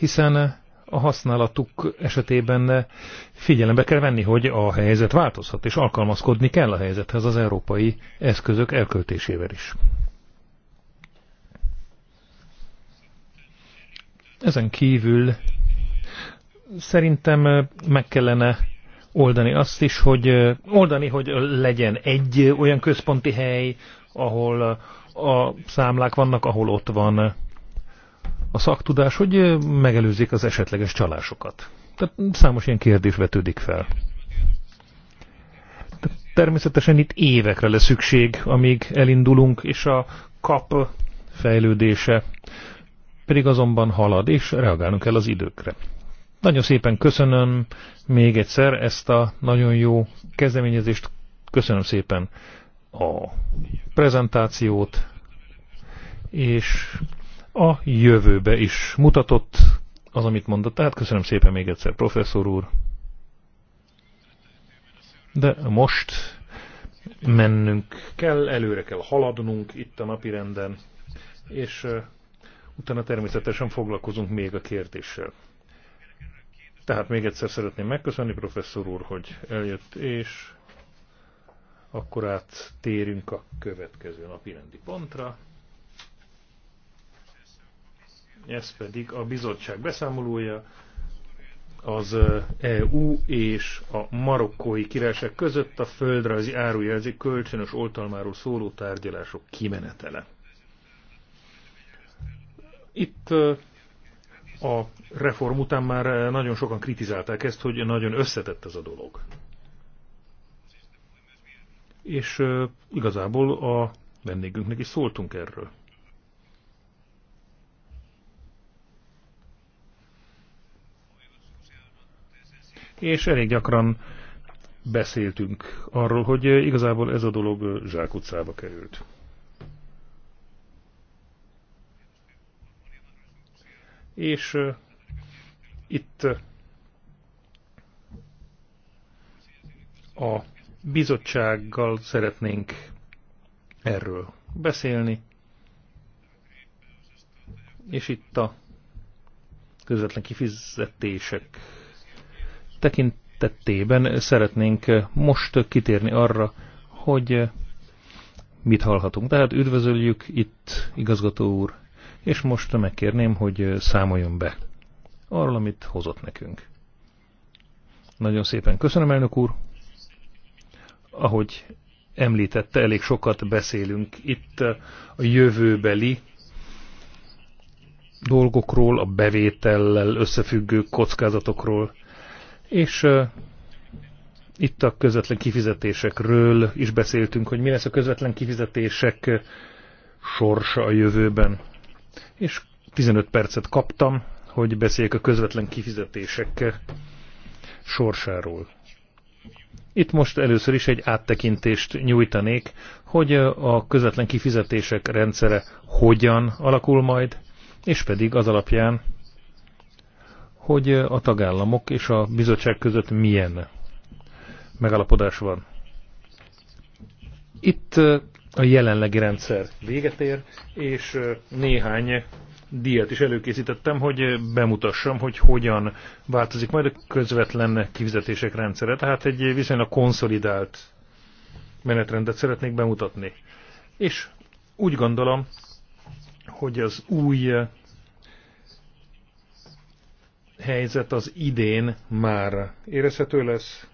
hiszen a használatuk esetében figyelembe kell venni, hogy a helyzet változhat, és alkalmazkodni kell a helyzethez az európai eszközök elköltésével is. Ezen kívül szerintem meg kellene oldani azt is, hogy oldani, hogy legyen egy olyan központi hely, ahol a számlák vannak, ahol ott van a szaktudás, hogy megelőzzék az esetleges csalásokat. Tehát számos ilyen kérdés vetődik fel. De természetesen itt évekre lesz szükség, amíg elindulunk, és a kap fejlődése pedig azonban halad, és reagálnunk kell az időkre. Nagyon szépen köszönöm még egyszer ezt a nagyon jó kezdeményezést. Köszönöm szépen a prezentációt, és a jövőbe is mutatott az, amit mondott. Tehát köszönöm szépen még egyszer, professzor úr. De most mennünk kell, előre kell haladnunk itt a napirenden, és utána természetesen foglalkozunk még a kérdéssel. Tehát még egyszer szeretném megköszönni, professzor úr, hogy eljött, és akkor áttérünk a következő napi rendi pontra ez pedig a bizottság beszámolója az EU és a marokkói királyság között a földrajzi árujelzi kölcsönös oltalmáról szóló tárgyalások kimenetele. Itt a reform után már nagyon sokan kritizálták ezt, hogy nagyon összetett ez a dolog. És igazából a vendégünknek is szóltunk erről. és elég gyakran beszéltünk arról, hogy eh, igazából ez a dolog eh, zsákutcába került. És uh, itt uh, a bizottsággal szeretnénk erről beszélni, és itt a közvetlen kifizetések tekintetében szeretnénk most kitérni arra, hogy mit hallhatunk. Tehát üdvözöljük itt, igazgató úr, és most megkérném, hogy számoljon be arról, amit hozott nekünk. Nagyon szépen köszönöm, elnök úr. Ahogy említette, elég sokat beszélünk itt a jövőbeli dolgokról, a bevétellel összefüggő kockázatokról, és itt a közvetlen kifizetésekről is beszéltünk, hogy mi lesz a közvetlen kifizetések sorsa a jövőben. És 15 percet kaptam, hogy beszéljek a közvetlen kifizetések sorsáról. Itt most először is egy áttekintést nyújtanék, hogy a közvetlen kifizetések rendszere hogyan alakul majd, és pedig az alapján, hogy a tagállamok és a bizottság között milyen megalapodás van. Itt a jelenlegi rendszer véget ér, és néhány díjat is előkészítettem, hogy bemutassam, hogy hogyan változik majd a közvetlen kifizetések rendszere. Tehát egy viszonylag konszolidált menetrendet szeretnék bemutatni. És úgy gondolom, hogy az új helyzet az idén már érezhető lesz,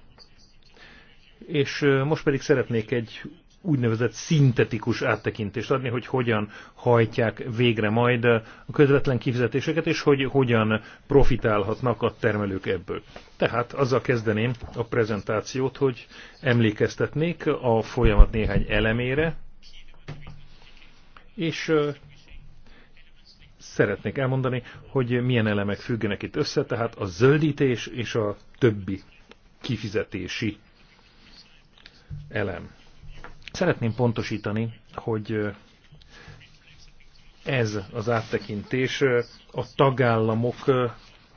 és most pedig szeretnék egy úgynevezett szintetikus áttekintést adni, hogy hogyan hajtják végre majd a közvetlen kifizetéseket, és hogy hogyan profitálhatnak a termelők ebből. Tehát azzal kezdeném a prezentációt, hogy emlékeztetnék a folyamat néhány elemére, és szeretnék elmondani, hogy milyen elemek függenek itt össze, tehát a zöldítés és a többi kifizetési elem. Szeretném pontosítani, hogy ez az áttekintés a tagállamok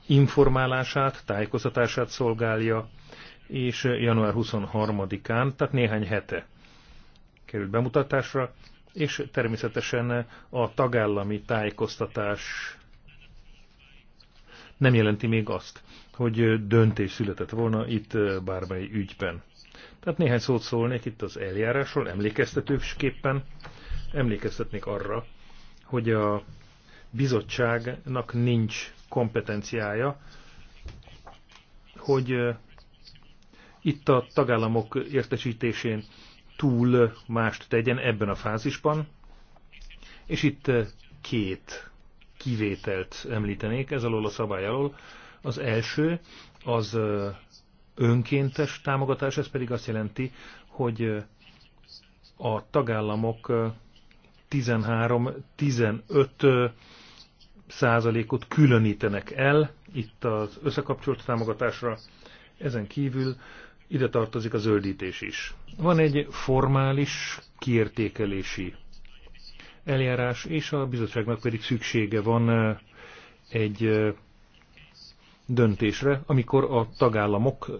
informálását, tájékoztatását szolgálja, és január 23-án, tehát néhány hete került bemutatásra, és természetesen a tagállami tájékoztatás nem jelenti még azt, hogy döntés született volna itt eh, bármely ügyben. Tehát néhány szót szólnék itt az eljárásról, emlékeztetősképpen. Emlékeztetnék arra, hogy a bizottságnak nincs kompetenciája, hogy eh, itt a tagállamok értesítésén túl mást tegyen ebben a fázisban, és itt két kivételt említenék ez alól a szabály alól. Az első az önkéntes támogatás, ez pedig azt jelenti, hogy a tagállamok 13-15 százalékot különítenek el itt az összekapcsolt támogatásra. Ezen kívül ide tartozik a zöldítés is. Van egy formális kiértékelési eljárás, és a bizottságnak pedig szüksége van egy döntésre, amikor a tagállamok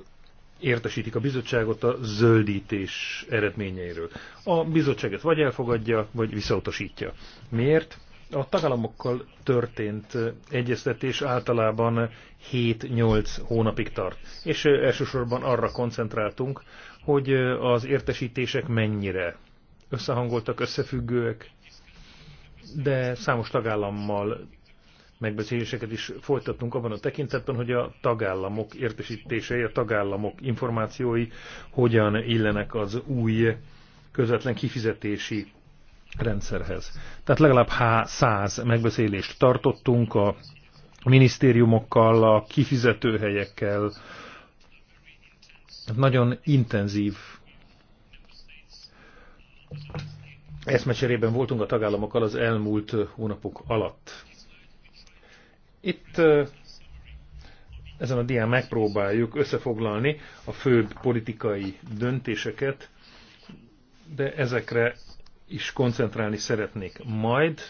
értesítik a bizottságot a zöldítés eredményeiről. A bizottságot vagy elfogadja, vagy visszautasítja. Miért? A tagállamokkal történt egyeztetés általában 7-8 hónapig tart, és elsősorban arra koncentráltunk, hogy az értesítések mennyire összehangoltak, összefüggőek, de számos tagállammal megbeszéléseket is folytattunk abban a tekintetben, hogy a tagállamok értesítései, a tagállamok információi hogyan illenek az új közvetlen kifizetési rendszerhez. Tehát legalább H100 megbeszélést tartottunk a minisztériumokkal, a kifizetőhelyekkel. Nagyon intenzív eszmecserében voltunk a tagállamokkal az elmúlt hónapok alatt. Itt ezen a dián megpróbáljuk összefoglalni a főbb politikai döntéseket, de ezekre is koncentrálni szeretnék majd.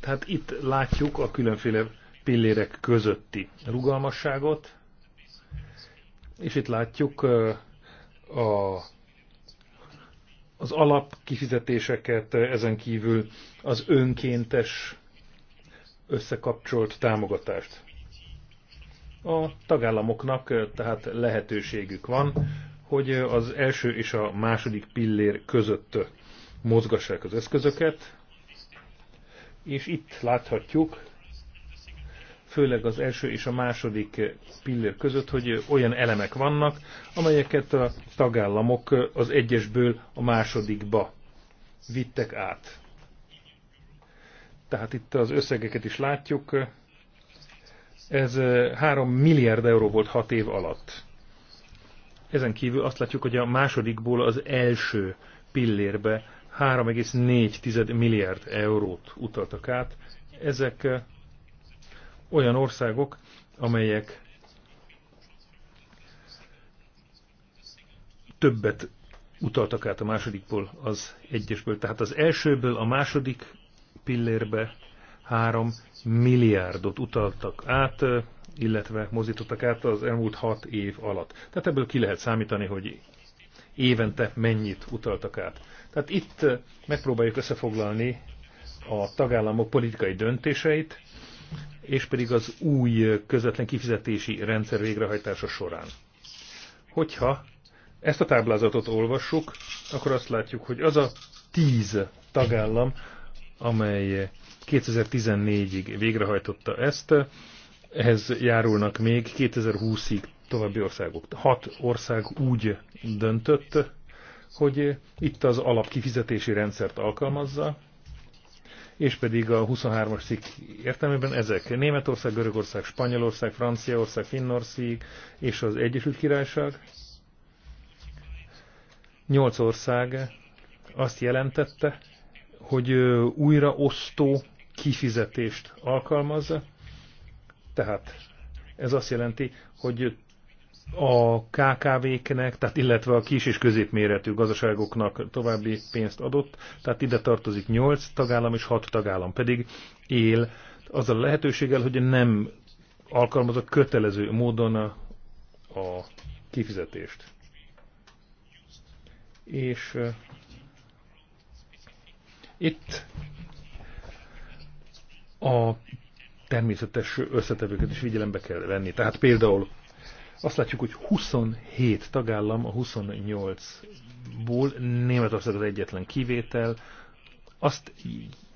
Tehát itt látjuk a különféle pillérek közötti rugalmasságot, és itt látjuk a, az alapkifizetéseket, ezen kívül az önkéntes összekapcsolt támogatást. A tagállamoknak tehát lehetőségük van, hogy az első és a második pillér között mozgassák az eszközöket, és itt láthatjuk, főleg az első és a második pillér között, hogy olyan elemek vannak, amelyeket a tagállamok az egyesből a másodikba vittek át. Tehát itt az összegeket is látjuk. Ez 3 milliárd euró volt 6 év alatt. Ezen kívül azt látjuk, hogy a másodikból az első pillérbe 3,4 milliárd eurót utaltak át. Ezek eh, olyan országok, amelyek többet utaltak át a másodikból az egyesből. Tehát az elsőből a második pillérbe 3 milliárdot utaltak át eh, illetve mozítottak át az elmúlt hat év alatt. Tehát ebből ki lehet számítani, hogy évente mennyit utaltak át. Tehát itt eh, megpróbáljuk összefoglalni a tagállamok politikai döntéseit, és pedig az új eh, közvetlen kifizetési rendszer végrehajtása során. Hogyha ezt a táblázatot olvassuk, akkor azt látjuk, hogy az a tíz tagállam, amely 2014-ig eh, végrehajtotta ezt, ehhez járulnak még 2020-ig további országok. Hat ország úgy döntött, hogy itt az alapkifizetési rendszert alkalmazza, és pedig a 23-as cikk értelmében ezek Németország, Görögország, Spanyolország, Franciaország, Finnország és az Egyesült Királyság. Nyolc ország azt jelentette, hogy újraosztó kifizetést alkalmazza, tehát ez azt jelenti, hogy a KKV-knek, tehát illetve a kis és középméretű gazdaságoknak további pénzt adott, tehát ide tartozik 8 tagállam és 6 tagállam pedig él azzal a lehetőséggel, hogy nem alkalmazott kötelező módon a, a kifizetést. És uh, itt a természetes összetevőket is figyelembe kell venni. Tehát például azt látjuk, hogy 27 tagállam a 28-ból, Németország az egyetlen kivétel, azt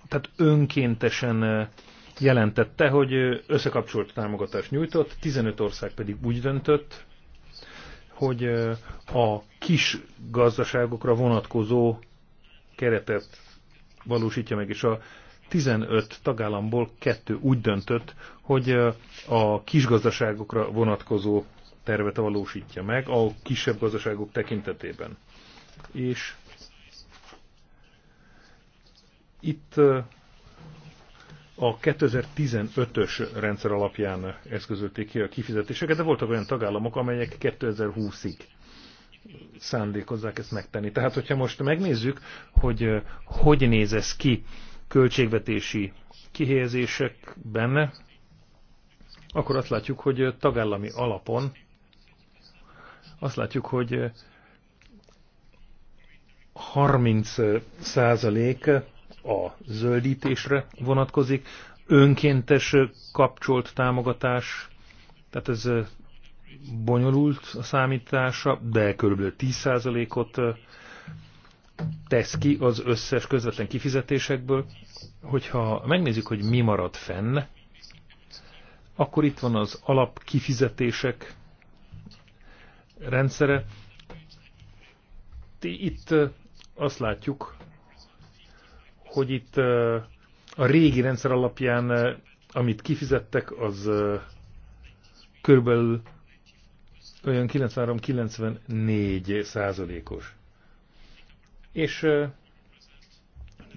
tehát önkéntesen jelentette, hogy összekapcsolt támogatást nyújtott, 15 ország pedig úgy döntött, hogy a kis gazdaságokra vonatkozó keretet valósítja meg, és a 15 tagállamból kettő úgy döntött, hogy a kisgazdaságokra vonatkozó tervet valósítja meg a kisebb gazdaságok tekintetében. És itt a 2015-ös rendszer alapján eszközölték ki a kifizetéseket, de voltak olyan tagállamok, amelyek 2020-ig szándékozzák ezt megtenni. Tehát, hogyha most megnézzük, hogy hogy néz ez ki költségvetési kihelyezések benne, akkor azt látjuk, hogy tagállami alapon azt látjuk, hogy 30 százalék a zöldítésre vonatkozik, önkéntes kapcsolt támogatás, tehát ez bonyolult a számítása, de körülbelül 10%-ot tesz ki az összes közvetlen kifizetésekből. Hogyha megnézzük, hogy mi marad fenn, akkor itt van az alap kifizetések rendszere. Itt azt látjuk, hogy itt a régi rendszer alapján, amit kifizettek, az körülbelül olyan 93-94 százalékos és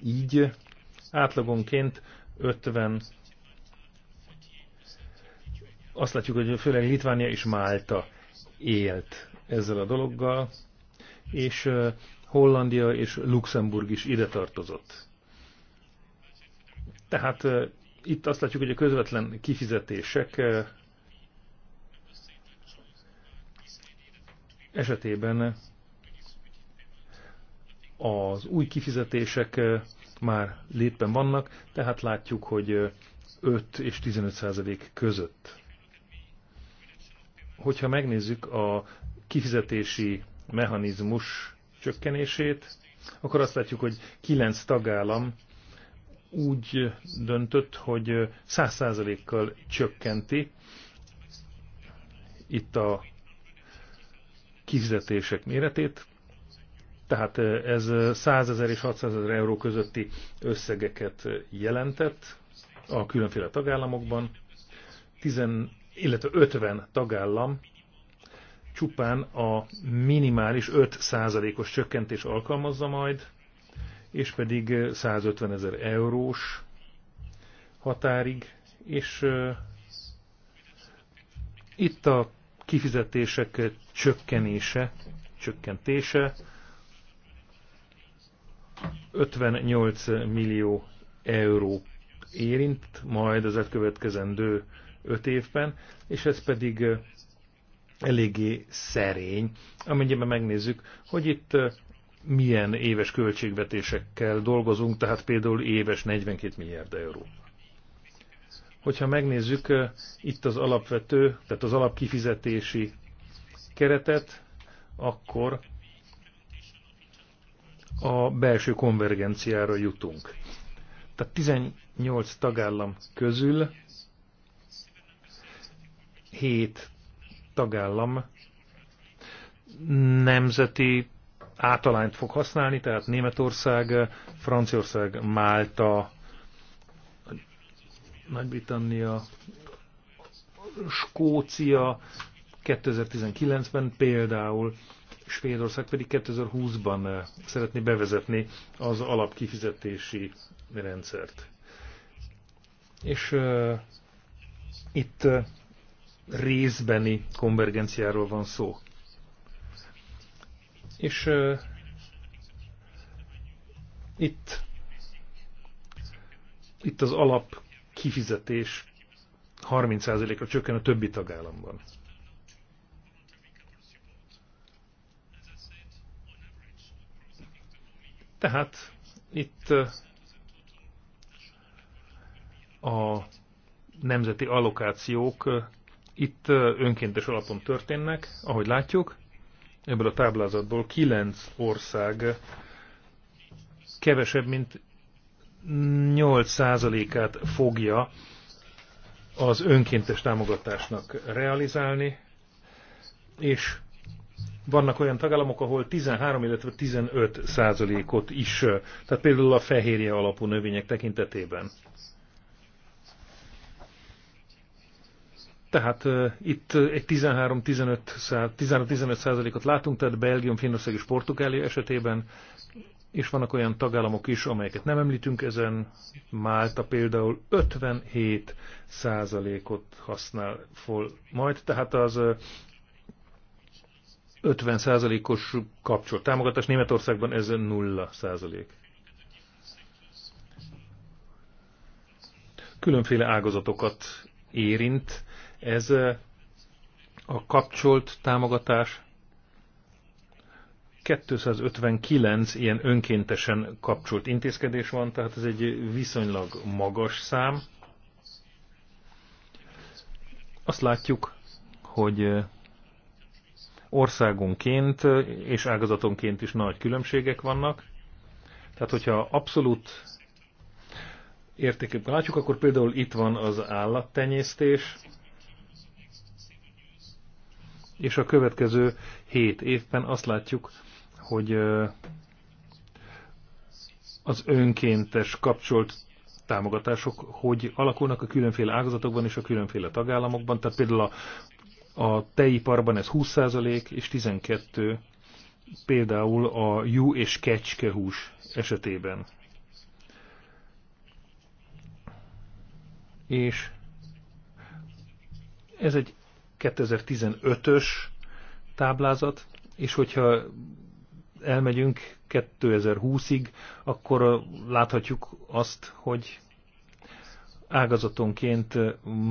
így átlagonként 50 azt látjuk, hogy főleg Litvánia és Málta élt ezzel a dologgal, és Hollandia és Luxemburg is ide tartozott. Tehát itt azt látjuk, hogy a közvetlen kifizetések esetében az új kifizetések már létben vannak, tehát látjuk, hogy 5 és 15 százalék között. Hogyha megnézzük a kifizetési mechanizmus csökkenését, akkor azt látjuk, hogy 9 tagállam úgy döntött, hogy 100%-kal csökkenti itt a kifizetések méretét, tehát ez 100 ezer és 600 ezer euró közötti összegeket jelentett a különféle tagállamokban. 10, illetve 50 tagállam csupán a minimális 5%-os csökkentés alkalmazza majd, és pedig 150 ezer eurós határig, és itt a kifizetések csökkenése, csökkentése 58 millió euró érint majd az elkövetkezendő 5 évben, és ez pedig eléggé szerény, amennyiben megnézzük, hogy itt milyen éves költségvetésekkel dolgozunk, tehát például éves 42 milliárd euró. Hogyha megnézzük itt az alapvető, tehát az alapkifizetési keretet, akkor a belső konvergenciára jutunk. Tehát 18 tagállam közül 7 tagállam nemzeti átalányt fog használni, tehát Németország, Franciaország, Málta, Nagy-Britannia, Skócia 2019-ben például Svédország pedig 2020-ban eh, szeretné bevezetni az alapkifizetési rendszert. És uh, itt uh, részbeni konvergenciáról van szó. És uh, itt, itt az alap kifizetés 30%-ra csökken a többi tagállamban. Tehát itt a nemzeti allokációk itt önkéntes alapon történnek, ahogy látjuk. Ebből a táblázatból kilenc ország kevesebb, mint 8%-át fogja az önkéntes támogatásnak realizálni, és vannak olyan tagállamok, ahol 13, illetve 15 százalékot is, tehát például a fehérje alapú növények tekintetében. Tehát uh, itt egy 13-15 százalékot látunk, tehát Belgium, Finnország és Portugália esetében, és vannak olyan tagállamok is, amelyeket nem említünk ezen. Málta például 57 százalékot használ fol majd, tehát az 50%-os kapcsolt támogatás, Németországban ez 0%. Különféle ágazatokat érint ez a kapcsolt támogatás. 259 ilyen önkéntesen kapcsolt intézkedés van, tehát ez egy viszonylag magas szám. Azt látjuk, hogy országonként és ágazatonként is nagy különbségek vannak. Tehát, hogyha abszolút értékében látjuk, akkor például itt van az állattenyésztés, és a következő hét évben azt látjuk, hogy az önkéntes kapcsolt támogatások, hogy alakulnak a különféle ágazatokban és a különféle tagállamokban, tehát például a a tejiparban ez 20% és 12% például a jú és kecskehús esetében. És ez egy 2015-ös táblázat, és hogyha elmegyünk 2020-ig, akkor láthatjuk azt, hogy ágazatonként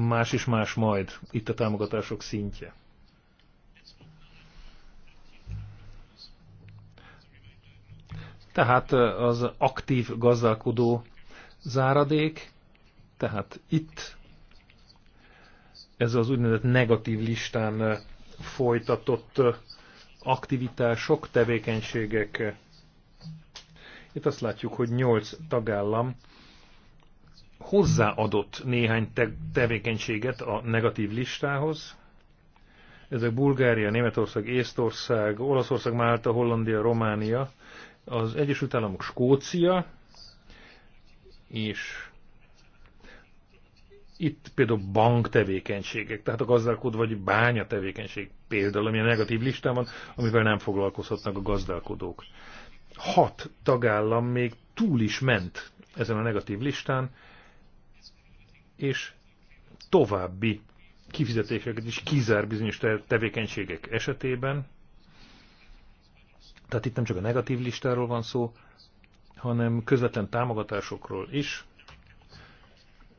más is más majd itt a támogatások szintje. Tehát az aktív gazdálkodó záradék, tehát itt ez az úgynevezett negatív listán folytatott aktivitások, tevékenységek. Itt azt látjuk, hogy 8 tagállam hozzáadott néhány te tevékenységet a negatív listához. Ezek Bulgária, Németország, Észtország, Olaszország, Málta, Hollandia, Románia, az Egyesült Államok, Skócia, és itt például bank tevékenységek, tehát a gazdálkodó vagy bánya tevékenység például, ami a negatív listán van, amivel nem foglalkozhatnak a gazdálkodók. Hat tagállam még túl is ment ezen a negatív listán, és további kifizetéseket is kizár bizonyos tevékenységek esetében. Tehát itt nem csak a negatív listáról van szó, hanem közvetlen támogatásokról is,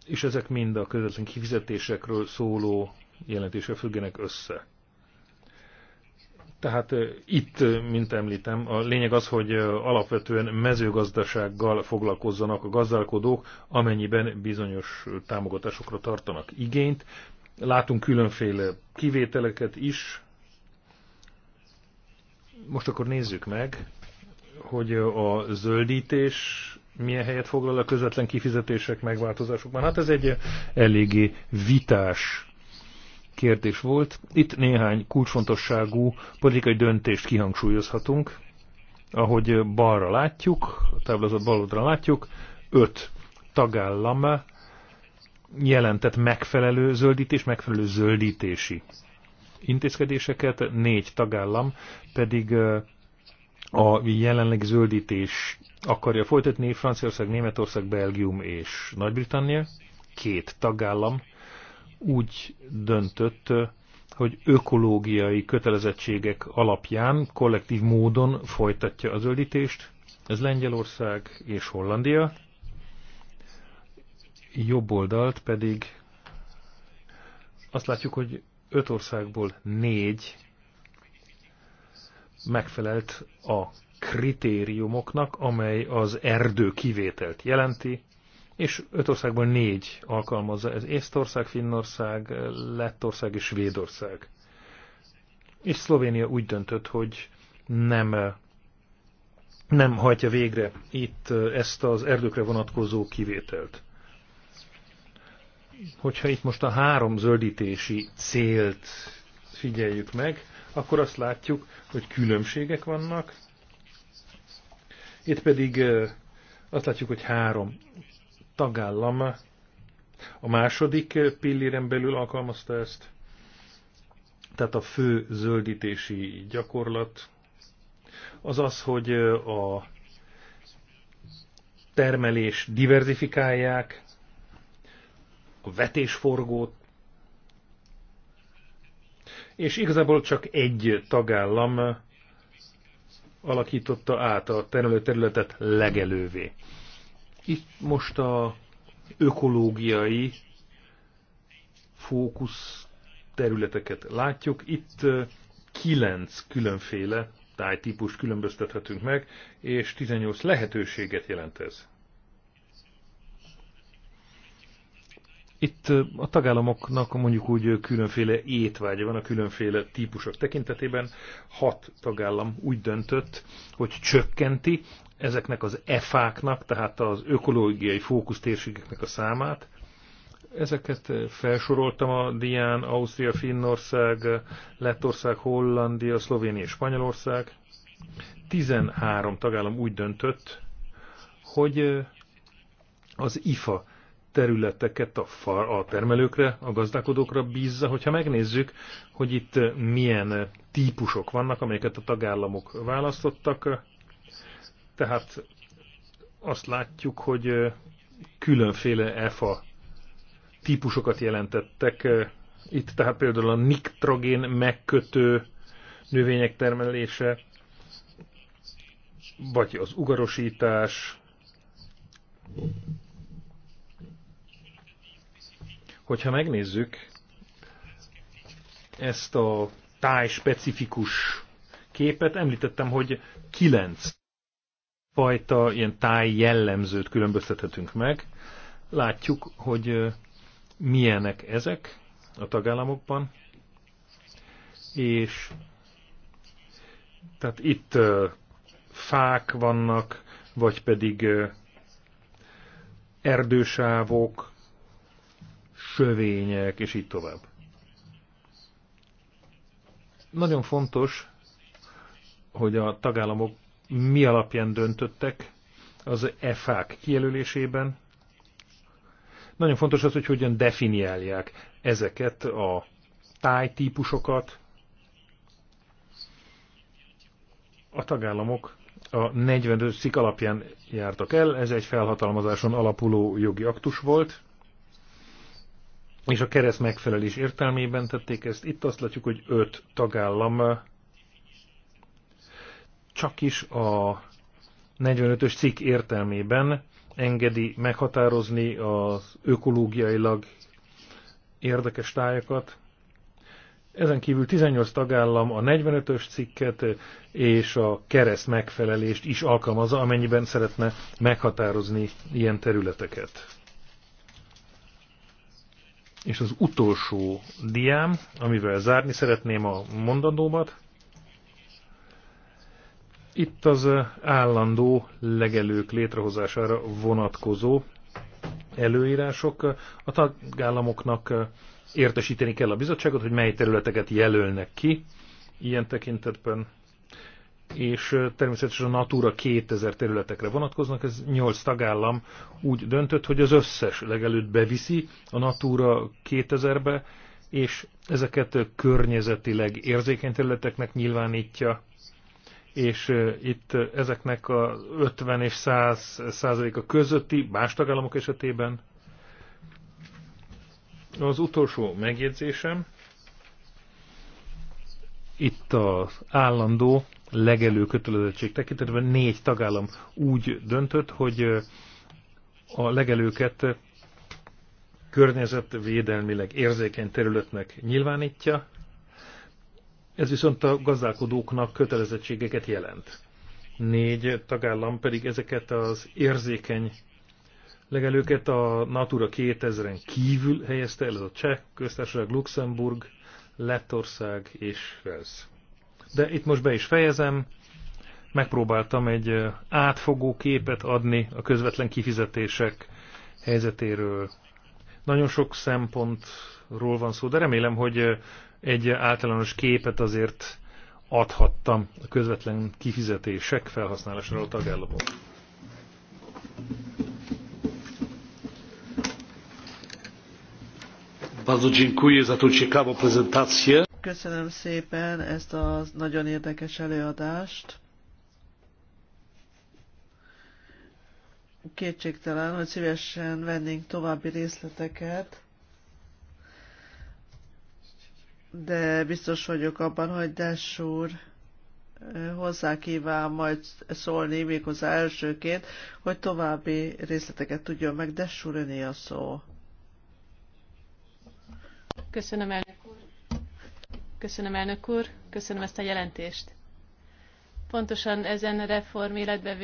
és ezek mind a közvetlen kifizetésekről szóló jelentésre függenek össze. Tehát itt, mint említem, a lényeg az, hogy alapvetően mezőgazdasággal foglalkozzanak a gazdálkodók, amennyiben bizonyos támogatásokra tartanak igényt. Látunk különféle kivételeket is. Most akkor nézzük meg, hogy a zöldítés milyen helyet foglal a közvetlen kifizetések megváltozásokban. Hát ez egy eléggé vitás kérdés volt. Itt néhány kulcsfontosságú politikai döntést kihangsúlyozhatunk. Ahogy balra látjuk, a táblázat baloldra látjuk, öt tagállam jelentett megfelelő zöldítés, megfelelő zöldítési intézkedéseket, négy tagállam pedig a jelenleg zöldítés akarja folytatni, Franciaország, Németország, Belgium és Nagy-Britannia, két tagállam úgy döntött, hogy ökológiai kötelezettségek alapján kollektív módon folytatja az öldítést. Ez Lengyelország és Hollandia. Jobb oldalt pedig azt látjuk, hogy öt országból négy megfelelt a kritériumoknak, amely az erdő kivételt jelenti, és öt országban négy alkalmazza, ez Észtország, Finnország, Lettország és Svédország. És Szlovénia úgy döntött, hogy nem, nem hajtja végre itt ezt az erdőkre vonatkozó kivételt. Hogyha itt most a három zöldítési célt figyeljük meg, akkor azt látjuk, hogy különbségek vannak. Itt pedig eh, azt látjuk, hogy három tagállam a második pilléren belül alkalmazta ezt, tehát a fő zöldítési gyakorlat az az, hogy a termelés diverzifikálják, a vetésforgót, és igazából csak egy tagállam alakította át a termelőterületet legelővé. Itt most a ökológiai fókusz területeket látjuk. Itt kilenc különféle tájtípust különböztethetünk meg, és 18 lehetőséget jelent ez. Itt a tagállamoknak mondjuk úgy különféle étvágya van a különféle típusok tekintetében. Hat tagállam úgy döntött, hogy csökkenti ezeknek az EFA-knak, tehát az ökológiai fókusztérségeknek a számát. Ezeket felsoroltam a dián, Ausztria, Finnország, Lettország, Hollandia, Szlovénia és Spanyolország. 13 tagállam úgy döntött, hogy az IFA területeket a, far, a termelőkre, a gazdálkodókra bízza, hogyha megnézzük, hogy itt milyen típusok vannak, amelyeket a tagállamok választottak, tehát azt látjuk, hogy különféle EFA típusokat jelentettek. Eh, itt tehát például a nitrogén megkötő növények termelése, vagy az ugarosítás, Hogyha megnézzük ezt a táj specifikus képet, említettem, hogy kilenc fajta ilyen táj jellemzőt különböztethetünk meg. Látjuk, hogy milyenek ezek a tagállamokban, és tehát itt fák vannak, vagy pedig erdősávok, sövények, és így tovább. Nagyon fontos, hogy a tagállamok mi alapján döntöttek az EFÁK kijelölésében. Nagyon fontos az, hogy hogyan definiálják ezeket a tájtípusokat. A tagállamok a 45 cikk alapján jártak el, ez egy felhatalmazáson alapuló jogi aktus volt, és a kereszt megfelelés értelmében tették ezt. Itt azt látjuk, hogy öt tagállam csak is a 45-ös cikk értelmében engedi meghatározni az ökológiailag érdekes tájakat. Ezen kívül 18 tagállam a 45-ös cikket és a kereszt megfelelést is alkalmazza, amennyiben szeretne meghatározni ilyen területeket. És az utolsó diám, amivel zárni szeretném a mondandómat, itt az állandó legelők létrehozására vonatkozó előírások a tagállamoknak értesíteni kell a bizottságot, hogy mely területeket jelölnek ki ilyen tekintetben és természetesen a Natura 2000 területekre vonatkoznak, ez 8 tagállam úgy döntött, hogy az összes legelőtt beviszi a Natura 2000-be, és ezeket környezetileg érzékeny területeknek nyilvánítja, és itt ezeknek a 50 és 100 százaléka közötti más tagállamok esetében. Az utolsó megjegyzésem, itt az állandó legelő kötelezettség tekintetében négy tagállam úgy döntött, hogy a legelőket környezetvédelmileg érzékeny területnek nyilvánítja, ez viszont a gazdálkodóknak kötelezettségeket jelent. Négy tagállam pedig ezeket az érzékeny legelőket a Natura 2000-en kívül helyezte el, ez a Cseh, Köztársaság, Luxemburg, Lettország és Velsz. De itt most be is fejezem. Megpróbáltam egy átfogó képet adni a közvetlen kifizetések helyzetéről. Nagyon sok szempontról van szó, de remélem, hogy egy általános képet azért adhattam a közvetlen kifizetések felhasználására a tagállamok. Bardzo dziękuję za tą ciekawą prezentację. Köszönöm szépen ezt a nagyon érdekes előadást. Kétségtelen, hogy szívesen vennénk további részleteket, de biztos vagyok abban, hogy Dess úr hozzá kíván majd szólni, méghozzá elsőként, hogy további részleteket tudjon meg. Dess úr, öné a szó. Köszönöm el. Köszönöm, elnök úr, köszönöm ezt a jelentést. Pontosan ezen reform életbe,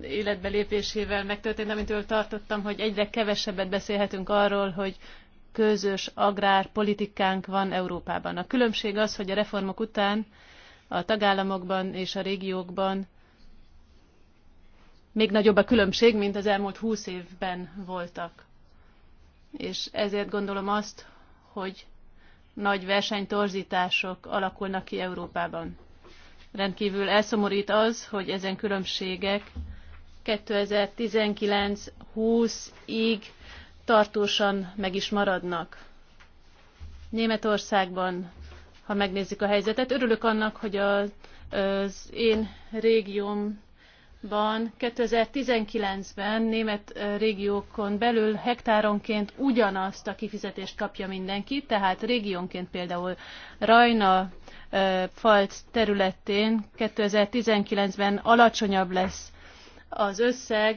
életbe lépésével megtörtént, amitől tartottam, hogy egyre kevesebbet beszélhetünk arról, hogy közös agrárpolitikánk van Európában. A különbség az, hogy a reformok után a tagállamokban és a régiókban még nagyobb a különbség, mint az elmúlt húsz évben voltak. És ezért gondolom azt, hogy nagy versenytorzítások alakulnak ki Európában. Rendkívül elszomorít az, hogy ezen különbségek 2019-20-ig tartósan meg is maradnak. Németországban, ha megnézzük a helyzetet, örülök annak, hogy az, én régióm Ban 2019-ben német régiókon belül hektáronként ugyanazt a kifizetést kapja mindenki, tehát régiónként például Rajna falc területén 2019-ben alacsonyabb lesz az összeg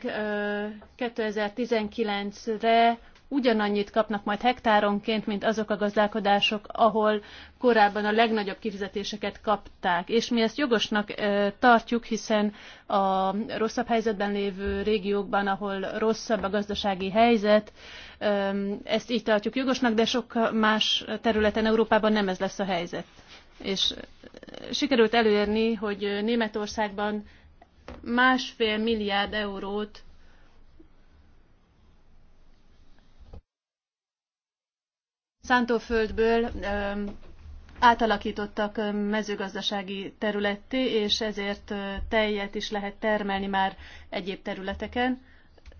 2019-re ugyanannyit kapnak majd hektáronként, mint azok a gazdálkodások, ahol korábban a legnagyobb kifizetéseket kapták. És mi ezt jogosnak tartjuk, hiszen a rosszabb helyzetben lévő régiókban, ahol rosszabb a gazdasági helyzet, ezt így tartjuk jogosnak, de sok más területen Európában nem ez lesz a helyzet. És sikerült elérni, hogy Németországban másfél milliárd eurót szántóföldből átalakítottak mezőgazdasági területté, és ezért tejet is lehet termelni már egyéb területeken.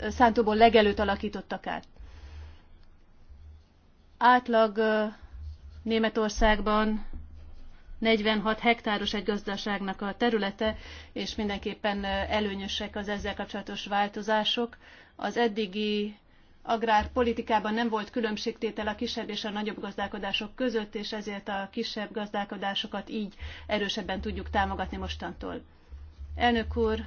Szántóból legelőt alakítottak át. Átlag Németországban 46 hektáros egy gazdaságnak a területe, és mindenképpen előnyösek az ezzel kapcsolatos változások. Az eddigi agrárpolitikában nem volt különbségtétel a kisebb és a nagyobb gazdálkodások között, és ezért a kisebb gazdálkodásokat így erősebben tudjuk támogatni mostantól. Elnök úr,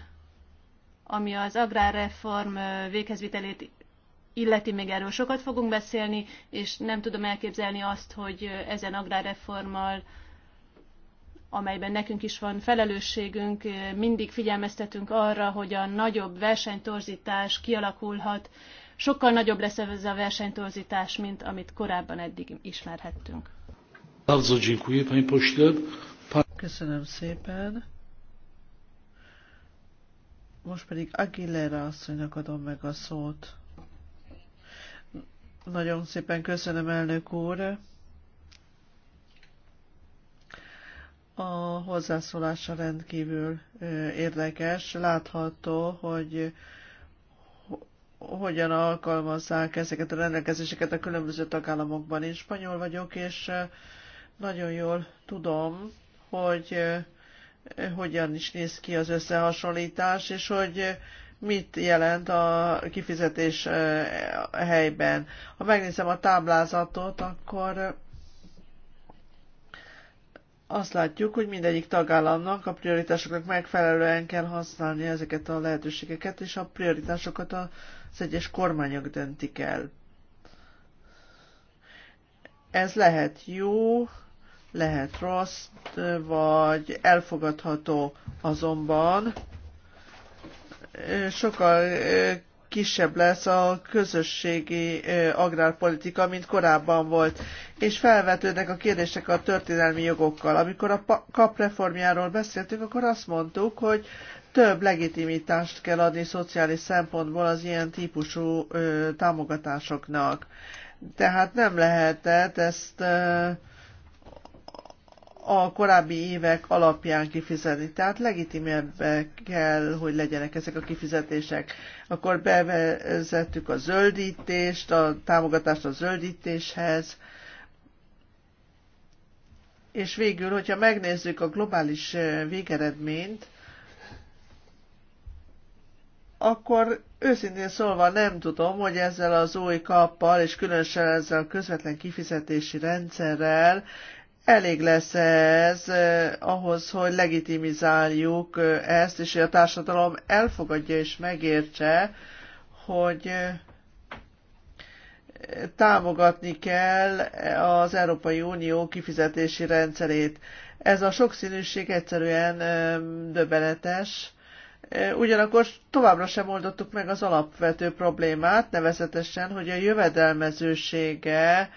ami az agrárreform véghezvitelét illeti, még erről sokat fogunk beszélni, és nem tudom elképzelni azt, hogy ezen agrárreformmal amelyben nekünk is van felelősségünk, mindig figyelmeztetünk arra, hogy a nagyobb versenytorzítás kialakulhat, sokkal nagyobb lesz ez a versenytorzítás, mint amit korábban eddig ismerhettünk. Köszönöm szépen. Most pedig Aguilera asszonynak adom meg a szót. Nagyon szépen köszönöm, elnök úr. A hozzászólása rendkívül érdekes. Látható, hogy hogyan alkalmazzák ezeket a rendelkezéseket a különböző tagállamokban. Én spanyol vagyok, és eh, nagyon jól tudom, hogy eh, hogyan is néz ki az összehasonlítás, és hogy eh, mit jelent a kifizetés helyben. Ha megnézem a táblázatot, akkor azt látjuk, hogy mindegyik tagállamnak a prioritásoknak megfelelően kell használni ezeket a lehetőségeket, és a prioritásokat a az egyes kormányok döntik el. Ez lehet jó, lehet rossz, vagy elfogadható azonban. Sokkal kisebb lesz a közösségi agrárpolitika, mint korábban volt, és felvetődnek a kérdések a történelmi jogokkal. Amikor a kapreformjáról beszéltünk, akkor azt mondtuk, hogy több legitimitást kell adni szociális szempontból az ilyen típusú ö, támogatásoknak. Tehát nem lehetett ezt ö, a korábbi évek alapján kifizetni. Tehát legitimebbek kell, hogy legyenek ezek a kifizetések. Akkor bevezettük a zöldítést, a támogatást a zöldítéshez. És végül, hogyha megnézzük a globális végeredményt, akkor őszintén szólva nem tudom, hogy ezzel az új kappal, és különösen ezzel a közvetlen kifizetési rendszerrel elég lesz ez eh, ahhoz, hogy legitimizáljuk eh, ezt, és hogy a társadalom elfogadja és megértse, hogy eh, támogatni kell az Európai Unió kifizetési rendszerét. Ez a sokszínűség egyszerűen döbbenetes E, ugyanakkor továbbra sem oldottuk meg az alapvető problémát, nevezetesen, hogy a jövedelmezősége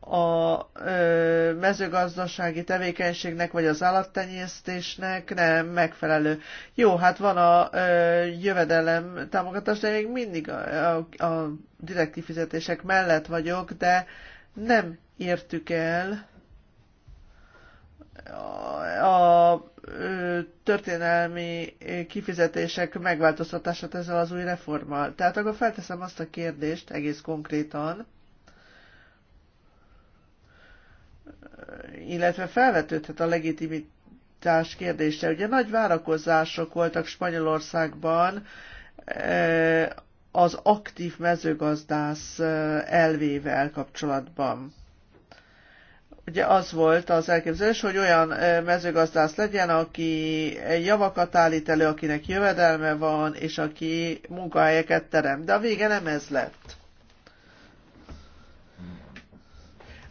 a e, mezőgazdasági tevékenységnek vagy az állattenyésztésnek nem megfelelő. Jó, hát van a e, jövedelem támogatás, de még mindig a, a, a direktív fizetések mellett vagyok, de nem értük el a történelmi kifizetések megváltoztatását ezzel az új reformmal. Tehát akkor felteszem azt a kérdést egész konkrétan, illetve felvetődhet a legitimitás kérdése. Ugye nagy várakozások voltak Spanyolországban az aktív mezőgazdász elvével kapcsolatban ugye az volt az elképzelés, hogy olyan mezőgazdász legyen, aki javakat állít elő, akinek jövedelme van, és aki munkahelyeket terem. De a vége nem ez lett.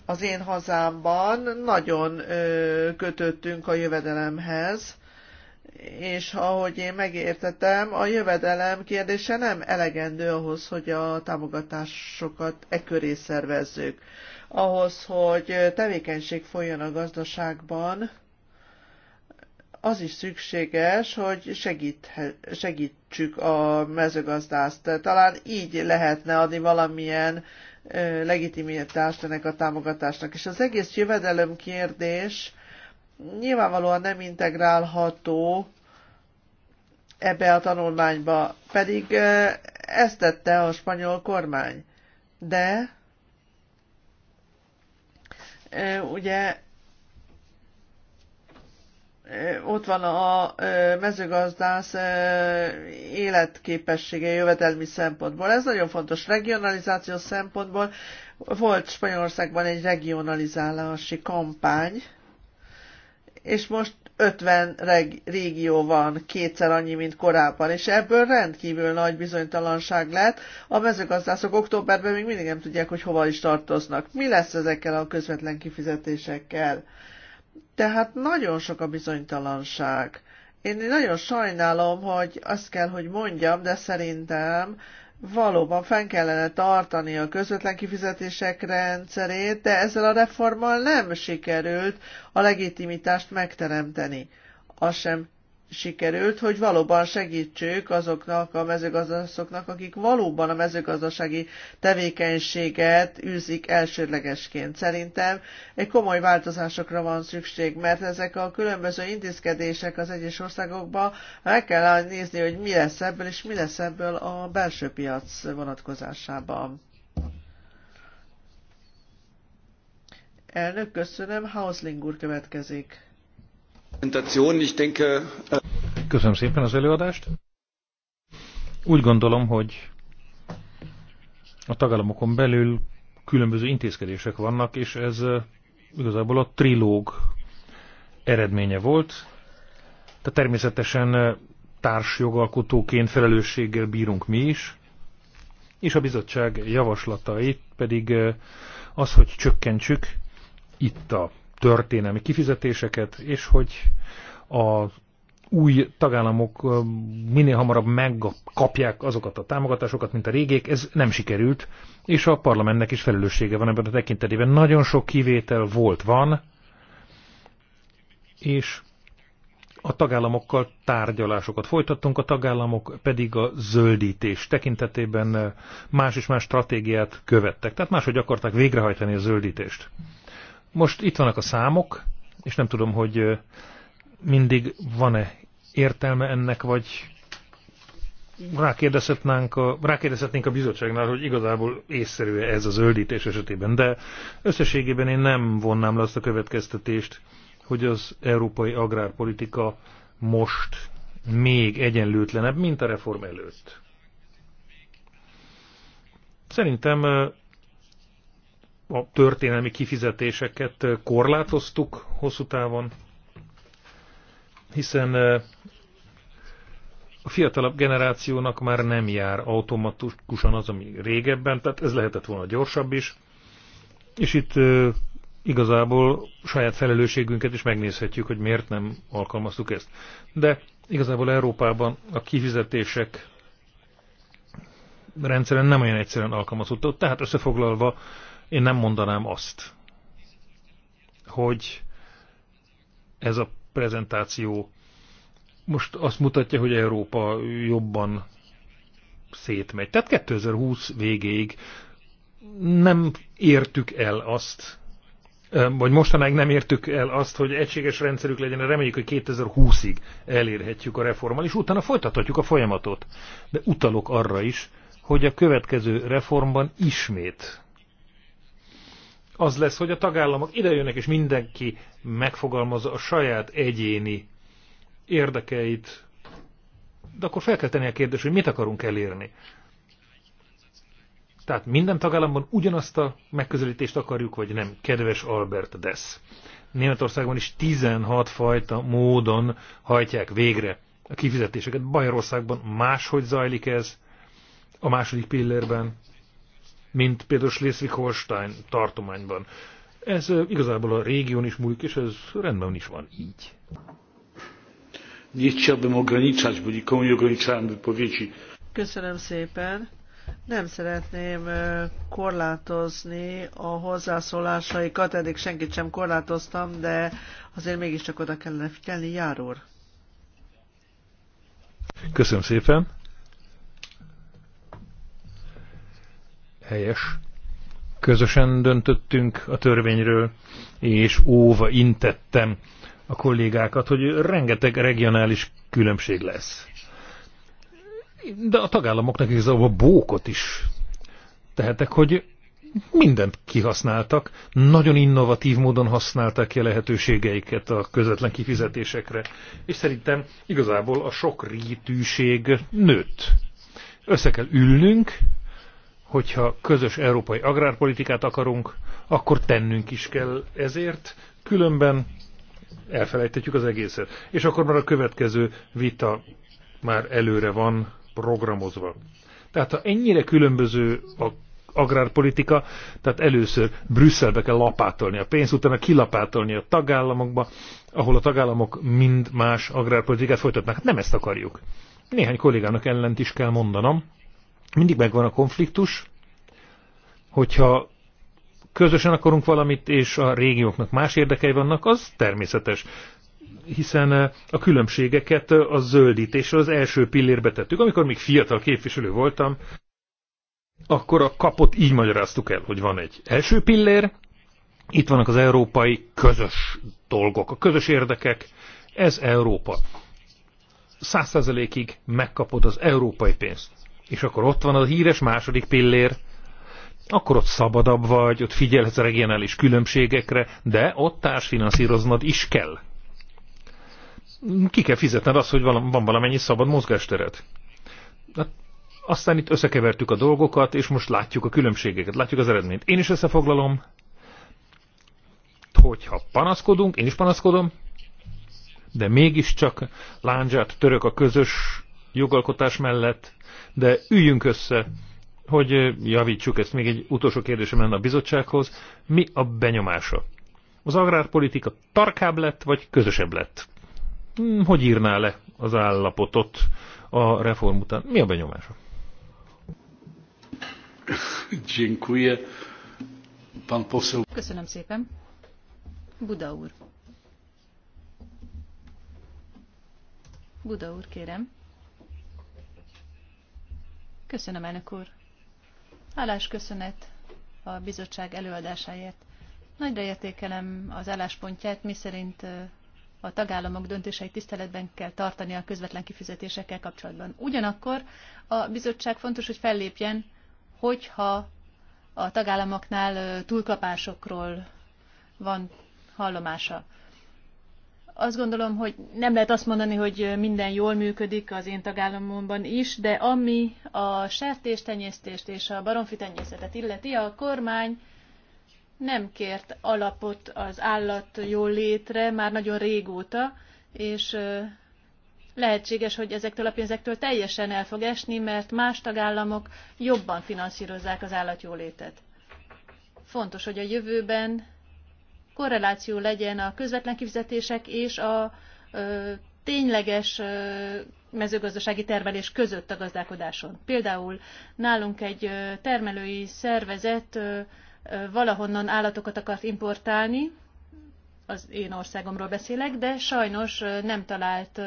Az én hazámban nagyon kötöttünk a jövedelemhez, és ahogy én megértetem, a jövedelem kérdése nem elegendő ahhoz, hogy a támogatásokat e köré szervezzük ahhoz, hogy tevékenység folyjon a gazdaságban, az is szükséges, hogy segít, segítsük a mezőgazdást. Talán így lehetne adni valamilyen legitimitást ennek a támogatásnak. És az egész jövedelem kérdés nyilvánvalóan nem integrálható ebbe a tanulmányba, pedig ezt tette a spanyol kormány. De ugye ott van a mezőgazdász életképessége jövedelmi szempontból. Ez nagyon fontos regionalizáció szempontból. Volt Spanyolországban egy regionalizálási kampány, és most 50 reg- régió van, kétszer annyi, mint korábban, és ebből rendkívül nagy bizonytalanság lett. A mezőgazdászok októberben még mindig nem tudják, hogy hova is tartoznak. Mi lesz ezekkel a közvetlen kifizetésekkel? Tehát nagyon sok a bizonytalanság. Én nagyon sajnálom, hogy azt kell, hogy mondjam, de szerintem valóban fenn kellene tartani a közvetlen kifizetések rendszerét, de ezzel a reformmal nem sikerült a legitimitást megteremteni. Az sem sikerült, hogy valóban segítsük azoknak a mezőgazdaszoknak, akik valóban a mezőgazdasági tevékenységet űzik elsődlegesként. Szerintem egy komoly változásokra van szükség, mert ezek a különböző intézkedések az egyes országokban meg kell nézni, hogy mi lesz ebből, és mi lesz ebből a belső piac vonatkozásában. Elnök, köszönöm. Hausling úr következik. Äh, Köszönöm szépen az előadást. Úgy gondolom, hogy a tagállamokon belül különböző intézkedések vannak, és ez igazából a trilóg eredménye volt. Tehát természetesen társjogalkotóként felelősséggel bírunk mi is, és a bizottság javaslatait pedig az, hogy csökkentsük itt a történelmi kifizetéseket, és hogy a új tagállamok minél hamarabb megkapják azokat a támogatásokat, mint a régiek, ez nem sikerült, és a parlamentnek is felelőssége van ebben a tekintetében. Nagyon sok kivétel volt, van, és a tagállamokkal tárgyalásokat folytattunk, a tagállamok pedig a zöldítés tekintetében más és más stratégiát követtek. Tehát máshogy akarták végrehajtani a zöldítést. Most itt vannak a számok, és nem tudom, hogy mindig van-e értelme ennek, vagy rákérdezhetnénk a, rákérdezhetnénk a bizottságnál, hogy igazából észszerű -e ez a zöldítés esetében. De összességében én nem vonnám le azt a következtetést, hogy az európai agrárpolitika most még egyenlőtlenebb, mint a reform előtt. Szerintem a történelmi kifizetéseket korlátoztuk hosszú távon, hiszen a fiatalabb generációnak már nem jár automatikusan az, ami régebben, tehát ez lehetett volna gyorsabb is, és itt igazából saját felelősségünket is megnézhetjük, hogy miért nem alkalmaztuk ezt. De igazából Európában a kifizetések rendszeren nem olyan egyszerűen alkalmazható. Tehát összefoglalva én nem mondanám azt, hogy ez a prezentáció most azt mutatja, hogy Európa jobban szétmegy. Tehát 2020 végéig nem értük el azt, vagy mostanáig nem értük el azt, hogy egységes rendszerük legyen, reméljük, hogy 2020-ig elérhetjük a reformmal, és utána folytathatjuk a folyamatot. De utalok arra is, hogy a következő reformban ismét az lesz, hogy a tagállamok idejönnek, és mindenki megfogalmazza a saját egyéni érdekeit. De akkor fel kell tenni a kérdés, hogy mit akarunk elérni. Tehát minden tagállamban ugyanazt a megközelítést akarjuk, vagy nem? Kedves Albert Dess. Németországban is 16 fajta módon hajtják végre a kifizetéseket. Bajorországban máshogy zajlik ez, a második pillérben mint például Schleswig-Holstein tartományban. Ez igazából a régión is múlik, és ez rendben is van így. Köszönöm szépen. Nem szeretném korlátozni a hozzászólásaikat, eddig senkit sem korlátoztam, de azért mégiscsak oda kellene figyelni. Jár úr. Köszönöm szépen. helyes. Közösen döntöttünk a törvényről, és óva intettem a kollégákat, hogy rengeteg regionális különbség lesz. De a tagállamoknak igazából bókot is tehetek, hogy mindent kihasználtak, nagyon innovatív módon használták ki a lehetőségeiket a közvetlen kifizetésekre, és szerintem igazából a sok rítűség nőtt. Össze kell ülnünk, hogyha közös európai agrárpolitikát akarunk, akkor tennünk is kell ezért, különben elfelejtetjük az egészet. És akkor már a következő vita már előre van programozva. Tehát ha ennyire különböző a agrárpolitika, tehát először Brüsszelbe kell lapátolni a pénzt, utána kilapátolni a tagállamokba, ahol a tagállamok mind más agrárpolitikát folytatnak. Hát nem ezt akarjuk. Néhány kollégának ellent is kell mondanom, mindig megvan a konfliktus, hogyha közösen akarunk valamit, és a régióknak más érdekei vannak, az természetes hiszen eh, a különbségeket eh, a zöldítésre az első pillérbe tettük. Amikor még fiatal képviselő voltam, akkor a kapot így magyaráztuk el, hogy van egy első pillér, itt vannak az európai közös dolgok, a közös érdekek, ez Európa. Száz százalékig megkapod az európai pénzt. És akkor ott van az híres második pillér, akkor ott szabadabb vagy, ott figyelhetsz a regionális különbségekre, de ott társfinanszíroznod is kell. Ki kell fizetned azt, hogy van valamennyi szabad mozgástered. Hát aztán itt összekevertük a dolgokat, és most látjuk a különbségeket, látjuk az eredményt. Én is összefoglalom, hogyha panaszkodunk, én is panaszkodom, de mégiscsak láncsát török a közös jogalkotás mellett, de üljünk össze, hogy javítsuk ezt. Még egy utolsó kérdésem lenne a bizottsághoz. Mi a benyomása? Az agrárpolitika tarkább lett, vagy közösebb lett? Hm, hogy írná le az állapotot a reform után? Mi a benyomása? Köszönöm szépen. Buda úr. Buda úr, kérem. Köszönöm, elnök úr. Állás köszönet a bizottság előadásáért. Nagyra értékelem az álláspontját, miszerint a tagállamok döntései tiszteletben kell tartani a közvetlen kifizetésekkel kapcsolatban. Ugyanakkor a bizottság fontos, hogy fellépjen, hogyha a tagállamoknál túlkapásokról van hallomása. Azt gondolom, hogy nem lehet azt mondani, hogy minden jól működik az én tagállamomban is, de ami a sertéstenyésztést és a baromfitenyészetet illeti, a kormány nem kért alapot az állat jól létre már nagyon régóta, és lehetséges, hogy ezektől a pénzektől teljesen el fog esni, mert más tagállamok jobban finanszírozzák az állatjólétet. Fontos, hogy a jövőben korreláció legyen a közvetlen kifizetések és a tényleges mezőgazdasági termelés között a gazdálkodáson. Például nálunk egy termelői szervezet valahonnan állatokat akart importálni, az én országomról beszélek, de sajnos nem talált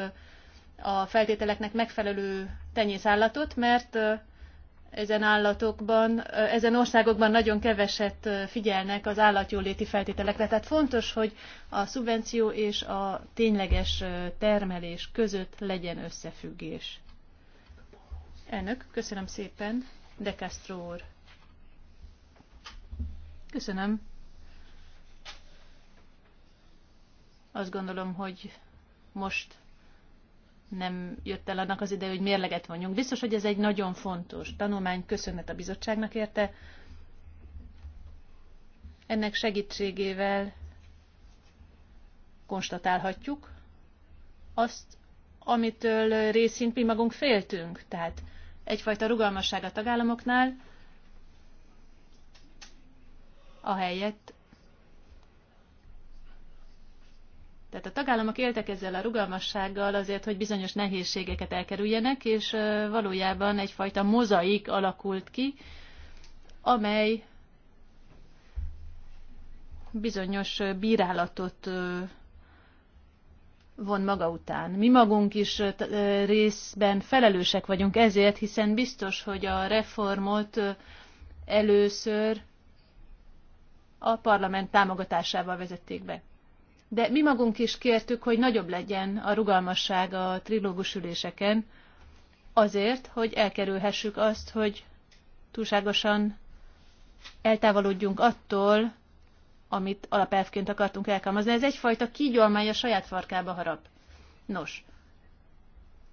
a feltételeknek megfelelő tenyészállatot, mert ezen állatokban, ezen országokban nagyon keveset figyelnek az állatjóléti feltételekre. Tehát fontos, hogy a szubvenció és a tényleges termelés között legyen összefüggés. Elnök, köszönöm szépen. De Castro úr. Köszönöm. Azt gondolom, hogy most nem jött el annak az ideje, hogy mérleget vonjunk. Biztos, hogy ez egy nagyon fontos tanulmány, köszönet a bizottságnak érte. Ennek segítségével konstatálhatjuk azt, amitől részint mi magunk féltünk. Tehát egyfajta rugalmasság a tagállamoknál, ahelyett, Tehát a tagállamok éltek ezzel a rugalmassággal azért, hogy bizonyos nehézségeket elkerüljenek, és valójában egyfajta mozaik alakult ki, amely bizonyos bírálatot von maga után. Mi magunk is részben felelősek vagyunk ezért, hiszen biztos, hogy a reformot először a parlament támogatásával vezették be de mi magunk is kértük, hogy nagyobb legyen a rugalmasság a trilógus üléseken, azért, hogy elkerülhessük azt, hogy túlságosan eltávolodjunk attól, amit alapelvként akartunk elkalmazni. Ez egyfajta kígyó, amely a saját farkába harap. Nos,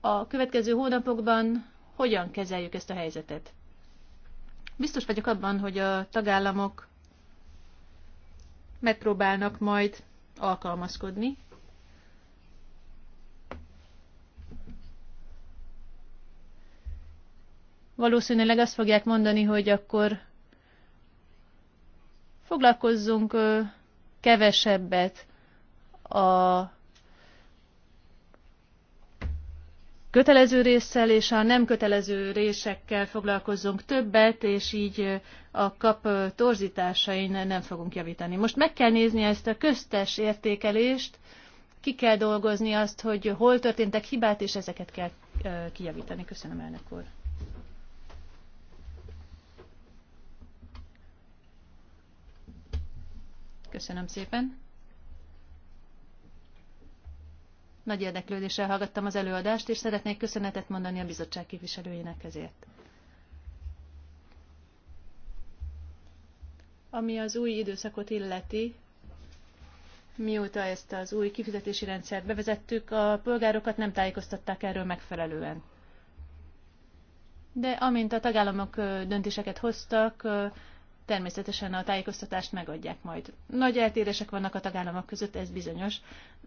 a következő hónapokban hogyan kezeljük ezt a helyzetet? Biztos vagyok abban, hogy a tagállamok megpróbálnak majd alkalmazkodni. Valószínűleg azt fogják mondani, hogy akkor foglalkozzunk kevesebbet a kötelező résszel és a nem kötelező résekkel foglalkozzunk többet, és így a kap torzításain nem fogunk javítani. Most meg kell nézni ezt a köztes értékelést, ki kell dolgozni azt, hogy hol történtek hibát, és ezeket kell kijavítani. Köszönöm, elnök úr. Köszönöm szépen. Nagy érdeklődéssel hallgattam az előadást, és szeretnék köszönetet mondani a bizottság képviselőjének ezért. Ami az új időszakot illeti, mióta ezt az új kifizetési rendszert bevezettük, a polgárokat nem tájékoztatták erről megfelelően. De amint a tagállamok döntéseket hoztak, természetesen a tájékoztatást megadják majd. Nagy eltérések vannak a tagállamok között, ez bizonyos.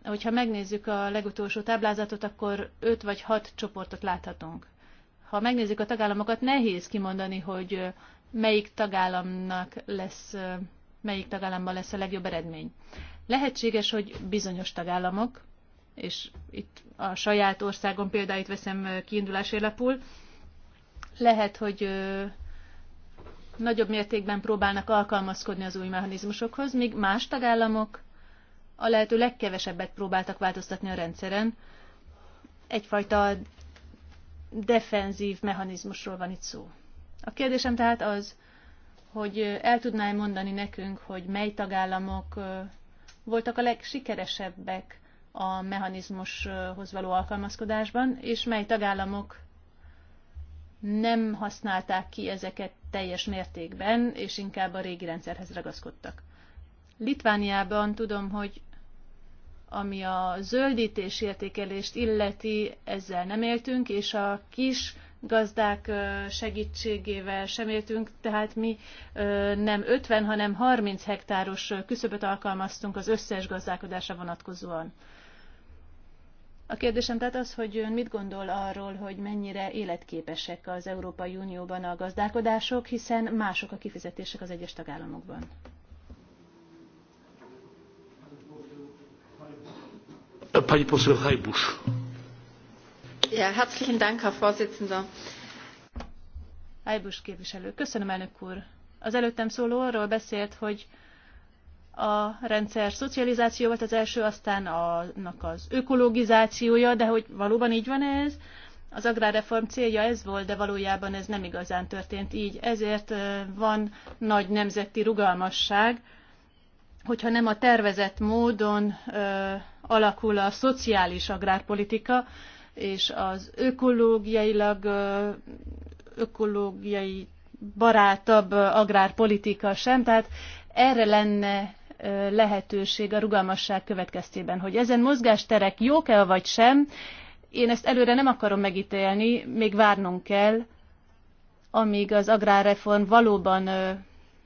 Hogyha megnézzük a legutolsó táblázatot, akkor 5 vagy 6 csoportot láthatunk. Ha megnézzük a tagállamokat, nehéz kimondani, hogy melyik tagállamnak lesz, melyik tagállamban lesz a legjobb eredmény. Lehetséges, hogy bizonyos tagállamok, és itt a saját országom példáit veszem lapul, lehet, hogy nagyobb mértékben próbálnak alkalmazkodni az új mechanizmusokhoz, míg más tagállamok a lehető legkevesebbet próbáltak változtatni a rendszeren. Egyfajta defenzív mechanizmusról van itt szó. A kérdésem tehát az, hogy el -e mondani nekünk, hogy mely tagállamok voltak a legsikeresebbek a mechanizmushoz való alkalmazkodásban, és mely tagállamok nem használták ki ezeket teljes mértékben, és inkább a régi rendszerhez ragaszkodtak. Litvániában tudom, hogy ami a zöldítés értékelést illeti, ezzel nem éltünk, és a kis gazdák segítségével sem éltünk, tehát mi nem 50, hanem 30 hektáros küszöböt alkalmaztunk az összes gazdálkodásra vonatkozóan. A kérdésem tehát az, hogy ön mit gondol arról, hogy mennyire életképesek az Európai Unióban a gazdálkodások, hiszen mások a kifizetések az egyes tagállamokban. Ja, herzlichen Dank, Herr Vorsitzender. Hajbusz képviselő. Köszönöm, elnök úr. Az előttem szóló arról beszélt, hogy a rendszer szocializáció volt az első, aztán annak az ökologizációja, de hogy valóban így van ez? Az agrárreform célja ez volt, de valójában ez nem igazán történt így. Ezért van nagy nemzeti rugalmasság, hogyha nem a tervezett módon ö, alakul a szociális agrárpolitika, és az ökológiailag ö, ökológiai barátabb agrárpolitika sem. Tehát erre lenne lehetőség a rugalmasság következtében, hogy ezen mozgásterek jók-e vagy sem, én ezt előre nem akarom megítélni, még várnunk kell, amíg az agrárreform valóban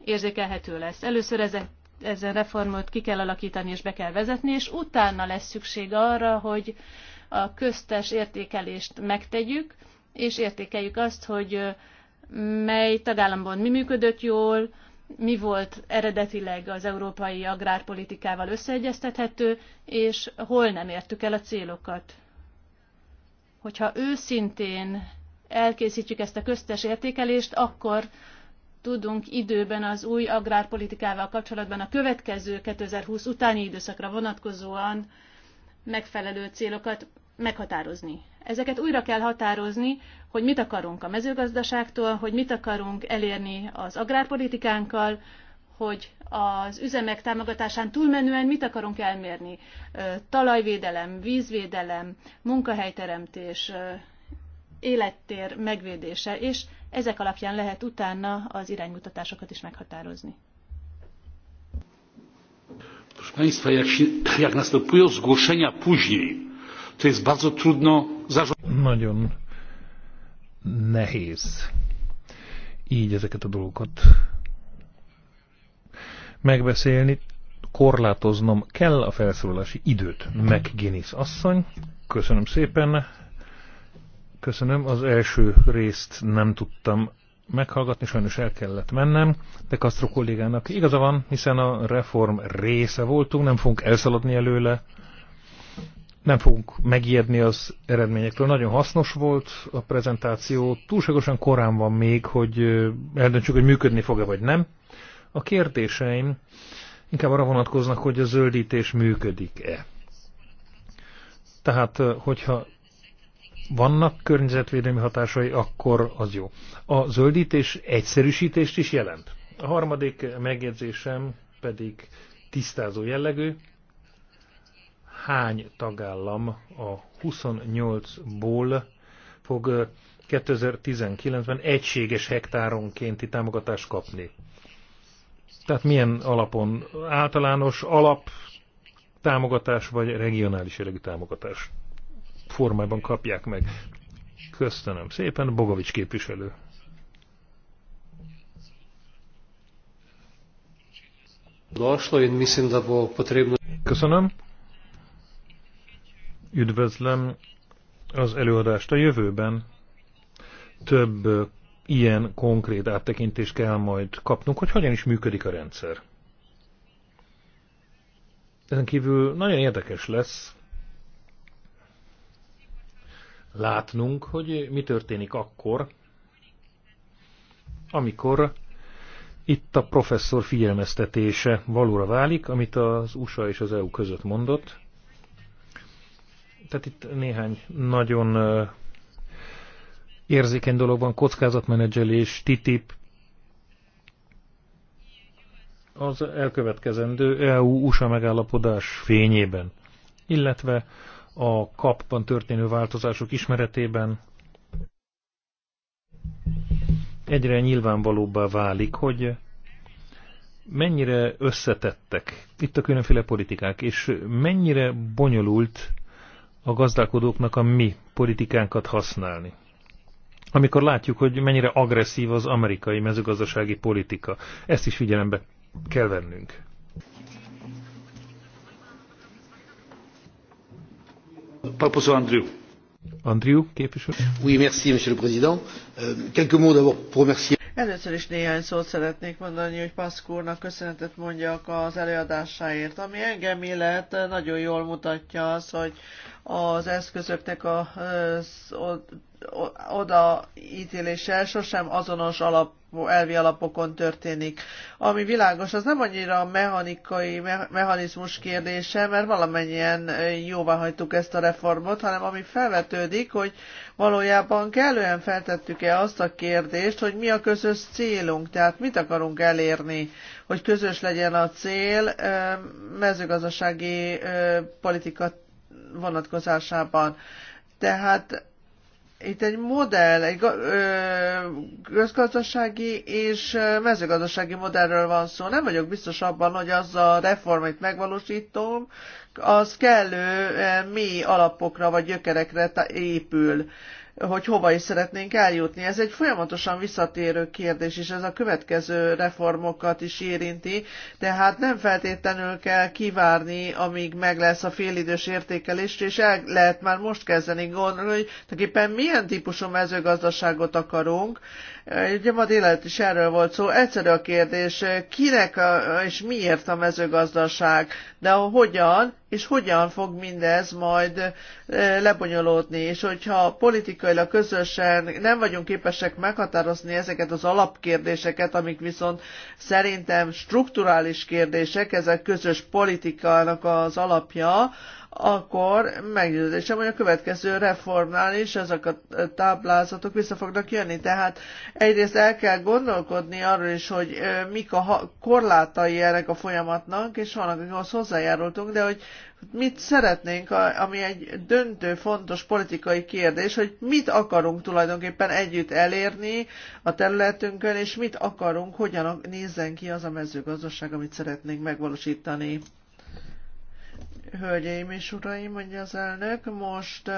érzékelhető lesz. Először ezek ezen reformot ki kell alakítani és be kell vezetni, és utána lesz szükség arra, hogy a köztes értékelést megtegyük, és értékeljük azt, hogy mely tagállamban mi működött jól, mi volt eredetileg az európai agrárpolitikával összeegyeztethető, és hol nem értük el a célokat. Hogyha őszintén elkészítjük ezt a köztes értékelést, akkor tudunk időben az új agrárpolitikával kapcsolatban a következő 2020 utáni időszakra vonatkozóan megfelelő célokat meghatározni. Ezeket újra kell határozni, hogy mit akarunk a mezőgazdaságtól, hogy mit akarunk elérni az agrárpolitikánkkal, hogy az üzemek támogatásán túlmenően mit akarunk elmérni. Talajvédelem, vízvédelem, munkahelyteremtés, élettér megvédése, és ezek alapján lehet utána az iránymutatásokat is meghatározni. Proszę Państwa, jak, się, jak następują zgłoszenia później, to jest bardzo trudno zarządzać. Nagyon nehéz így ezeket a dolgokat megbeszélni. Korlátoznom kell a felszólalási időt. Meggenis asszony, köszönöm szépen. Köszönöm, az első részt nem tudtam meghallgatni, sajnos el kellett mennem, de Castro kollégának igaza van, hiszen a reform része voltunk, nem fogunk elszaladni előle nem fogunk megijedni az eredményektől. Nagyon hasznos volt a prezentáció. Túlságosan korán van még, hogy eldöntsük, hogy működni fog-e vagy nem. A kérdéseim inkább arra vonatkoznak, hogy a zöldítés működik-e. Tehát, hogyha vannak környezetvédelmi hatásai, akkor az jó. A zöldítés egyszerűsítést is jelent. A harmadik megjegyzésem pedig tisztázó jellegű hány tagállam a 28-ból fog 2019-ben egységes hektáronkénti támogatást kapni. Tehát milyen alapon? Általános alap támogatás vagy regionális jellegű támogatás formájban kapják meg. Köszönöm szépen, Bogovics képviselő. Köszönöm. Üdvözlöm az előadást a jövőben. Több ilyen konkrét áttekintést kell majd kapnunk, hogy hogyan is működik a rendszer. Ezen kívül nagyon érdekes lesz látnunk, hogy mi történik akkor, amikor itt a professzor figyelmeztetése valóra válik, amit az USA és az EU között mondott, tehát itt néhány nagyon érzékeny dolog van, kockázatmenedzselés, TTIP, az elkövetkezendő EU-USA megállapodás fényében, illetve a kapban történő változások ismeretében egyre nyilvánvalóbbá válik, hogy mennyire összetettek itt a különféle politikák, és mennyire bonyolult a gazdálkodóknak a mi politikánkat használni. Amikor látjuk, hogy mennyire agresszív az amerikai mezőgazdasági politika, ezt is figyelembe kell vennünk. Paposo Andrew. Andrew, képviselő. Oui, merci, monsieur le président. Euh, quelques mots d'abord pour remercier. Először is néhány szót szeretnék mondani, hogy Paszkúrnak köszönetet mondjak az előadásáért, ami engem illet, nagyon jól mutatja az, hogy az eszközöknek a odaítélése sosem azonos alap elvi alapokon történik. Ami világos, az nem annyira a mechanikai mechanizmus kérdése, mert valamennyien jóvá hagytuk ezt a reformot, hanem ami felvetődik, hogy valójában kellően feltettük-e azt a kérdést, hogy mi a közös célunk, tehát mit akarunk elérni, hogy közös legyen a cél mezőgazdasági politika vonatkozásában. Tehát itt egy modell, egy közgazdasági és mezőgazdasági modellről van szó. Nem vagyok biztos abban, hogy az a reform, amit megvalósítom, az kellő mély alapokra vagy gyökerekre épül hogy hova is szeretnénk eljutni. Ez egy folyamatosan visszatérő kérdés, és ez a következő reformokat is érinti, tehát nem feltétlenül kell kivárni, amíg meg lesz a félidős értékelés, és el lehet már most kezdeni gondolni, hogy tulajdonképpen milyen típusú mezőgazdaságot akarunk, Ugye ma délelőtt is erről volt szó. Egyszerű a kérdés, kinek a, és miért a mezőgazdaság, de a hogyan és hogyan fog mindez majd e, lebonyolódni, és hogyha politikailag közösen nem vagyunk képesek meghatározni ezeket az alapkérdéseket, amik viszont szerintem strukturális kérdések, ezek közös politikának az alapja, akkor meggyőződésem, hogy a következő reformnál is ezek a táblázatok vissza fognak jönni. Tehát egyrészt el kell gondolkodni arról is, hogy mik a korlátai ennek a folyamatnak, és vannak, akikhoz hozzájárultunk, de hogy mit szeretnénk, ami egy döntő, fontos politikai kérdés, hogy mit akarunk tulajdonképpen együtt elérni a területünkön, és mit akarunk, hogyan nézzen ki az a mezőgazdaság, amit szeretnénk megvalósítani. Hölgyeim és uraim, mondja az elnök, most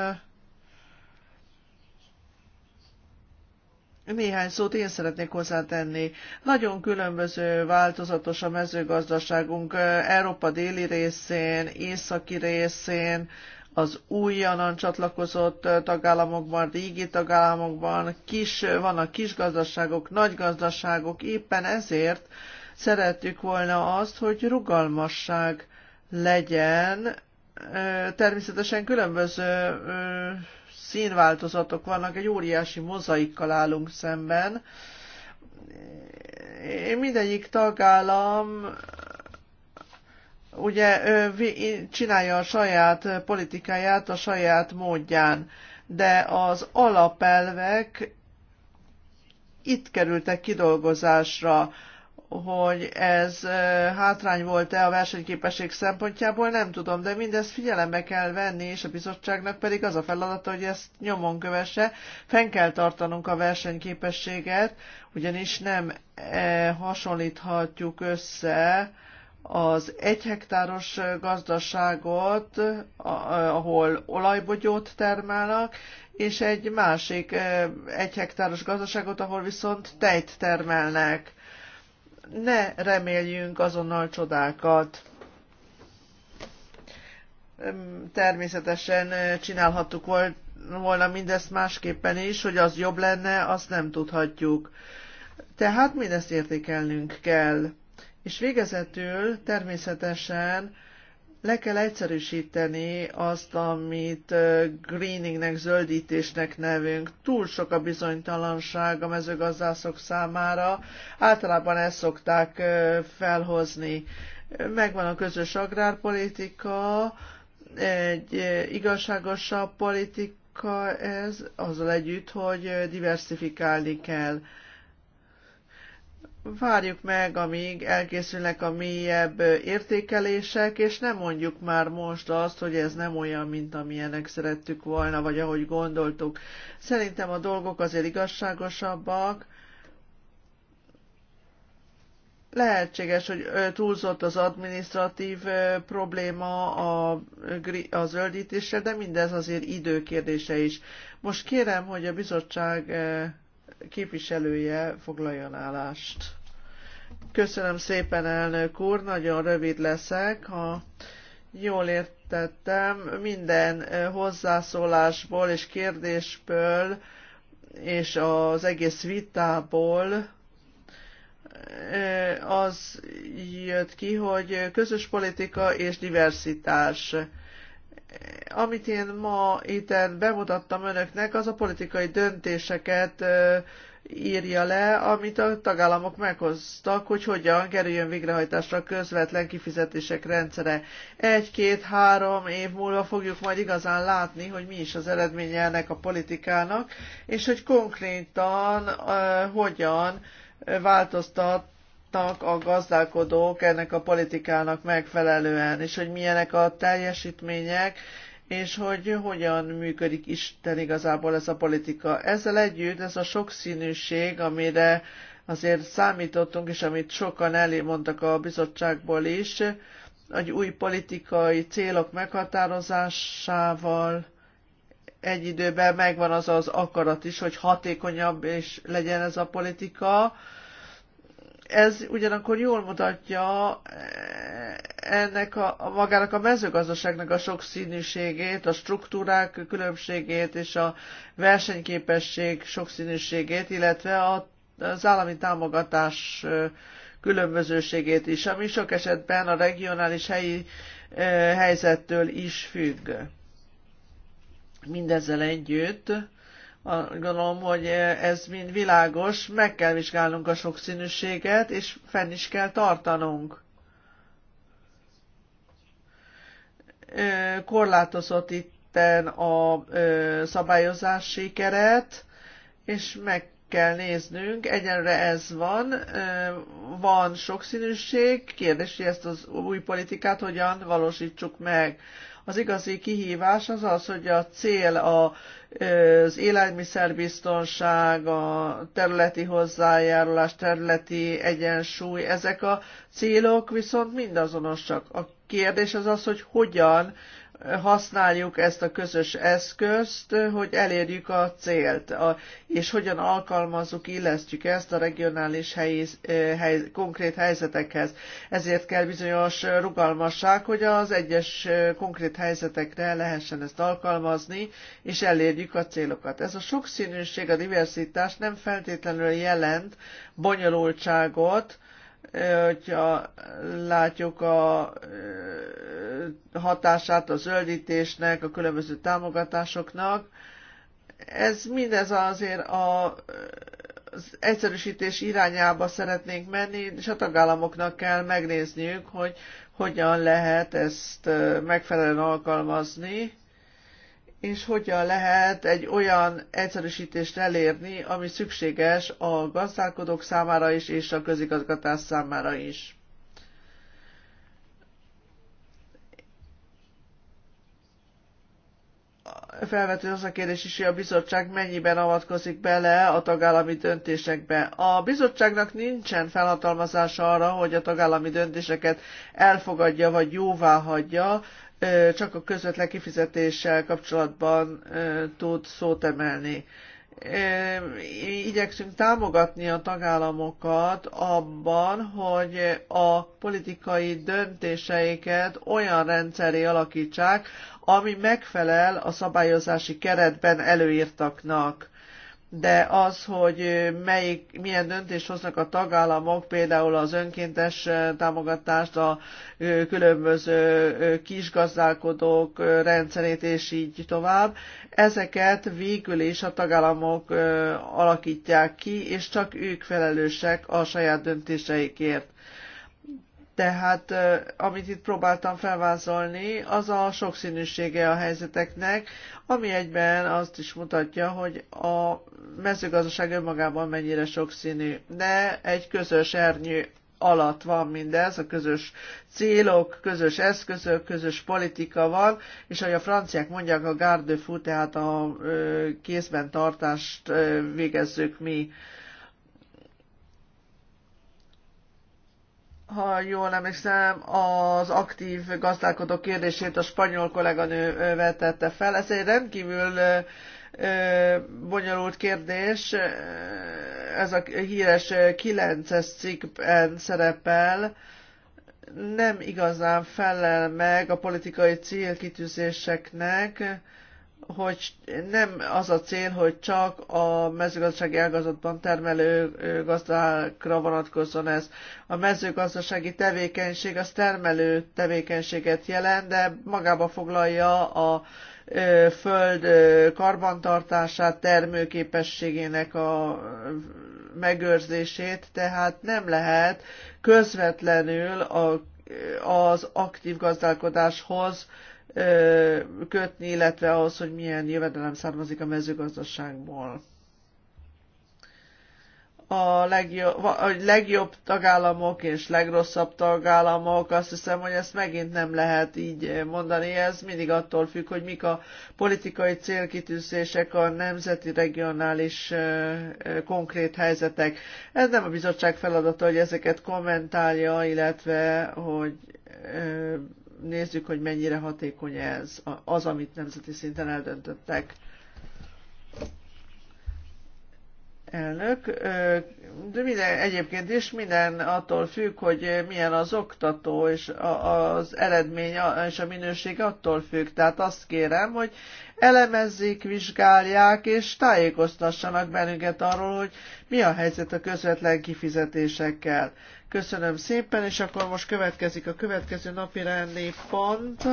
Néhány szót én szeretnék hozzátenni. Nagyon különböző, változatos a mezőgazdaságunk Európa déli részén, északi részén, az újjanan csatlakozott tagállamokban, régi tagállamokban, kis, vannak kis gazdaságok, nagy gazdaságok, éppen ezért szerettük volna azt, hogy rugalmasság legyen. Természetesen különböző színváltozatok vannak, egy óriási mozaikkal állunk szemben. Mindegyik tagállam ugye csinálja a saját politikáját a saját módján, de az alapelvek itt kerültek kidolgozásra hogy ez hátrány volt-e a versenyképesség szempontjából, nem tudom, de mindezt figyelembe kell venni, és a bizottságnak pedig az a feladata, hogy ezt nyomon kövesse. Fenn kell tartanunk a versenyképességet, ugyanis nem e, hasonlíthatjuk össze az egy hektáros gazdaságot, ahol olajbogyót termelnek, és egy másik e, egy hektáros gazdaságot, ahol viszont tejt termelnek ne reméljünk azonnal csodákat. Természetesen eh, csinálhattuk volna mindezt másképpen is, hogy az jobb lenne, azt nem tudhatjuk. Tehát mindezt értékelnünk kell. És végezetül természetesen le kell egyszerűsíteni azt, amit greeningnek, zöldítésnek nevünk. Túl sok a bizonytalanság a mezőgazdászok számára. Általában ezt szokták felhozni. Megvan a közös agrárpolitika, egy igazságosabb politika ez, azzal együtt, hogy diversifikálni kell várjuk meg, amíg elkészülnek a mélyebb értékelések, és nem mondjuk már most azt, hogy ez nem olyan, mint amilyenek szerettük volna, vagy ahogy gondoltuk. Szerintem a dolgok azért igazságosabbak, lehetséges, hogy túlzott az administratív probléma a, a zöldítésre, de mindez azért időkérdése is. Most kérem, hogy a bizottság képviselője foglaljon állást. Köszönöm szépen, elnök úr, nagyon rövid leszek. Ha jól értettem, minden hozzászólásból és kérdésből és az egész vitából az jött ki, hogy közös politika és diversitás amit én ma itt bemutattam önöknek, az a politikai döntéseket írja le, amit a tagállamok meghoztak, hogy hogyan kerüljön végrehajtásra a közvetlen kifizetések rendszere. Egy-két-három év múlva fogjuk majd igazán látni, hogy mi is az eredménye ennek a politikának, és hogy konkrétan uh, hogyan változtat látnak a gazdálkodók ennek a politikának megfelelően, és hogy milyenek a teljesítmények, és hogy hogyan működik Isten igazából ez a politika. Ezzel együtt ez a sokszínűség, amire azért számítottunk, és amit sokan elé mondtak a bizottságból is, hogy új politikai célok meghatározásával egy időben megvan az az akarat is, hogy hatékonyabb és legyen ez a politika, ez ugyanakkor jól mutatja eh, ennek a, a magának a mezőgazdaságnak a sokszínűségét, a struktúrák különbségét és a versenyképesség sokszínűségét, illetve a, az állami támogatás eh, különbözőségét is, ami sok esetben a regionális helyi eh, helyzettől is függ. Mindezzel együtt gondolom, hogy ez mind világos, meg kell vizsgálnunk a sokszínűséget, és fenn is kell tartanunk. Korlátozott itten a szabályozási keret, és meg kell néznünk, egyenre ez van, van sokszínűség, kérdés, hogy ezt az új politikát hogyan valósítsuk meg. Az igazi kihívás az az, hogy a cél a, az élelmiszerbiztonság, a területi hozzájárulás, területi egyensúly, ezek a célok viszont mindazonosak. A kérdés az az, hogy hogyan használjuk ezt a közös eszközt, hogy elérjük a célt, a, és hogyan alkalmazzuk, illesztjük ezt a regionális helyi, eh, hely, konkrét helyzetekhez. Ezért kell bizonyos rugalmasság, hogy az egyes eh, konkrét helyzetekre lehessen ezt alkalmazni, és elérjük a célokat. Ez a sokszínűség, a diversitás nem feltétlenül jelent bonyolultságot, hogyha látjuk a hatását a zöldítésnek, a különböző támogatásoknak. Ez mindez azért a, az egyszerűsítés irányába szeretnénk menni, és a tagállamoknak kell megnézniük, hogy hogyan lehet ezt megfelelően alkalmazni és hogyan lehet egy olyan egyszerűsítést elérni, ami szükséges a gazdálkodók számára is, és a közigazgatás számára is. felvető az a kérdés is, hogy a bizottság mennyiben avatkozik bele a tagállami döntésekbe. A bizottságnak nincsen felhatalmazása arra, hogy a tagállami döntéseket elfogadja vagy jóvá hagyja, csak a közvetlen kifizetéssel kapcsolatban tud szót emelni. Igyekszünk támogatni a tagállamokat abban, hogy a politikai döntéseiket olyan rendszeré alakítsák, ami megfelel a szabályozási keretben előírtaknak de az, hogy melyik, milyen döntést hoznak a tagállamok, például az önkéntes támogatást, a különböző kisgazdálkodók rendszerét és így tovább, ezeket végül is a tagállamok alakítják ki, és csak ők felelősek a saját döntéseikért. Tehát amit itt próbáltam felvázolni, az a sokszínűsége a helyzeteknek, ami egyben azt is mutatja, hogy a mezőgazdaság önmagában mennyire sokszínű, de egy közös ernyő alatt van mindez, a közös célok, közös eszközök, közös politika van, és ahogy a franciák mondják, a garde fou, tehát a kézben tartást végezzük mi. ha jól emlékszem, az aktív gazdálkodó kérdését a spanyol kolléganő vetette fel. Ez egy rendkívül bonyolult kérdés. Ez a híres 9-es cikkben szerepel. Nem igazán felel meg a politikai célkitűzéseknek, hogy nem az a cél, hogy csak a mezőgazdasági ágazatban termelő gazdákra vonatkozzon ez. A mezőgazdasági tevékenység az termelő tevékenységet jelent, de magába foglalja a föld karbantartását, termőképességének a megőrzését, tehát nem lehet közvetlenül a, az aktív gazdálkodáshoz kötni, illetve ahhoz, hogy milyen jövedelem származik a mezőgazdaságból. A legjobb, a legjobb tagállamok és legrosszabb tagállamok, azt hiszem, hogy ezt megint nem lehet így mondani, ez mindig attól függ, hogy mik a politikai célkitűzések, a nemzeti, regionális konkrét helyzetek. Ez nem a bizottság feladata, hogy ezeket kommentálja, illetve hogy nézzük, hogy mennyire hatékony ez, az, amit nemzeti szinten eldöntöttek. Elnök, de minden, egyébként is minden attól függ, hogy milyen az oktató, és az eredmény és a minőség attól függ. Tehát azt kérem, hogy elemezzék, vizsgálják, és tájékoztassanak bennünket arról, hogy mi a helyzet a közvetlen kifizetésekkel Köszönöm szépen, és akkor most következik a következő napi rendi pont.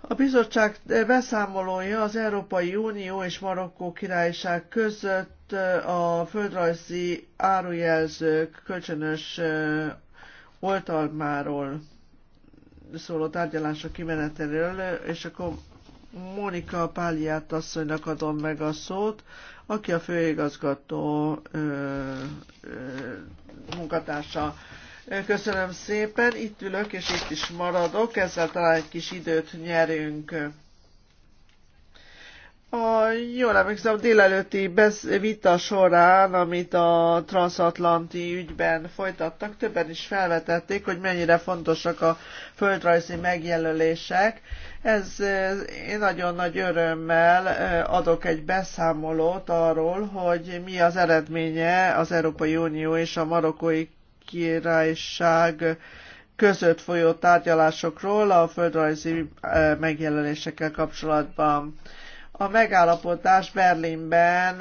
A bizottság beszámolója az Európai Unió és Marokkó Királyság között a földrajzi árujelzők kölcsönös oltalmáról szóló tárgyalása kimeneteléről, és akkor Mónika Páliát asszonynak adom meg a szót, aki a főigazgató ö, ö, munkatársa. Köszönöm szépen, itt ülök és itt is maradok, ezzel talán egy kis időt nyerünk. A jól emlékszem, délelőtti besz- vita során, amit a transatlanti ügyben folytattak, többen is felvetették, hogy mennyire fontosak a földrajzi megjelölések. Ez eh, én nagyon nagy örömmel eh, adok egy beszámolót arról, hogy mi az eredménye az Európai Unió és a marokkói királyság között folyó tárgyalásokról a földrajzi eh, megjelölésekkel kapcsolatban. A megállapodás Berlinben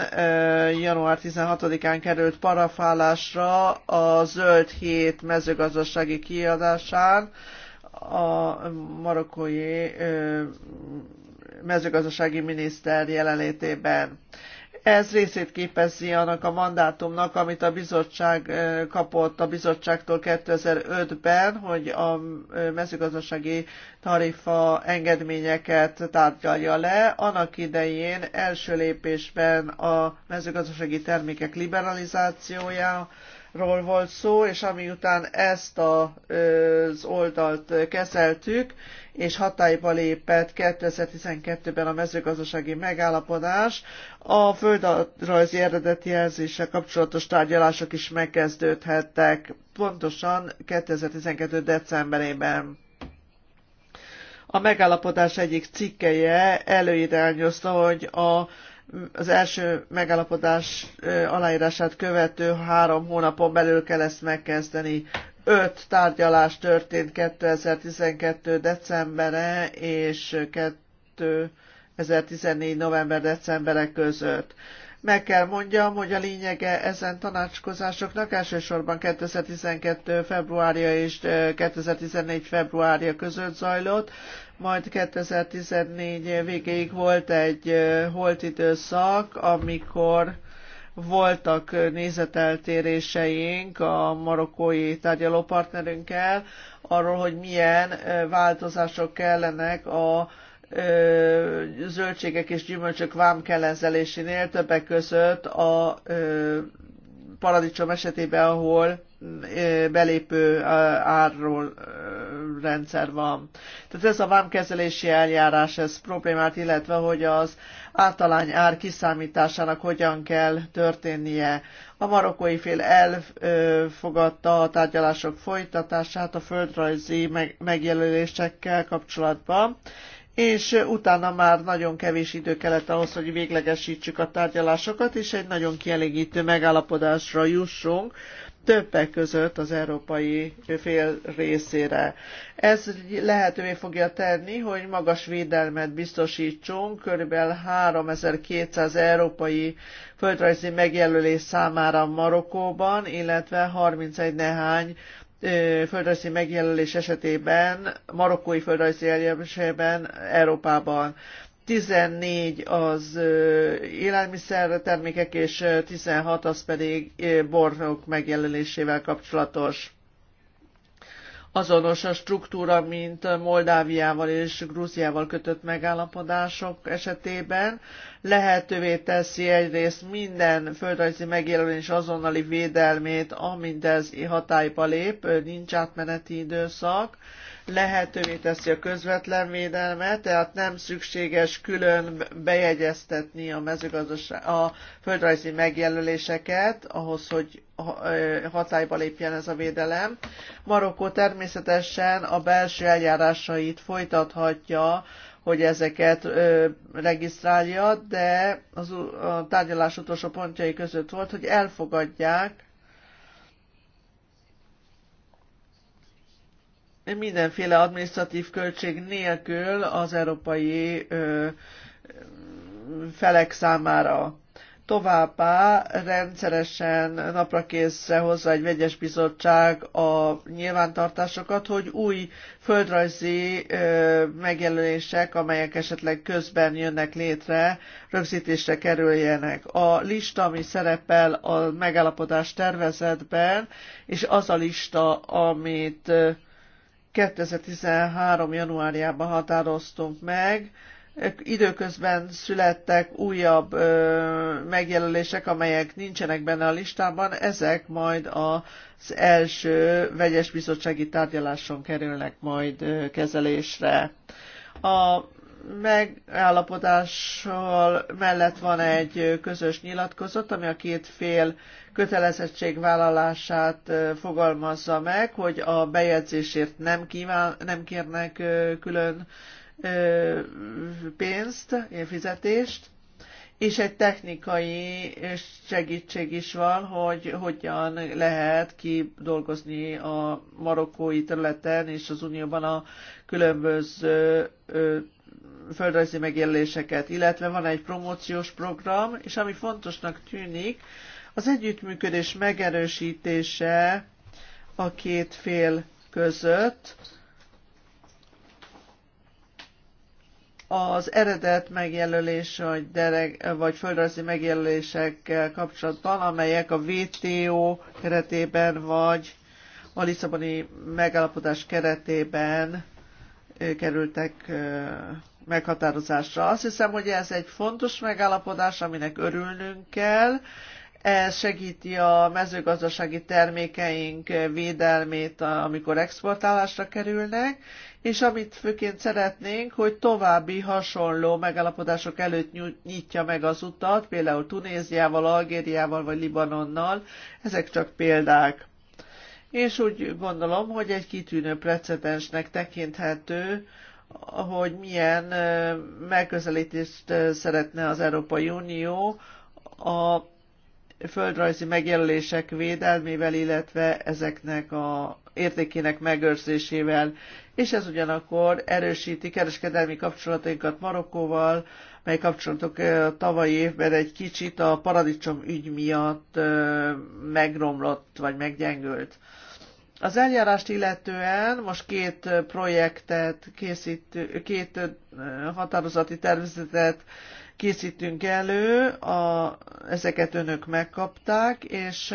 január 16-án került parafálásra a Zöld Hét mezőgazdasági kiadásán a marokkói mezőgazdasági miniszter jelenlétében. Ez részét képezi annak a mandátumnak, amit a bizottság kapott a bizottságtól 2005-ben, hogy a mezőgazdasági tarifa engedményeket tárgyalja le. Annak idején első lépésben a mezőgazdasági termékek liberalizációja, ról volt szó, és ami után ezt az oldalt kezeltük, és hatályba lépett 2012-ben a mezőgazdasági megállapodás, a földrajzi eredeti jelzéssel kapcsolatos tárgyalások is megkezdődhettek, pontosan 2012. decemberében. A megállapodás egyik cikkeje előirányozta, hogy a az első megállapodás aláírását követő három hónapon belül kell ezt megkezdeni. Öt tárgyalás történt 2012. decembere és 2014. november-decembere között. Meg kell mondjam, hogy a lényege ezen tanácskozásoknak elsősorban 2012. februárja és 2014. februárja között zajlott, majd 2014 végéig volt egy holt időszak, amikor voltak nézeteltéréseink a marokkói tárgyalópartnerünkkel arról, hogy milyen változások kellenek a zöldségek és gyümölcsök vámkelezelésénél, többek között a paradicsom esetében, ahol belépő árról rendszer van. Tehát ez a vámkezelési eljárás, ez problémát, illetve hogy az általány ár kiszámításának hogyan kell történnie. A marokkói fél elfogadta a tárgyalások folytatását a földrajzi megjelölésekkel kapcsolatban, és utána már nagyon kevés idő kellett ahhoz, hogy véglegesítsük a tárgyalásokat, és egy nagyon kielégítő megállapodásra jussunk, többek között az európai fél részére. Ez lehetővé fogja tenni, hogy magas védelmet biztosítsunk kb. 3200 európai földrajzi megjelölés számára Marokkóban, illetve 31 nehány földrajzi megjelölés esetében, marokkói földrajzi eljelölésében Európában. 14 az élelmiszer termékek, és 16 az pedig bornok megjelenésével kapcsolatos. Azonos a struktúra, mint Moldáviával és Grúziával kötött megállapodások esetében. Lehetővé teszi egyrészt minden földrajzi megjelenés azonnali védelmét, amint ez hatályba lép, nincs átmeneti időszak lehetővé teszi a közvetlen védelmet, tehát nem szükséges külön bejegyeztetni a, mezőgazdaság, a földrajzi megjelöléseket ahhoz, hogy hatályba lépjen ez a védelem. Marokkó természetesen a belső eljárásait folytathatja, hogy ezeket ö, regisztrálja, de az, a tárgyalás utolsó pontjai között volt, hogy elfogadják mindenféle adminisztratív költség nélkül az európai felek számára. Továbbá rendszeresen készre hozza egy vegyes bizottság a nyilvántartásokat, hogy új földrajzi megjelölések, amelyek esetleg közben jönnek létre, rögzítésre kerüljenek. A lista, ami szerepel a megállapodás tervezetben, és az a lista, amit 2013. januárjában határoztunk meg. Időközben születtek újabb ö, megjelölések, amelyek nincsenek benne a listában, ezek majd az első vegyes bizottsági tárgyaláson kerülnek majd ö, kezelésre. A megállapodással mellett van egy közös nyilatkozat, ami a két fél kötelezettségvállalását fogalmazza meg, hogy a bejegyzésért nem, kíván, nem kérnek külön pénzt, fizetést, és egy technikai segítség is van, hogy hogyan lehet kidolgozni a marokkói területen és az Unióban a különböző földrajzi megjelenéseket. illetve van egy promóciós program, és ami fontosnak tűnik, az együttműködés megerősítése a két fél között az eredet megjelölés vagy, dereg, vagy földrajzi megjelölésekkel kapcsolatban, amelyek a WTO keretében vagy a Lisszaboni megállapodás keretében kerültek meghatározásra. Azt hiszem, hogy ez egy fontos megállapodás, aminek örülnünk kell, ez segíti a mezőgazdasági termékeink védelmét, amikor exportálásra kerülnek, és amit főként szeretnénk, hogy további hasonló megállapodások előtt nyitja meg az utat, például Tunéziával, Algériával vagy Libanonnal, ezek csak példák. És úgy gondolom, hogy egy kitűnő precedensnek tekinthető, hogy milyen megközelítést szeretne az Európai Unió a földrajzi megjelölések védelmével, illetve ezeknek a értékének megőrzésével, és ez ugyanakkor erősíti kereskedelmi kapcsolatainkat Marokkóval, mely kapcsolatok tavalyi évben egy kicsit a paradicsom ügy miatt megromlott vagy meggyengült. Az eljárást illetően most két projektet készít, két határozati tervezetet készítünk elő, a, ezeket önök megkapták, és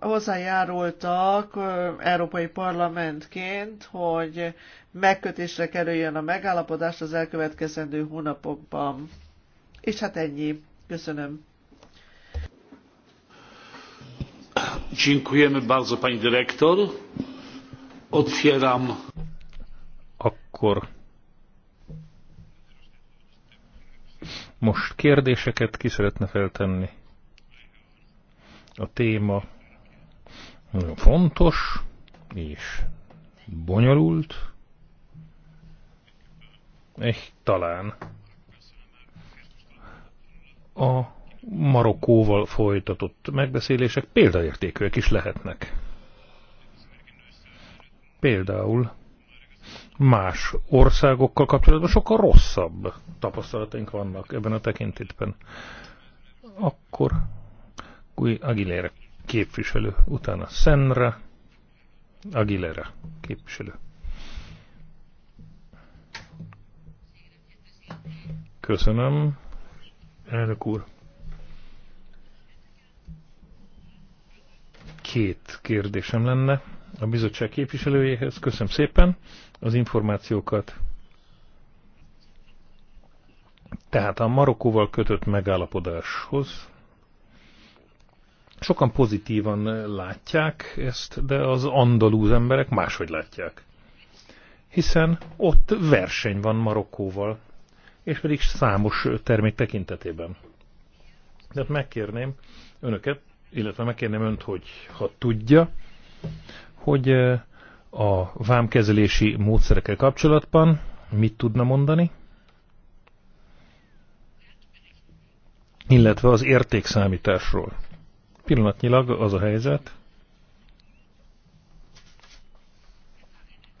hozzájárultak Európai Parlamentként, hogy megkötésre kerüljön a megállapodás az elkövetkezendő hónapokban. És hát ennyi. Köszönöm. Dziękujemy bardzo pani dyrektor. Otwieram. Akkor Most kérdéseket ki szeretne feltenni? A téma nagyon fontos és bonyolult. Egy talán a Marokkóval folytatott megbeszélések példaértékűek is lehetnek. Például más országokkal kapcsolatban sokkal rosszabb tapasztalataink vannak ebben a tekintetben. Akkor új Aguilera képviselő, utána Senra, Aguilera képviselő. Köszönöm, elnök úr. Két kérdésem lenne a bizottság képviselőjéhez. Köszönöm szépen az információkat. Tehát a Marokkóval kötött megállapodáshoz sokan pozitívan látják ezt, de az andalúz emberek máshogy látják. Hiszen ott verseny van Marokkóval, és pedig számos termék tekintetében. De megkérném önöket, illetve megkérném önt, hogy ha tudja, hogy eh, a vámkezelési módszerekkel kapcsolatban mit tudna mondani? Illetve az értékszámításról. Pillanatnyilag az a helyzet,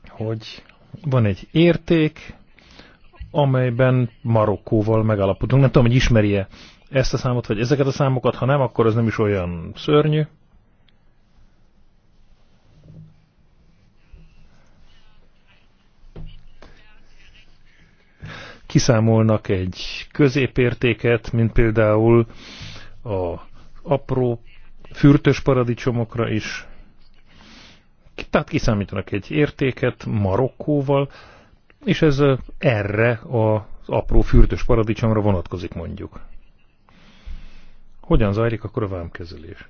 hogy van egy érték, amelyben Marokkóval megalapodunk. Nem tudom, hogy ismeri-e ezt a számot, vagy ezeket a számokat, ha nem, akkor ez nem is olyan szörnyű. kiszámolnak egy középértéket, mint például a apró fürtös paradicsomokra is. Tehát kiszámítanak egy értéket Marokkóval, és ez erre az apró fürtös paradicsomra vonatkozik mondjuk. Hogyan zajlik akkor a vámkezelés?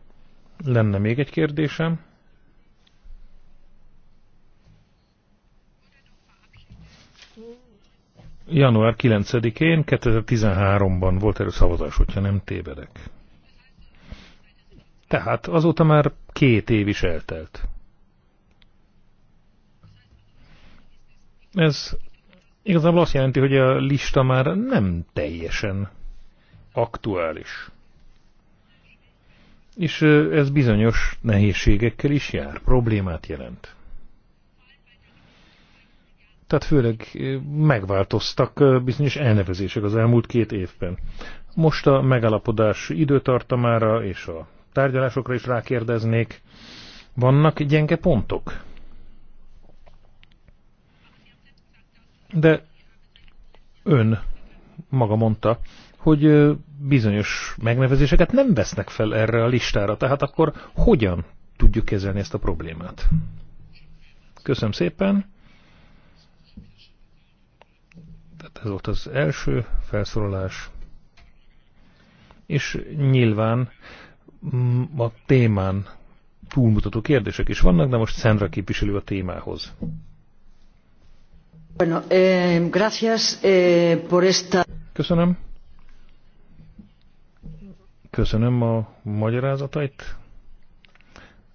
Lenne még egy kérdésem. január 9-én 2013-ban volt erről szavazás, hogyha nem tévedek. Tehát azóta már két év is eltelt. Ez igazából azt jelenti, hogy a lista már nem teljesen aktuális. És ez bizonyos nehézségekkel is jár, problémát jelent. Tehát főleg megváltoztak bizonyos elnevezések az elmúlt két évben. Most a megalapodás időtartamára és a tárgyalásokra is rákérdeznék. Vannak gyenge pontok? De ön maga mondta, hogy bizonyos megnevezéseket nem vesznek fel erre a listára, tehát akkor hogyan tudjuk kezelni ezt a problémát? Köszönöm szépen! ez volt az első felszólalás. És nyilván mm, a témán túlmutató kérdések is vannak, de most Szendra képviselő a témához. Bueno, eh, gracias, eh, por esta... Köszönöm. Köszönöm a magyarázatait.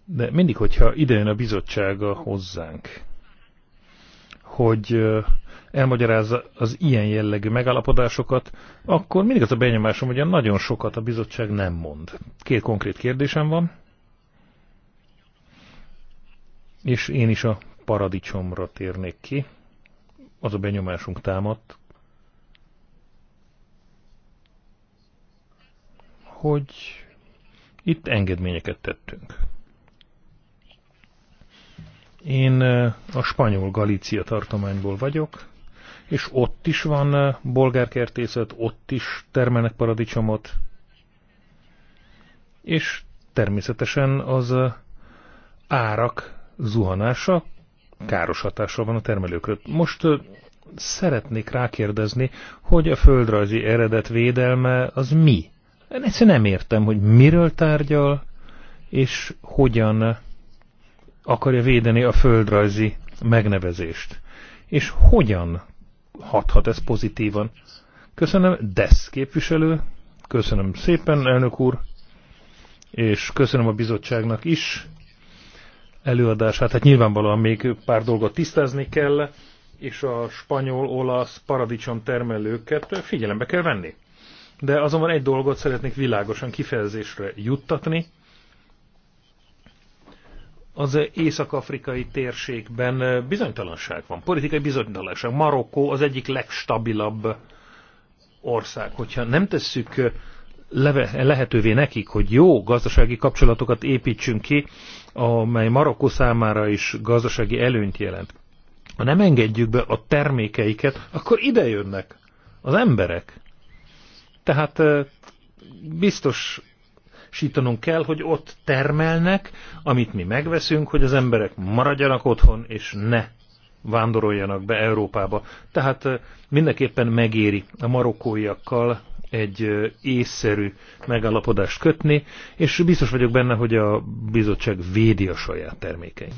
De mindig, hogyha idejön a bizottsága hozzánk, hogy elmagyarázza az ilyen jellegű megállapodásokat, akkor mindig az a benyomásom, hogy nagyon sokat a bizottság nem mond. Két konkrét kérdésem van, és én is a paradicsomra térnék ki. Az a benyomásunk támadt, hogy itt engedményeket tettünk. Én a spanyol Galícia tartományból vagyok, és ott is van bolgárkertészet, ott is termelnek paradicsomot, és természetesen az árak zuhanása káros hatással van a termelőkre. Most szeretnék rákérdezni, hogy a földrajzi eredet védelme az mi? Én egyszerűen nem értem, hogy miről tárgyal, és hogyan akarja védeni a földrajzi megnevezést. És hogyan hathat ez pozitívan? Köszönöm, DESZ képviselő, köszönöm szépen, elnök úr, és köszönöm a bizottságnak is előadását. Hát nyilvánvalóan még pár dolgot tisztázni kell, és a spanyol-olasz paradicsom termelőket figyelembe kell venni. De azonban egy dolgot szeretnék világosan kifejezésre juttatni, az észak-afrikai térségben bizonytalanság van, politikai bizonytalanság. Marokkó az egyik legstabilabb ország. Hogyha nem tesszük leve, lehetővé nekik, hogy jó gazdasági kapcsolatokat építsünk ki, amely Marokkó számára is gazdasági előnyt jelent, ha nem engedjük be a termékeiket, akkor ide jönnek az emberek. Tehát biztos biztosítanunk kell, hogy ott termelnek, amit mi megveszünk, hogy az emberek maradjanak otthon, és ne vándoroljanak be Európába. Tehát mindenképpen megéri a marokkóiakkal egy észszerű megállapodást kötni, és biztos vagyok benne, hogy a bizottság védi a saját termékeit.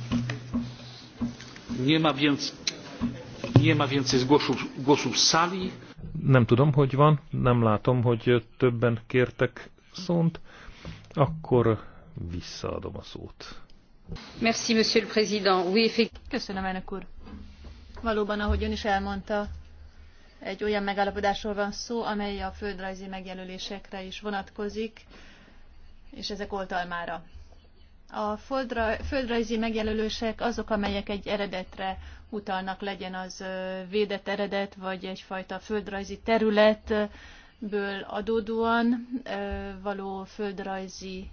Nie ma więc, nie ma więcej sali. Nem tudom, hogy van, nem látom, hogy többen kértek szont. Akkor visszaadom a szót. Merci, monsieur le président. Oui, Köszönöm, elnök úr. Valóban, ahogy ön is elmondta, egy olyan megállapodásról van szó, amely a földrajzi megjelölésekre is vonatkozik, és ezek oltalmára. A földrajzi megjelölések azok, amelyek egy eredetre utalnak, legyen az védett eredet, vagy egyfajta földrajzi terület, ből adódóan való földrajzi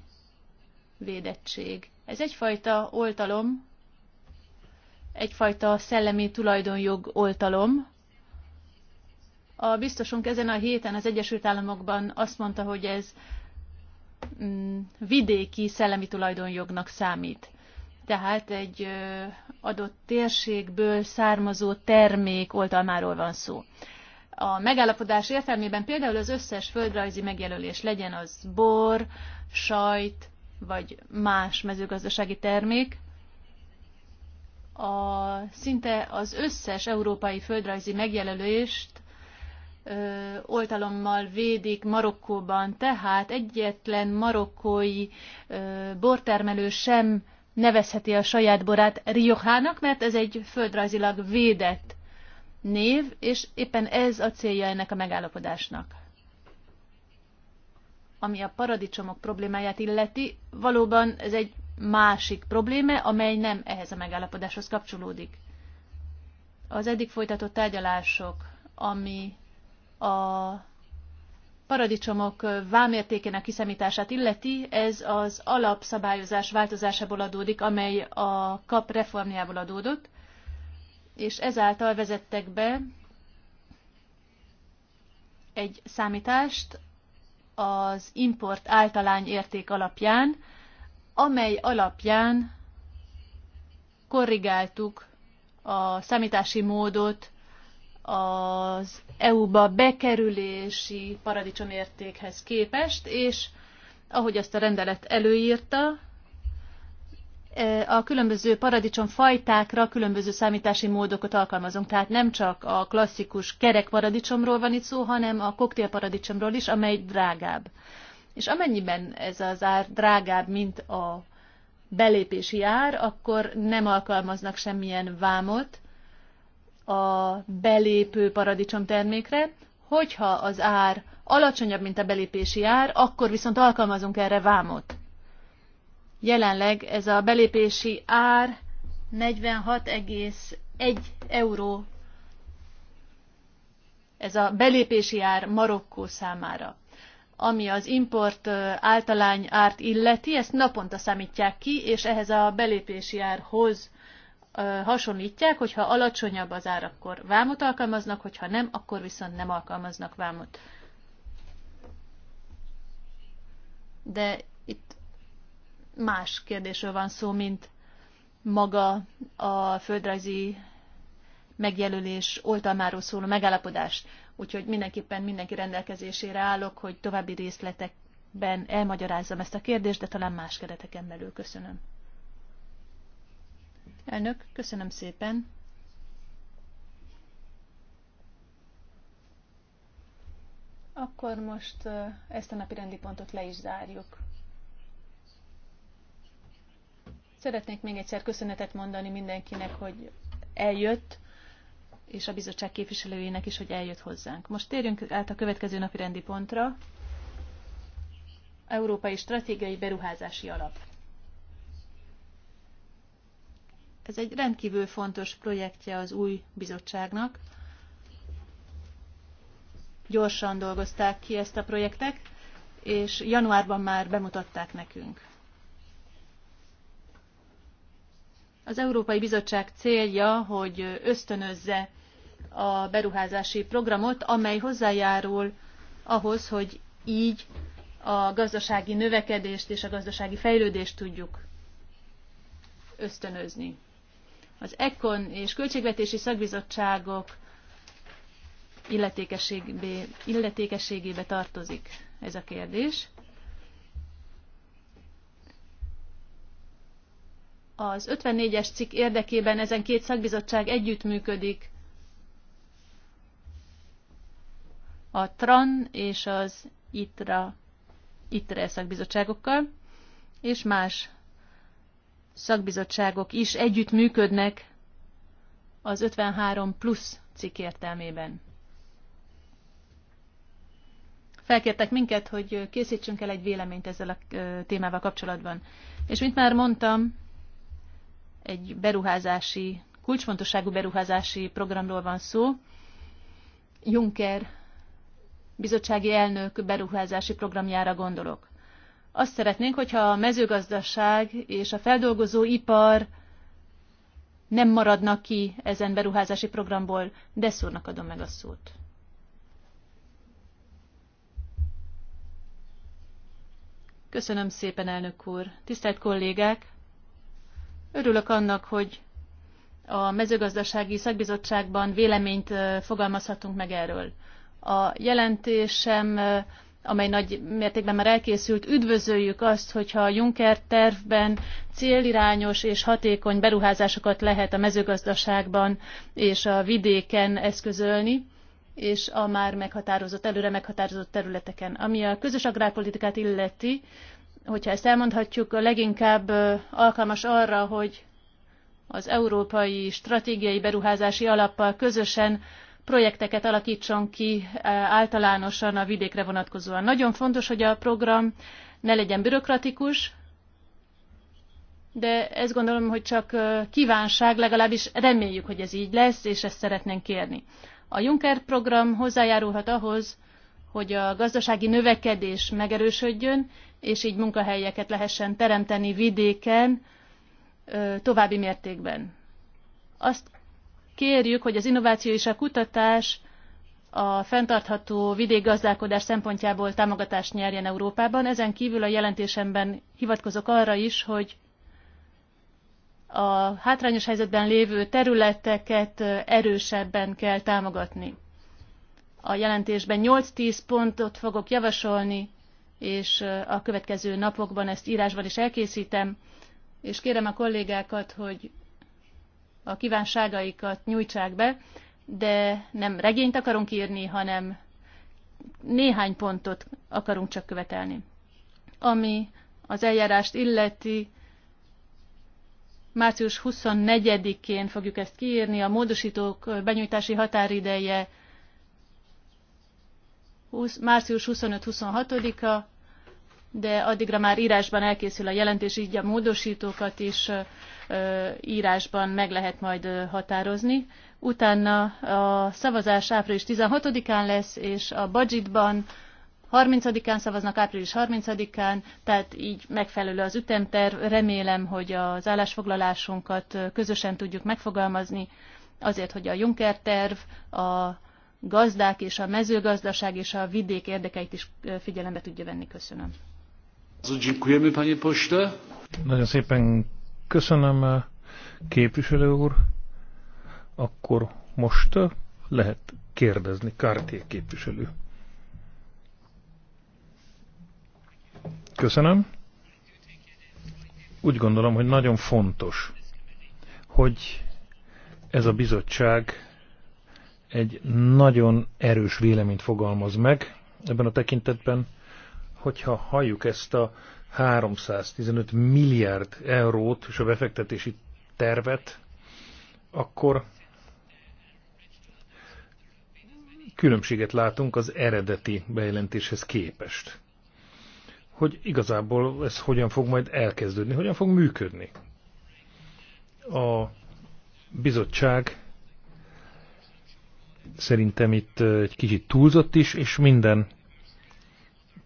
védettség. Ez egyfajta oltalom, egyfajta szellemi tulajdonjog oltalom. A biztosunk ezen a héten az Egyesült Államokban azt mondta, hogy ez mm, vidéki szellemi tulajdonjognak számít. Tehát egy adott térségből származó termék oltalmáról van szó a megállapodás értelmében például az összes földrajzi megjelölés legyen az bor, sajt vagy más mezőgazdasági termék, a, szinte az összes európai földrajzi megjelölést ö, oltalommal védik Marokkóban, tehát egyetlen marokkói ö, bortermelő sem nevezheti a saját borát Riohának, mert ez egy földrajzilag védett név, és éppen ez a célja ennek a megállapodásnak. Ami a paradicsomok problémáját illeti, valóban ez egy másik probléma, amely nem ehhez a megállapodáshoz kapcsolódik. Az eddig folytatott tárgyalások, ami a paradicsomok vámértékének kiszemítását illeti, ez az alapszabályozás változásából adódik, amely a kap reformjából adódott, és ezáltal vezettek be egy számítást az import általány érték alapján, amely alapján korrigáltuk a számítási módot az EU-ba bekerülési paradicsomértékhez képest, és ahogy azt a rendelet előírta, a különböző paradicsom fajtákra különböző számítási módokat alkalmazunk. Tehát nem csak a klasszikus kerek paradicsomról van itt szó, hanem a koktél paradicsomról is, amely drágább. És amennyiben ez az ár drágább, mint a belépési ár, akkor nem alkalmaznak semmilyen vámot a belépő paradicsom termékre. Hogyha az ár alacsonyabb, mint a belépési ár, akkor viszont alkalmazunk erre vámot. Jelenleg ez a belépési ár 46,1 euró. Ez a belépési ár Marokkó számára. Ami az import általány árt illeti, ezt naponta számítják ki, és ehhez a belépési árhoz hasonlítják, hogyha alacsonyabb az ár, akkor vámot alkalmaznak, hogyha nem, akkor viszont nem alkalmaznak vámot. De itt más kérdésről van szó, mint maga a földrajzi megjelölés oltalmáról szóló megállapodást. Úgyhogy mindenképpen mindenki rendelkezésére állok, hogy további részletekben elmagyarázzam ezt a kérdést, de talán más kereteken belül. Köszönöm. Elnök, köszönöm szépen. Akkor most ezt a napi rendi pontot le is zárjuk. Szeretnék még egyszer köszönetet mondani mindenkinek, hogy eljött, és a bizottság képviselőjének is, hogy eljött hozzánk. Most térjünk át a következő napi rendi pontra. Európai Stratégiai Beruházási Alap. Ez egy rendkívül fontos projektje az új bizottságnak. Gyorsan dolgozták ki ezt a projektet, és januárban már bemutatták nekünk. Az Európai Bizottság célja, hogy ösztönözze a beruházási programot, amely hozzájárul ahhoz, hogy így a gazdasági növekedést és a gazdasági fejlődést tudjuk ösztönözni. Az ECON és költségvetési szakbizottságok illetékességébe tartozik ez a kérdés. Az 54-es cikk érdekében ezen két szakbizottság együttműködik. A TRAN és az ITRA, ITRE szakbizottságokkal, és más szakbizottságok is együttműködnek az 53 plusz cikk értelmében. Felkértek minket, hogy készítsünk el egy véleményt ezzel a témával kapcsolatban. És mint már mondtam, egy beruházási, kulcsfontosságú beruházási programról van szó. Juncker bizottsági elnök beruházási programjára gondolok. Azt szeretnénk, hogyha a mezőgazdaság és a feldolgozó ipar nem maradnak ki ezen beruházási programból, de szúrnak adom meg a szót. Köszönöm szépen, elnök úr. Tisztelt kollégák! Örülök annak, hogy a mezőgazdasági szakbizottságban véleményt fogalmazhatunk meg erről. A jelentésem, amely nagy mértékben már elkészült, üdvözöljük azt, hogyha a Juncker tervben célirányos és hatékony beruházásokat lehet a mezőgazdaságban és a vidéken eszközölni és a már meghatározott, előre meghatározott területeken. Ami a közös agrárpolitikát illeti, hogyha ezt elmondhatjuk, a leginkább alkalmas arra, hogy az Európai Stratégiai Beruházási Alappal közösen projekteket alakítson ki általánosan a vidékre vonatkozóan. Nagyon fontos, hogy a program ne legyen bürokratikus, de ezt gondolom, hogy csak kívánság, legalábbis reméljük, hogy ez így lesz, és ezt szeretnénk kérni. A Juncker program hozzájárulhat ahhoz, hogy a gazdasági növekedés megerősödjön, és így munkahelyeket lehessen teremteni vidéken további mértékben. Azt kérjük, hogy az innováció és a kutatás a fenntartható vidékgazdálkodás szempontjából támogatást nyerjen Európában. Ezen kívül a jelentésemben hivatkozok arra is, hogy a hátrányos helyzetben lévő területeket erősebben kell támogatni a jelentésben 8-10 pontot fogok javasolni, és a következő napokban ezt írásban is elkészítem, és kérem a kollégákat, hogy a kívánságaikat nyújtsák be, de nem regényt akarunk írni, hanem néhány pontot akarunk csak követelni. Ami az eljárást illeti, március 24-én fogjuk ezt kiírni, a módosítók benyújtási határideje 20, március 25-26-a, de addigra már írásban elkészül a jelentés, így a módosítókat is írásban meg lehet majd határozni. Utána a szavazás április 16-án lesz, és a budgetban 30-án szavaznak, április 30-án, tehát így megfelelő az ütemterv. Remélem, hogy az állásfoglalásunkat közösen tudjuk megfogalmazni, azért, hogy a Juncker terv, a gazdák és a mezőgazdaság és a vidék érdekeit is figyelembe tudja venni. Köszönöm. Nagyon szépen köszönöm, képviselő úr. Akkor most lehet kérdezni, Kárté képviselő. Köszönöm. Úgy gondolom, hogy nagyon fontos, hogy ez a bizottság egy nagyon erős véleményt fogalmaz meg ebben a tekintetben, hogyha halljuk ezt a 315 milliárd eurót és a befektetési tervet, akkor különbséget látunk az eredeti bejelentéshez képest. Hogy igazából ez hogyan fog majd elkezdődni, hogyan fog működni. A bizottság szerintem itt egy kicsit túlzott is, és minden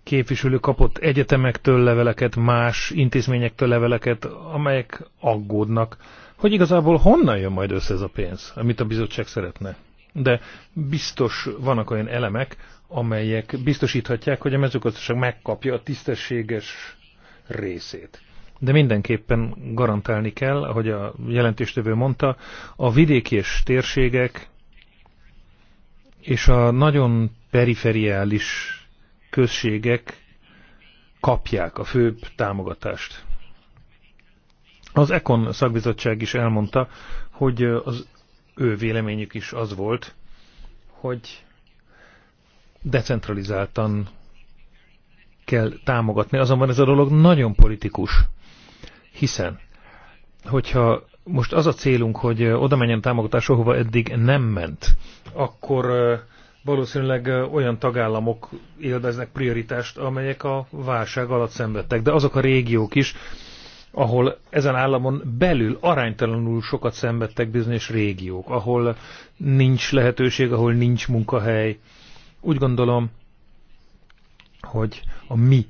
képviselő kapott egyetemektől leveleket, más intézményektől leveleket, amelyek aggódnak, hogy igazából honnan jön majd össze ez a pénz, amit a bizottság szeretne. De biztos vannak olyan elemek, amelyek biztosíthatják, hogy a mezőgazdaság megkapja a tisztességes részét. De mindenképpen garantálni kell, ahogy a jelentéstevő mondta, a vidéki és térségek és a nagyon periferiális községek kapják a főbb támogatást. Az Ekon szakbizottság is elmondta, hogy az ő véleményük is az volt, hogy decentralizáltan kell támogatni. Azonban ez a dolog nagyon politikus, hiszen hogyha most az a célunk, hogy oda menjen támogatás, ahova eddig nem ment, akkor valószínűleg olyan tagállamok élveznek prioritást, amelyek a válság alatt szenvedtek. De azok a régiók is, ahol ezen államon belül aránytalanul sokat szenvedtek bizonyos régiók, ahol nincs lehetőség, ahol nincs munkahely. Úgy gondolom, hogy a mi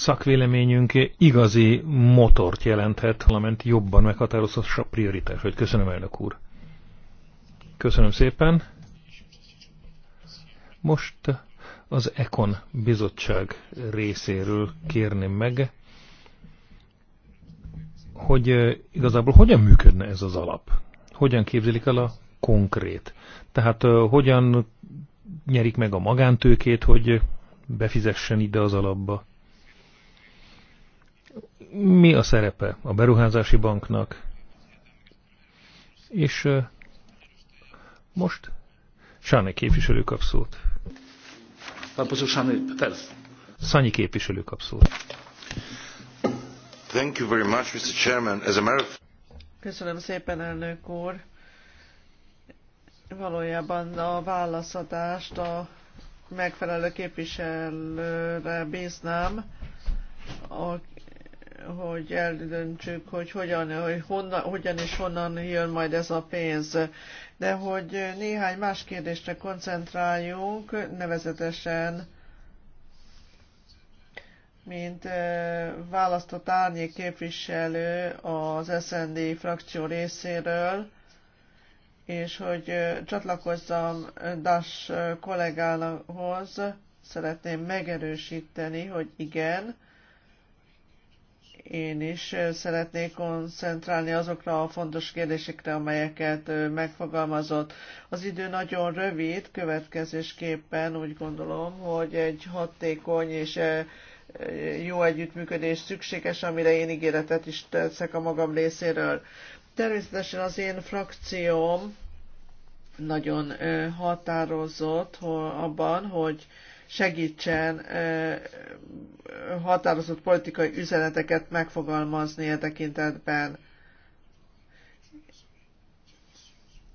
szakvéleményünk igazi motort jelenthet, valamint jobban meghatározott a prioritás. Hogy köszönöm, elnök úr. Köszönöm szépen. Most az Ekon bizottság részéről kérném meg, hogy eh, igazából hogyan működne ez az alap? Hogyan képzelik el a konkrét? Tehát eh, hogyan nyerik meg a magántőkét, hogy befizessen ide az alapba? mi a szerepe a beruházási banknak, és most Sáné képviselő kap szót. Szanyi képviselő kap szót. Thank you very much, Mr. Chairman. As a matter of... Köszönöm szépen, elnök úr. Valójában a válaszadást a megfelelő képviselőre bíznám, a hogy eldöntsük, hogy hogyan, hogy honnan, hogyan és honnan jön majd ez a pénz. De hogy néhány más kérdésre koncentráljunk, nevezetesen mint eh, választott árnyék képviselő az SND frakció részéről, és hogy eh, csatlakozzam Das kollégához, szeretném megerősíteni, hogy igen, én is szeretnék koncentrálni azokra a fontos kérdésekre, amelyeket megfogalmazott. Az idő nagyon rövid, következésképpen úgy gondolom, hogy egy hatékony és jó együttműködés szükséges, amire én ígéretet is teszek a magam részéről. Természetesen az én frakcióm nagyon határozott abban, hogy segítsen határozott politikai üzeneteket megfogalmazni e tekintetben.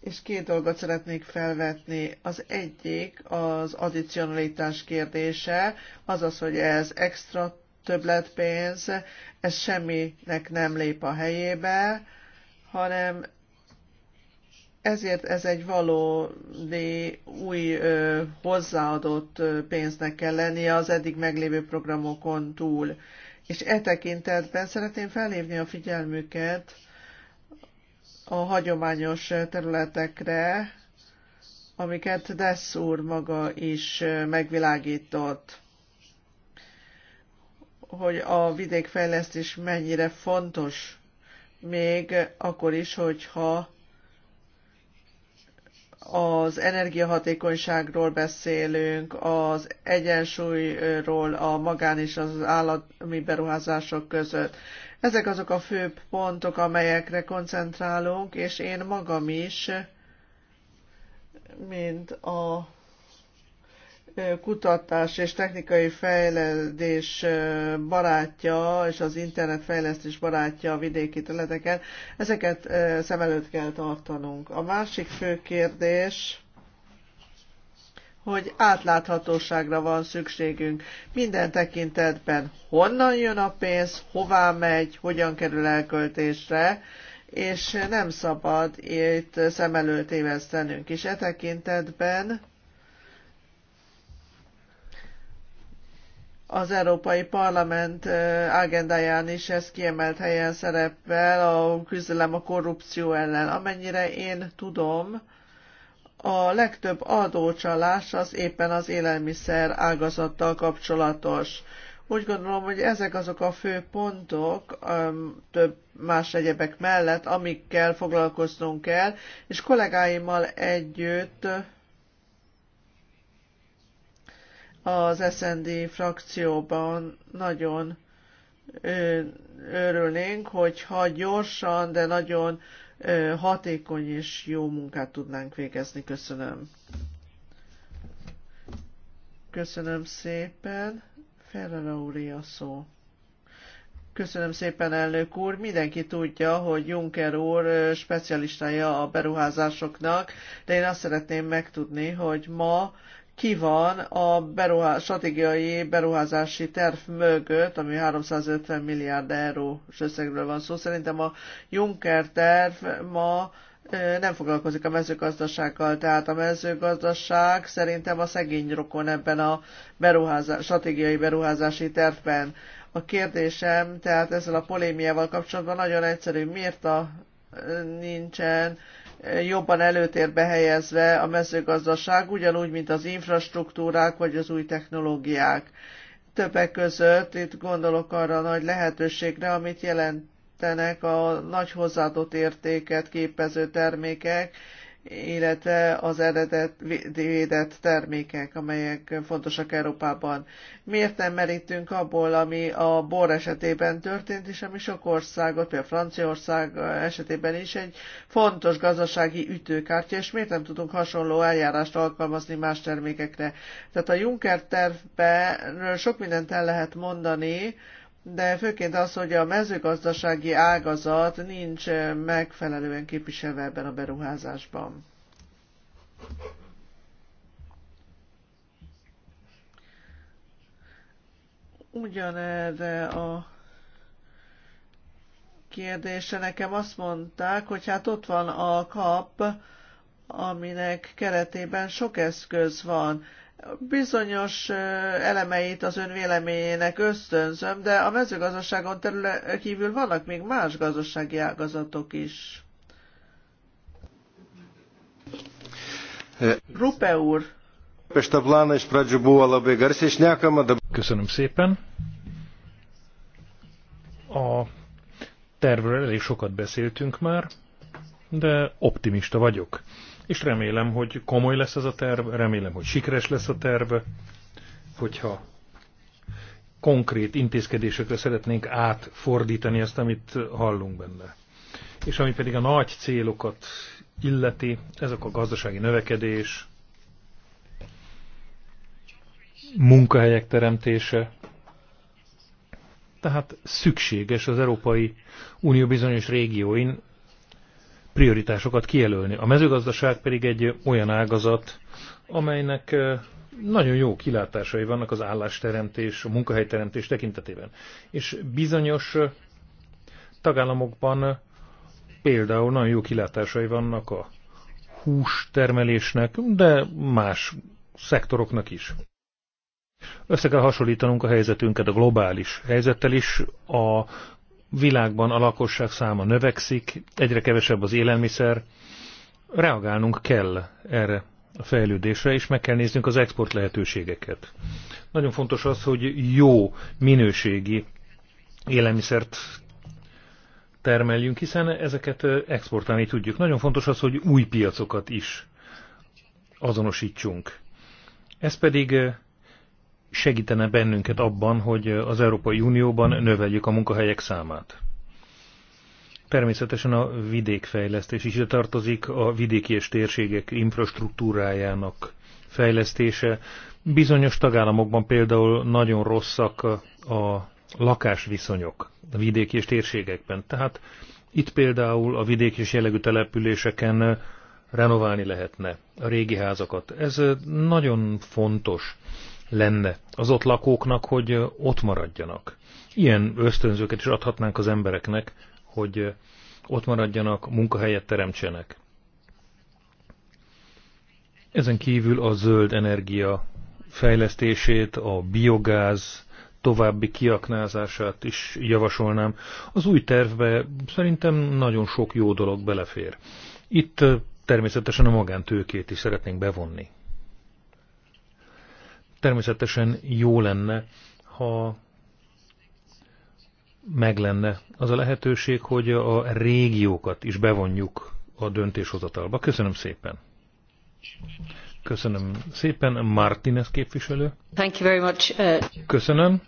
És két dolgot szeretnék felvetni. Az egyik az addicionalitás kérdése, azaz, hogy ez extra többletpénz, ez semminek nem lép a helyébe, hanem ezért ez egy valódi új ö, hozzáadott pénznek kell lennie az eddig meglévő programokon túl. És e tekintetben szeretném felhívni a figyelmüket a hagyományos területekre, amiket Dess úr maga is megvilágított hogy a vidékfejlesztés mennyire fontos, még akkor is, hogyha az energiahatékonyságról beszélünk, az egyensúlyról a magán és az állami beruházások között. Ezek azok a fő pontok, amelyekre koncentrálunk, és én magam is, mint a kutatás és technikai fejlődés barátja és az internetfejlesztés barátja a vidéki területeken, ezeket szem előtt kell tartanunk. A másik fő kérdés, hogy átláthatóságra van szükségünk minden tekintetben, honnan jön a pénz, hová megy, hogyan kerül elköltésre, és nem szabad itt szem előtt évesztenünk. És e tekintetben az Európai Parlament agendáján is ez kiemelt helyen szerepel, a küzdelem a korrupció ellen. Amennyire én tudom, a legtöbb adócsalás az éppen az élelmiszer ágazattal kapcsolatos. Úgy gondolom, hogy ezek azok a fő pontok több más egyebek mellett, amikkel foglalkoznunk kell, és kollégáimmal együtt az SND frakcióban nagyon örülnénk, hogyha gyorsan, de nagyon hatékony és jó munkát tudnánk végezni. Köszönöm. Köszönöm szépen. Ferrara úr, a szó. Köszönöm szépen, elnök úr. Mindenki tudja, hogy Juncker úr specialistája a beruházásoknak, de én azt szeretném megtudni, hogy ma ki van a beruház, stratégiai beruházási terv mögött, ami 350 milliárd eurós összegről van szó. Szerintem a Juncker terv ma nem foglalkozik a mezőgazdasággal, tehát a mezőgazdaság szerintem a szegény rokon ebben a beruházás, stratégiai beruházási tervben. A kérdésem, tehát ezzel a polémiával kapcsolatban nagyon egyszerű, miért a, nincsen jobban előtérbe helyezve a mezőgazdaság, ugyanúgy, mint az infrastruktúrák vagy az új technológiák. Többek között itt gondolok arra a nagy lehetőségre, amit jelentenek a nagy hozzáadott értéket képező termékek, illetve az eredet védett termékek, amelyek fontosak Európában. Miért nem merítünk abból, ami a bor esetében történt, és ami sok országot, például Franciaország esetében is egy fontos gazdasági ütőkártya, és miért nem tudunk hasonló eljárást alkalmazni más termékekre? Tehát a Juncker tervben sok mindent el lehet mondani, de főként az, hogy a mezőgazdasági ágazat nincs eh, megfelelően képviselve ebben a beruházásban. Ugyanerre a kérdése nekem azt mondták, hogy hát ott van a kap, aminek keretében sok eszköz van bizonyos elemeit az ön véleményének ösztönzöm, de a mezőgazdaságon terüle kívül vannak még más gazdasági ágazatok is. Rupe úr. Köszönöm szépen. A tervről elég sokat beszéltünk már, de optimista vagyok és remélem, hogy komoly lesz ez a terv, remélem, hogy sikeres lesz a terv, hogyha konkrét intézkedésekre szeretnénk átfordítani ezt, amit hallunk benne. És ami pedig a nagy célokat illeti, ezek a gazdasági növekedés, munkahelyek teremtése, tehát szükséges az Európai Unió bizonyos régióin prioritásokat kijelölni. A mezőgazdaság pedig egy olyan ágazat, amelynek nagyon jó kilátásai vannak az állásteremtés, a munkahelyteremtés tekintetében. És bizonyos tagállamokban például nagyon jó kilátásai vannak a hústermelésnek, de más szektoroknak is. Össze kell hasonlítanunk a helyzetünket a globális helyzettel is, a világban a lakosság száma növekszik, egyre kevesebb az élelmiszer, reagálnunk kell erre a fejlődésre, és meg kell néznünk az export lehetőségeket. Nagyon fontos az, hogy jó minőségi élelmiszert termeljünk, hiszen ezeket exportálni tudjuk. Nagyon fontos az, hogy új piacokat is azonosítsunk. Ez pedig segítene bennünket abban, hogy az Európai Unióban növeljük a munkahelyek számát. Természetesen a vidékfejlesztés is ide tartozik, a vidéki és térségek infrastruktúrájának fejlesztése. Bizonyos tagállamokban például nagyon rosszak a lakásviszonyok a vidéki és térségekben. Tehát itt például a vidéki és jellegű településeken renoválni lehetne a régi házakat. Ez nagyon fontos lenne az ott lakóknak, hogy ott maradjanak. Ilyen ösztönzőket is adhatnánk az embereknek, hogy ott maradjanak, munkahelyet teremtsenek. Ezen kívül a zöld energia fejlesztését, a biogáz további kiaknázását is javasolnám. Az új tervbe szerintem nagyon sok jó dolog belefér. Itt természetesen a magántőkét is szeretnénk bevonni természetesen jó lenne, ha meg lenne az a lehetőség, hogy a régiókat is bevonjuk a döntéshozatalba. Köszönöm szépen. Köszönöm szépen, Martinez képviselő. Thank you very much. Uh, Köszönöm.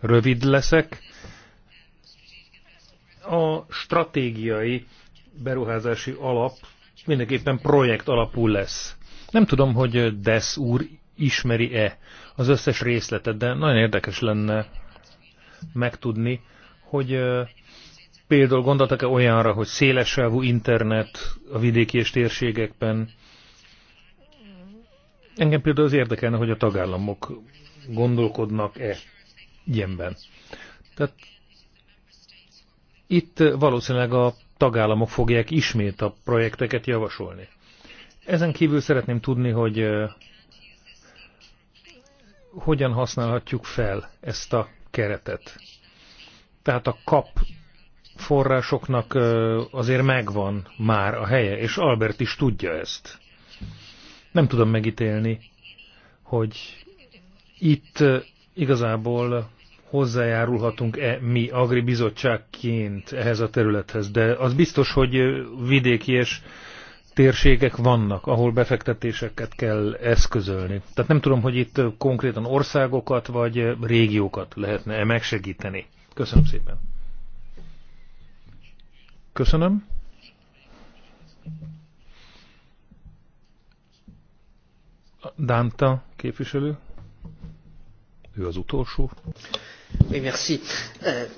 Rövid leszek. A stratégiai beruházási alap mindenképpen projekt alapú lesz. Nem tudom, hogy Desz úr ismeri-e az összes részletet, de nagyon érdekes lenne megtudni, hogy például gondoltak-e olyanra, hogy szélesávú internet a vidéki és térségekben. Engem például az érdekelne, hogy a tagállamok gondolkodnak-e ilyenben. Tehát itt valószínűleg a tagállamok fogják ismét a projekteket javasolni. Ezen kívül szeretném tudni, hogy hogyan használhatjuk fel ezt a keretet. Tehát a kap forrásoknak azért megvan már a helye, és Albert is tudja ezt. Nem tudom megítélni, hogy itt igazából hozzájárulhatunk-e mi agribizottságként ehhez a területhez, de az biztos, hogy vidéki és térségek vannak, ahol befektetéseket kell eszközölni. Tehát nem tudom, hogy itt konkrétan országokat vagy régiókat lehetne -e megsegíteni. Köszönöm szépen. Köszönöm. Dánta képviselő. Ő az utolsó. Oui, merci. Euh,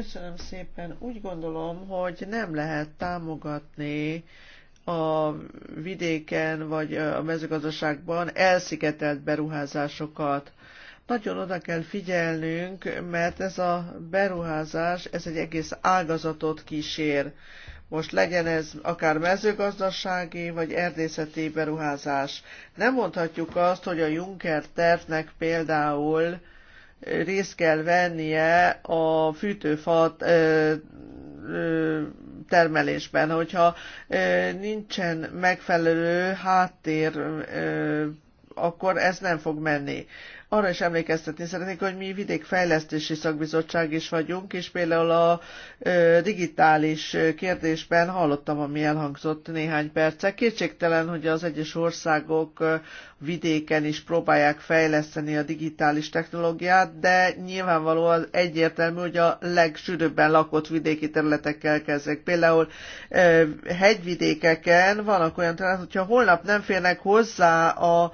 Köszönöm szépen. Úgy gondolom, hogy nem lehet támogatni a vidéken vagy a mezőgazdaságban elszigetelt beruházásokat. Nagyon oda kell figyelnünk, mert ez a beruházás, ez egy egész ágazatot kísér. Most legyen ez akár mezőgazdasági vagy erdészeti beruházás. Nem mondhatjuk azt, hogy a Juncker tervnek például részt kell vennie a fűtőfa termelésben. Hogyha nincsen megfelelő háttér, akkor ez nem fog menni. Arra is emlékeztetni szeretnék, hogy mi vidékfejlesztési szakbizottság is vagyunk, és például a digitális kérdésben hallottam, ami elhangzott néhány perce. Kétségtelen, hogy az egyes országok vidéken is próbálják fejleszteni a digitális technológiát, de nyilvánvalóan egyértelmű, hogy a legsűrűbben lakott vidéki területekkel kezdek. Például hegyvidékeken vannak olyan területek, hogyha holnap nem férnek hozzá a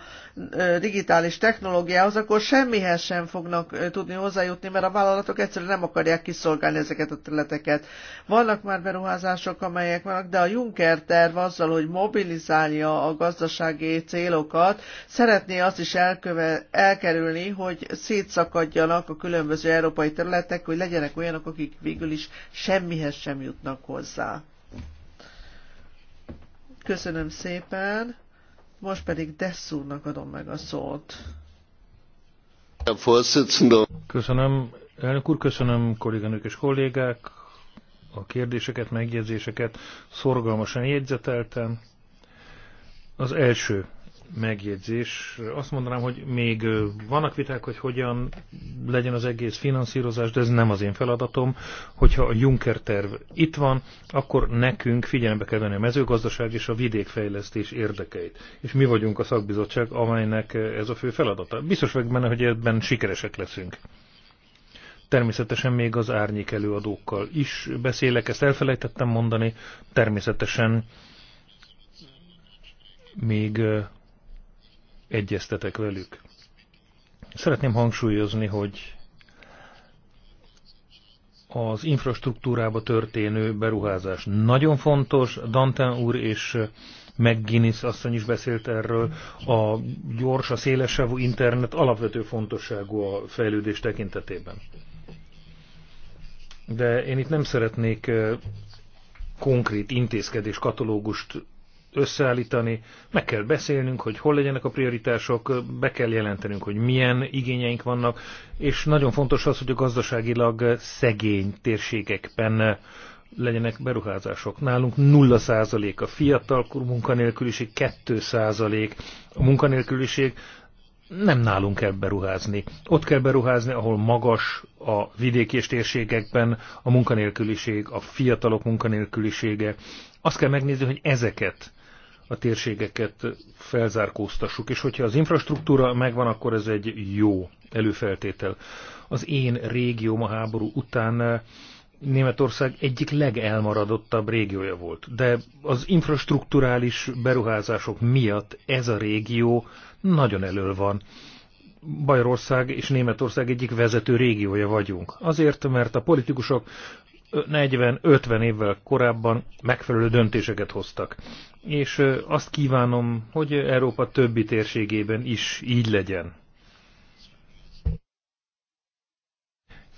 digitális technológiához, akkor semmihez sem fognak tudni hozzájutni, mert a vállalatok egyszerűen nem akarják kiszolgálni ezeket a területeket. Vannak már beruházások, amelyek vannak, de a Juncker terv azzal, hogy mobilizálja a gazdasági célokat, szeretné azt is elköve, elkerülni, hogy szétszakadjanak a különböző európai területek, hogy legyenek olyanok, akik végül is semmihez sem jutnak hozzá. Köszönöm szépen. Most pedig Dessúrnak adom meg a szót. Köszönöm, elnök úr, köszönöm kolléganők és kollégák a kérdéseket, megjegyzéseket. Szorgalmasan jegyzeteltem. Az első megjegyzés. Azt mondanám, hogy még vannak viták, hogy hogyan legyen az egész finanszírozás, de ez nem az én feladatom. Hogyha a Juncker terv itt van, akkor nekünk figyelembe kell venni a mezőgazdaság és a vidékfejlesztés érdekeit. És mi vagyunk a szakbizottság, amelynek ez a fő feladata. Biztos vagyok benne, hogy ebben sikeresek leszünk. Természetesen még az árnyék előadókkal is beszélek, ezt elfelejtettem mondani. Természetesen még egyeztetek velük. Szeretném hangsúlyozni, hogy az infrastruktúrába történő beruházás nagyon fontos. Danten úr és McGuinness asszony is beszélt erről. A gyors, a szélesávú internet alapvető fontosságú a fejlődés tekintetében. De én itt nem szeretnék eh, konkrét intézkedés katalógust összeállítani, meg kell beszélnünk, hogy hol legyenek a prioritások, be kell jelentenünk, hogy milyen igényeink vannak, és nagyon fontos az, hogy a gazdaságilag szegény térségekben legyenek beruházások. Nálunk 0% a fiatal munkanélküliség, 2% a munkanélküliség, nem nálunk kell beruházni. Ott kell beruházni, ahol magas a vidéki és térségekben a munkanélküliség, a fiatalok munkanélkülisége. Azt kell megnézni, hogy ezeket a térségeket felzárkóztassuk, és hogyha az infrastruktúra megvan, akkor ez egy jó előfeltétel. Az én régióm a háború után eh, Németország egyik legelmaradottabb régiója volt, de az infrastruktúrális beruházások miatt ez a régió nagyon elől van. Bajorország és Németország egyik vezető régiója vagyunk. Azért, mert a politikusok 40-50 évvel korábban megfelelő döntéseket hoztak. És azt kívánom, hogy Európa többi térségében is így legyen.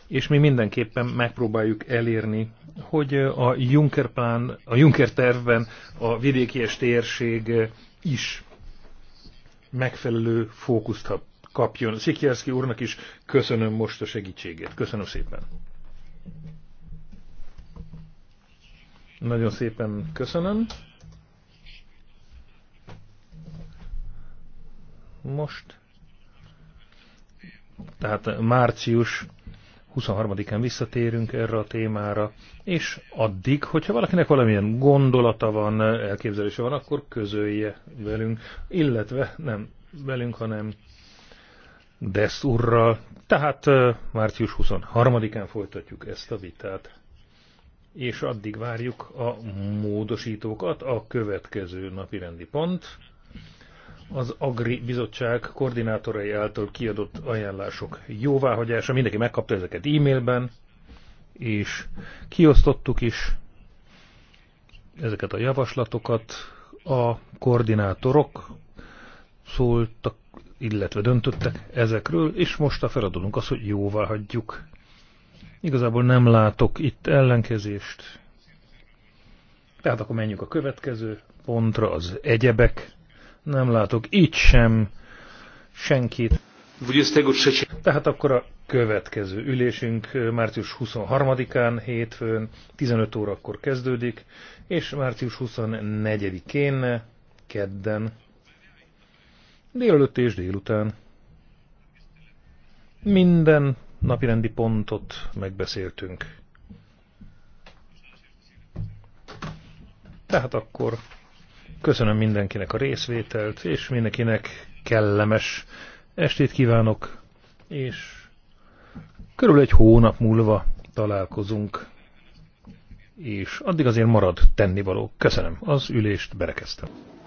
És mi mindenképpen megpróbáljuk elérni, hogy a Juncker, plán, a Juncker tervben a vidéki térség is megfelelő fókuszt kapjon. Szikjerszki úrnak is köszönöm most a segítségét. Köszönöm szépen. Nagyon szépen köszönöm. Most, tehát március 23-án visszatérünk erre a témára, és addig, hogyha valakinek valamilyen gondolata van, elképzelése van, akkor közölje velünk, illetve nem velünk, hanem Desz urral. Tehát eh, március 23-án folytatjuk ezt a vitát és addig várjuk a módosítókat. A következő napi rendi pont az Agri Bizottság koordinátorai által kiadott ajánlások jóváhagyása. Mindenki megkapta ezeket e-mailben, és kiosztottuk is ezeket a javaslatokat. A koordinátorok szóltak, illetve döntöttek ezekről, és most a feladatunk az, hogy jóvá hagyjuk Igazából nem látok itt ellenkezést. Tehát akkor menjünk a következő pontra, az egyebek. Nem látok itt sem senkit. Tehát akkor a következő ülésünk március 23-án, hétfőn, 15 órakor kezdődik, és március 24-én, kedden, délelőtt és délután. Minden napirendi pontot megbeszéltünk. Tehát akkor köszönöm mindenkinek a részvételt, és mindenkinek kellemes estét kívánok, és körül egy hónap múlva találkozunk, és addig azért marad tennivaló. Köszönöm, az ülést berekeztem.